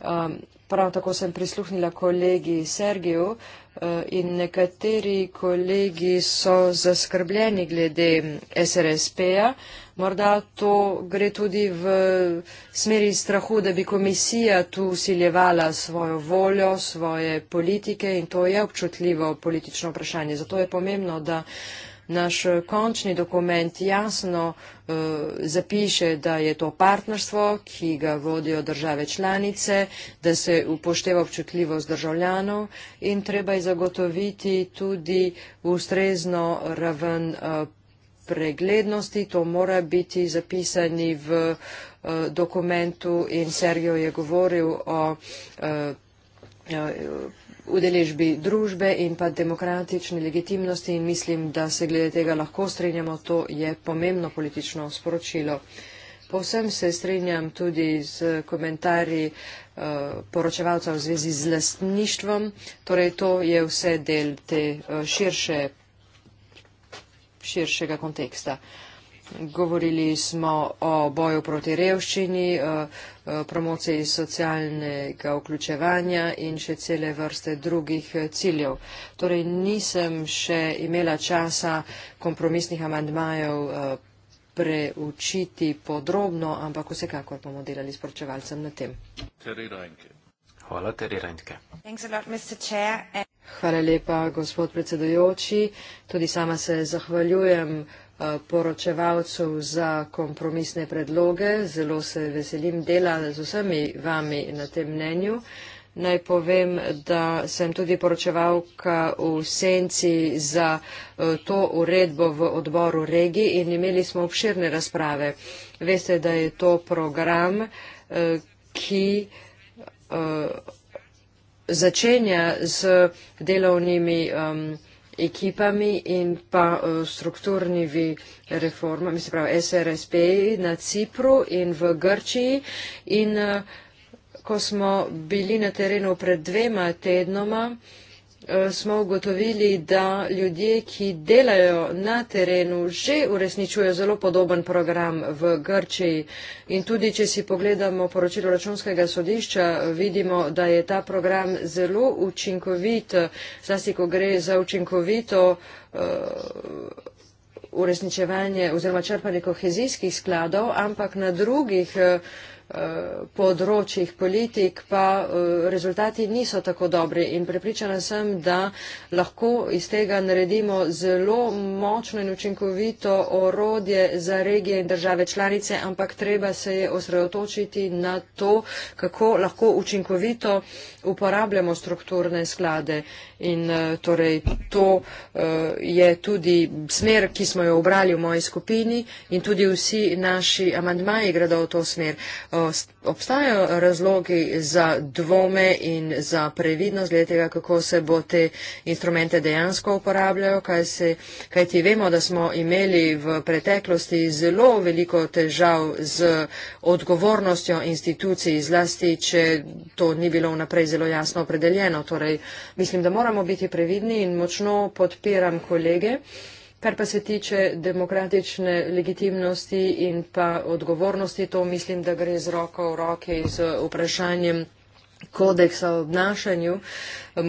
Um, prav tako sem prisluhnila kolegi Sergiju uh, in nekateri kolegi so zaskrbljeni glede SRSP-ja. Morda to gre tudi v smeri strahu, da bi komisija tu usiljevala svojo voljo, svoje politike in to je občutljivo politično vprašanje. Zato je pomembno, da naš eh, končni dokument jasno eh, zapiše, da je to partnerstvo, ki ga vodijo države članice, da se upošteva občutljivost državljanov in treba je zagotoviti tudi ustrezno raven eh, preglednosti. To mora biti zapisani v dokumentu in Sergio je govoril o udeležbi družbe in pa demokratični legitimnosti in mislim, da se glede tega lahko strinjamo, to je pomembno politično sporočilo. Povsem se strinjam tudi z komentarji eh, poročevalca v zvezi z lastništvom, torej to je vse del te eh, širše, širšega konteksta. Govorili smo o boju proti revščini, promociji socialnega vključevanja in še cele vrste drugih ciljev. Torej nisem še imela časa kompromisnih amandmajev preučiti podrobno, ampak vsekakor bomo delali s pročevalcem na tem.
Hvala, Teri Reintke.
Hvala lepa, gospod predsedojoči. Tudi sama se zahvaljujem. Eh, poročevalcev za kompromisne predloge. Zelo se veselim dela z vsemi vami na tem mnenju. Naj povem, da sem tudi poročevalka v senci za eh, to uredbo v odboru regi in imeli smo obširne razprave. Veste, da je to program, eh, ki začenja z delovnimi um, ekipami in pa uh, strukturnimi reformami, se pravi SRSP na Cipru in v Grčiji. In uh, ko smo bili na terenu pred dvema tednoma, uh, Eh, smo ugotovili, da ljudje, ki delajo na terenu, že uresničujejo zelo podoben program v Grčiji. In tudi, če si pogledamo poročilo računskega sodišča, vidimo, da je ta program zelo učinkovit, zlasti, ko gre za učinkovito uh, uresničevanje oziroma črpanje kohezijskih skladov, ampak na drugih. Uh, Eh, področjih politik, pa eh, rezultati niso tako dobri in prepričana sem, da lahko iz tega naredimo zelo močno in učinkovito orodje za regije in države članice, ampak treba se je osredotočiti na to, kako lahko učinkovito uporabljamo strukturne sklade. In eh, torej to je tudi smer, ki smo jo obrali v moji skupini in tudi vsi naši amandmaji gredo v to smer obstajajo razlogi za dvome in za previdnost glede tega, kako se bo te instrumente dejansko uporabljajo, kaj, se, kaj ti vemo, da smo imeli v preteklosti zelo veliko težav z odgovornostjo institucij, zlasti, če to ni bilo vnaprej zelo jasno opredeljeno. Torej, mislim, da moramo biti previdni in močno podpiram kolege. Kar pa se tiče demokratične legitimnosti in pa odgovornosti, to mislim, da gre z roko v roke z vprašanjem kodeksa o obnašanju.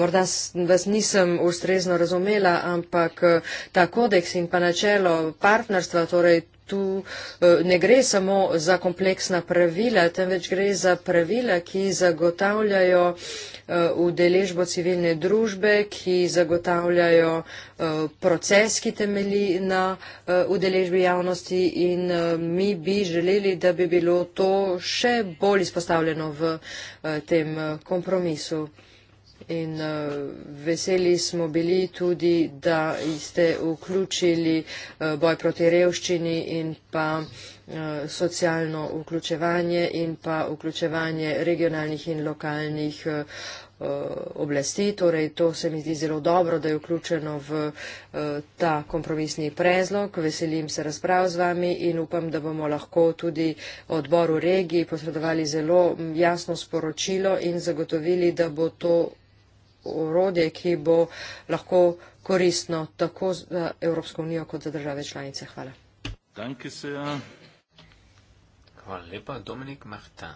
Morda vas nisem ustrezno razumela, ampak eh, ta kodeks in pa načelo partnerstva, torej tu eh, ne gre samo za kompleksna pravila, temveč gre za pravila, ki zagotavljajo eh, udeležbo civilne družbe, ki zagotavljajo eh, proces, ki temeli na udeležbi javnosti in mi bi želeli, da bi bilo to še bolj izpostavljeno v tem kompromisu in uh, veseli smo bili tudi, da ste vključili uh, boj proti revščini in pa uh, socialno vključevanje in pa vključevanje regionalnih in lokalnih uh, uh, oblasti. Torej, to se mi zdi zelo dobro, da je vključeno v ta kompromisni prezlog. Veselim se razprav z vami in upam, da bomo lahko tudi odboru regiji posredovali zelo jasno sporočilo in zagotovili, da bo to orodje, ki bo lahko koristno tako za Evropsko unijo kot za države članice. Hvala.
Hvala lepa, Dominik Marta.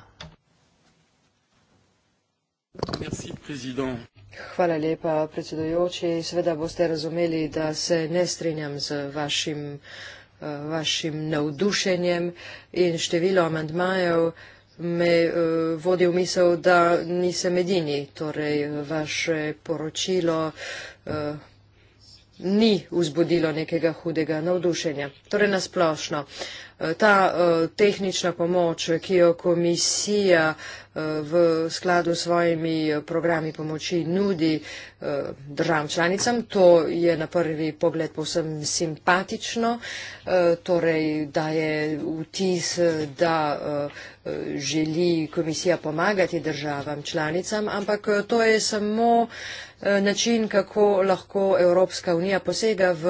Hvala lepa, predsedojoči. Sveda boste razumeli, da se ne strinjam z vašim, eh, vašim navdušenjem in število amandmajev me uh, vodi v misel, da nisem edini. Torej, vaše poročilo uh, ni vzbudilo nekega hudega navdušenja. Torej, nasplošno. Uh, ta eh, tehnična pomoč, ki jo komisija eh, v skladu s svojimi eh, programi pomoči nudi državam članicam. To je na prvi pogled povsem simpatično, torej daje vtis, da želi komisija pomagati državam članicam, ampak to je samo Eh, način, kako lahko Evropska unija posega v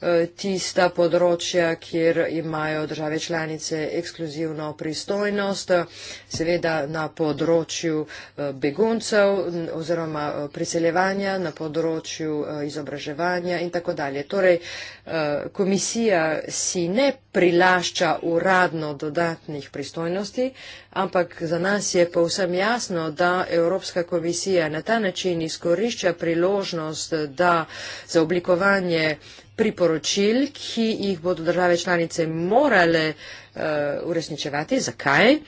eh, tista področja, kjer imajo države članice ekskluzivno pristojnost, seveda na področju eh, beguncev oziroma priseljevanja, na področju izobraževanja in tako dalje. Torej, komisija si ne prilašča uradno dodatnih pristojnosti, ampak za nas je povsem jasno, da Evropska komisija na ta način izkorišča koalicija priložnost, da za oblikovanje priporočil, ki jih bodo države članice morale uh, uresničevati, zakaj,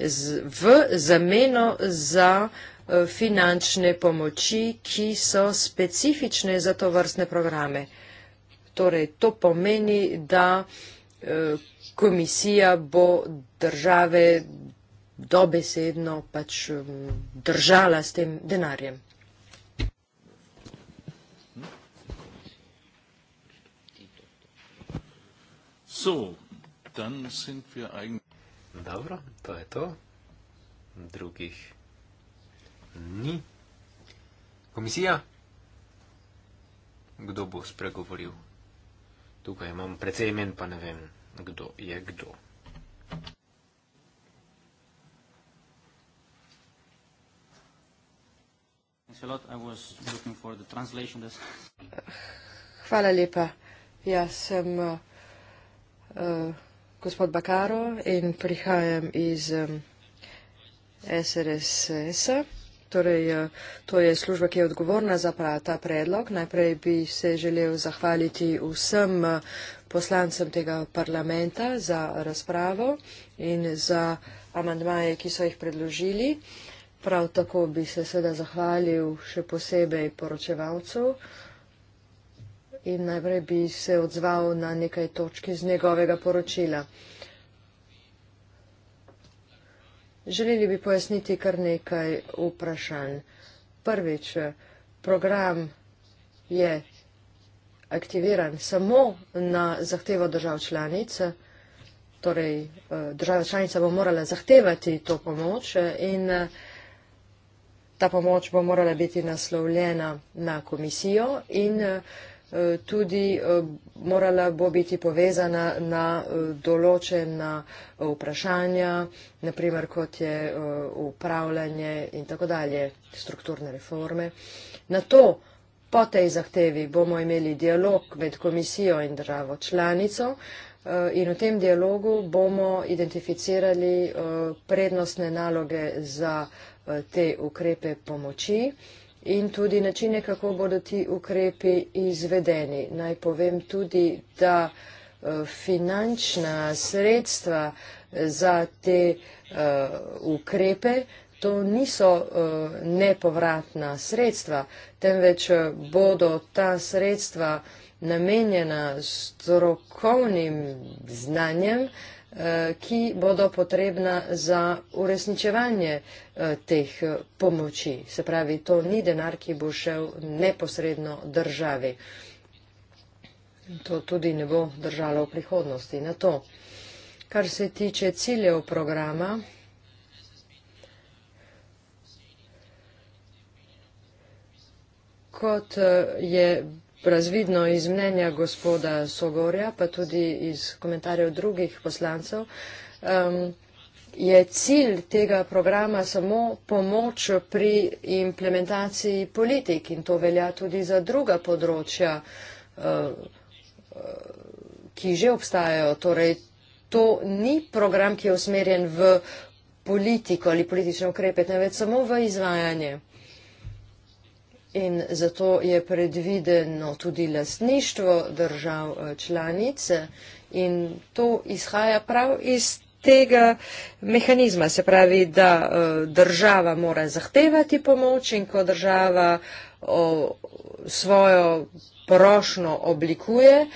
Z, v zameno za eh, finančne pomoči, ki so specifične za to vrstne programe. Torej, to pomeni, da eh, komisija bo države dobesedno pač mm, držala s tem denarjem.
So, dann sind wir eigentlich. Dobro, to je to. Drugih ni. Komisija? Kdo bo spregovoril? Tukaj imam precej imen, pa ne vem, kdo je kdo.
Hvala lepa. Jaz sem. Uh, Eh, gospod Bakaro in prihajam iz um, SRSS-a. Torej, eh, to je služba, ki je odgovorna za ta predlog. Najprej bi se želel zahvaliti vsem eh, poslancem tega parlamenta za razpravo in za amandmaje, ki so jih predložili. Prav tako bi se seveda zahvalil še posebej poročevalcev uh, in najprej bi se odzval na nekaj točki z njegovega poročila. Želeli bi pojasniti kar nekaj vprašanj. Prvič, program je aktiviran samo na zahtevo držav članic, torej eh, država članica bo morala zahtevati to pomoč eh, in eh, ta pomoč bo morala biti naslovljena na komisijo in tudi eh, morala bo biti povezana na eh, določena eh, vprašanja, naprimer kot je upravljanje in tako dalje, strukturne reforme. Na to po tej zahtevi bomo imeli dialog med komisijo in državo članico in v tem dialogu bomo identificirali prednostne naloge za te ukrepe pomoči in tudi načine, kako bodo ti ukrepi izvedeni. Naj povem tudi, da eh, finančna sredstva eh, za te eh, ukrepe, to niso nepovratna sredstva, temveč bodo ta sredstva namenjena strokovnim znanjem, Eh, ki bodo potrebna za uresničevanje eh, teh eh, pomoči. Se pravi, to ni denar, ki bo šel neposredno državi. To tudi ne bo držalo v prihodnosti na to. Kar se tiče ciljev programa, kot je razvidno iz mnenja gospoda Sogorja, pa tudi iz komentarjev drugih poslancev, um, je cilj tega programa samo pomoč pri implementaciji politik in to velja tudi za druga področja, uh, uh, ki že obstajajo. Torej, to ni program, ki je usmerjen v politiko ali politične ukrepe, temveč samo v izvajanje in zato je predvideno tudi lastništvo držav eh, članice eh, in to izhaja prav iz tega mehanizma. Se pravi, da eh, država mora zahtevati pomoč in ko država svojo prošno oblikuje,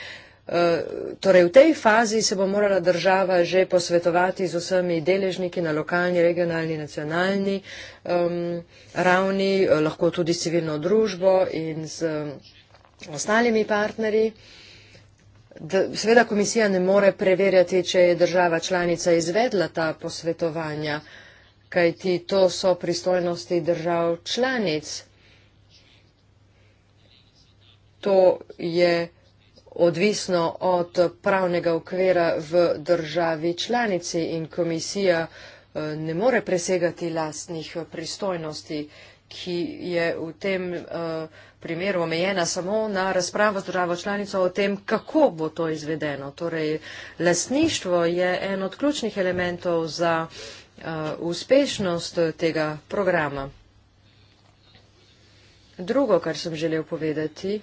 Eh, torej, v tej fazi se bo morala država že posvetovati z vsemi deležniki na lokalni, regionalni, nacionalni um, ravni, eh, lahko tudi s civilno družbo in z um, ostalimi partnerji. Da, seveda komisija ne more preverjati, če je država članica izvedla ta posvetovanja, kajti to so pristojnosti držav članic. To je odvisno od pravnega okvira v državi članici in komisija eh, ne more presegati lastnih pristojnosti, ki je v tem eh, primeru omejena samo na razpravo z državo članico o tem, kako bo to izvedeno. Torej, lastništvo je en od ključnih elementov za eh, uspešnost tega programa. Drugo, kar sem želel povedati,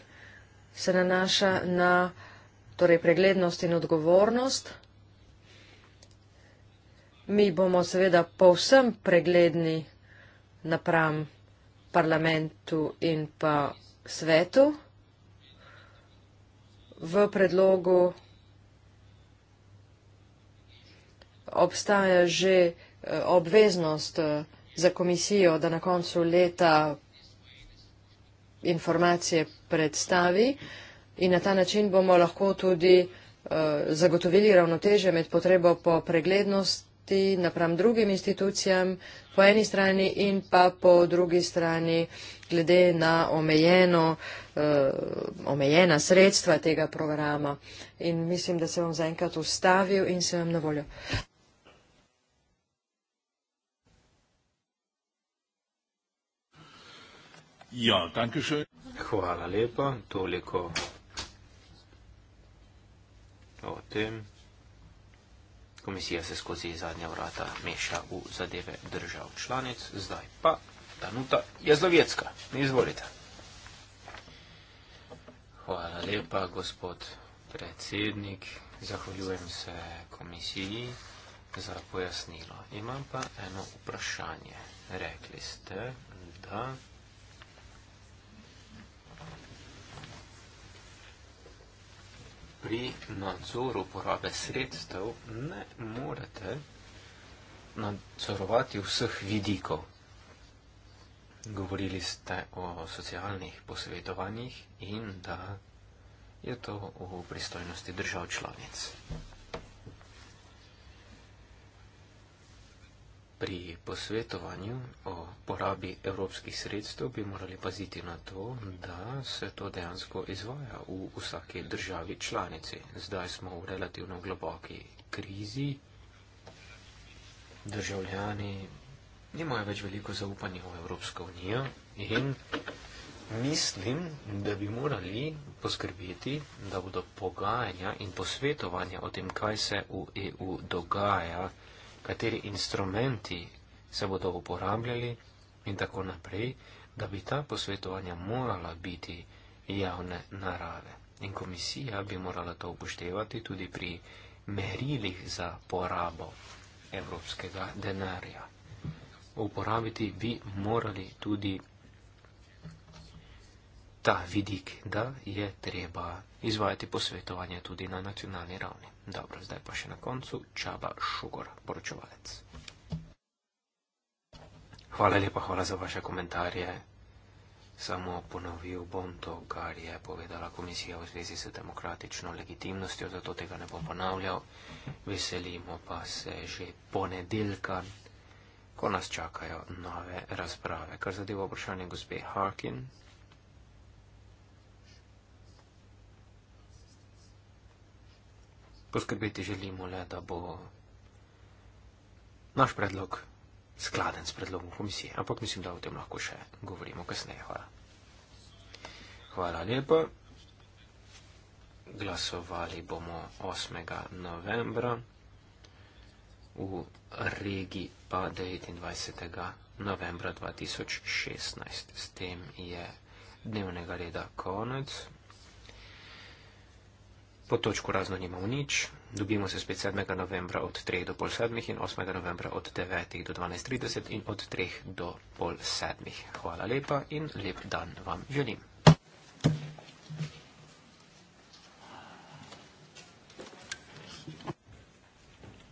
se nanaša na torej, preglednost in odgovornost. Mi bomo seveda povsem pregledni napram parlamentu in pa svetu. V predlogu obstaja že eh, obveznost eh, za komisijo, da na koncu leta informacije predstavi in na ta način bomo lahko tudi eh, zagotovili ravnoteže med potrebo po preglednosti napram drugim institucijam po eni strani in pa po drugi strani glede na omejeno, eh, omejena sredstva tega programa. In mislim, da se bom zaenkrat ustavil in se vam na voljo.
Ja, danke schön. Hvala lepa, toliko o tem. Komisija se skozi zadnja vrata meša v zadeve držav članic. Zdaj pa Danuta Jazlovjecka. Izvolite. Hvala lepa, gospod predsednik. Zahvaljujem se komisiji za pojasnilo. Imam pa eno vprašanje. Rekli ste, da. pri nadzoru porabe sredstev ne morete nadzorovati vseh vidikov. Govorili ste o socialnih posvetovanjih in da je to v pristojnosti držav članic. Pri posvetovanju o porabi evropskih sredstev bi morali paziti na to, da se to dejansko izvaja v vsaki državi članici. Zdaj smo v relativno globoki krizi, državljani nimajo več veliko zaupanja v Evropsko unijo in mislim, da bi morali poskrbeti, da bodo pogajanja in posvetovanja o tem, kaj se v EU dogaja, kateri instrumenti se bodo uporabljali in tako naprej, da bi ta posvetovanja morala biti javne narave. In komisija bi morala to upoštevati tudi pri merilih za porabo evropskega denarja. Uporabiti bi morali tudi ta vidik, da je treba izvajati posvetovanje tudi na nacionalni ravni. Dobro, zdaj pa še na koncu Čaba Šugor, poročevalec. Hvala lepa, hvala za vaše komentarje. Samo ponovil bom to, kar je povedala komisija v zvezi s demokratično legitimnostjo, zato tega ne bom ponavljal. Veselimo pa se že ponedeljka, ko nas čakajo nove razprave. Kar zadeva vprašanje gospe Harkin, Poskrbeti želimo le, da bo naš predlog skladen s predlogom komisije. Ampak mislim, da o tem lahko še govorimo kasneje. Hvala. Hvala lepa. Glasovali bomo 8. novembra v regiji pa 29. novembra 2016. S tem je dnevnega reda konec. Po točku razno nima v nič. Dobimo se spet 7. novembra od 3 do pol 7 in 8. novembra od 9 do 12.30 in od 3 do pol 7. Hvala lepa in lep dan vam želim.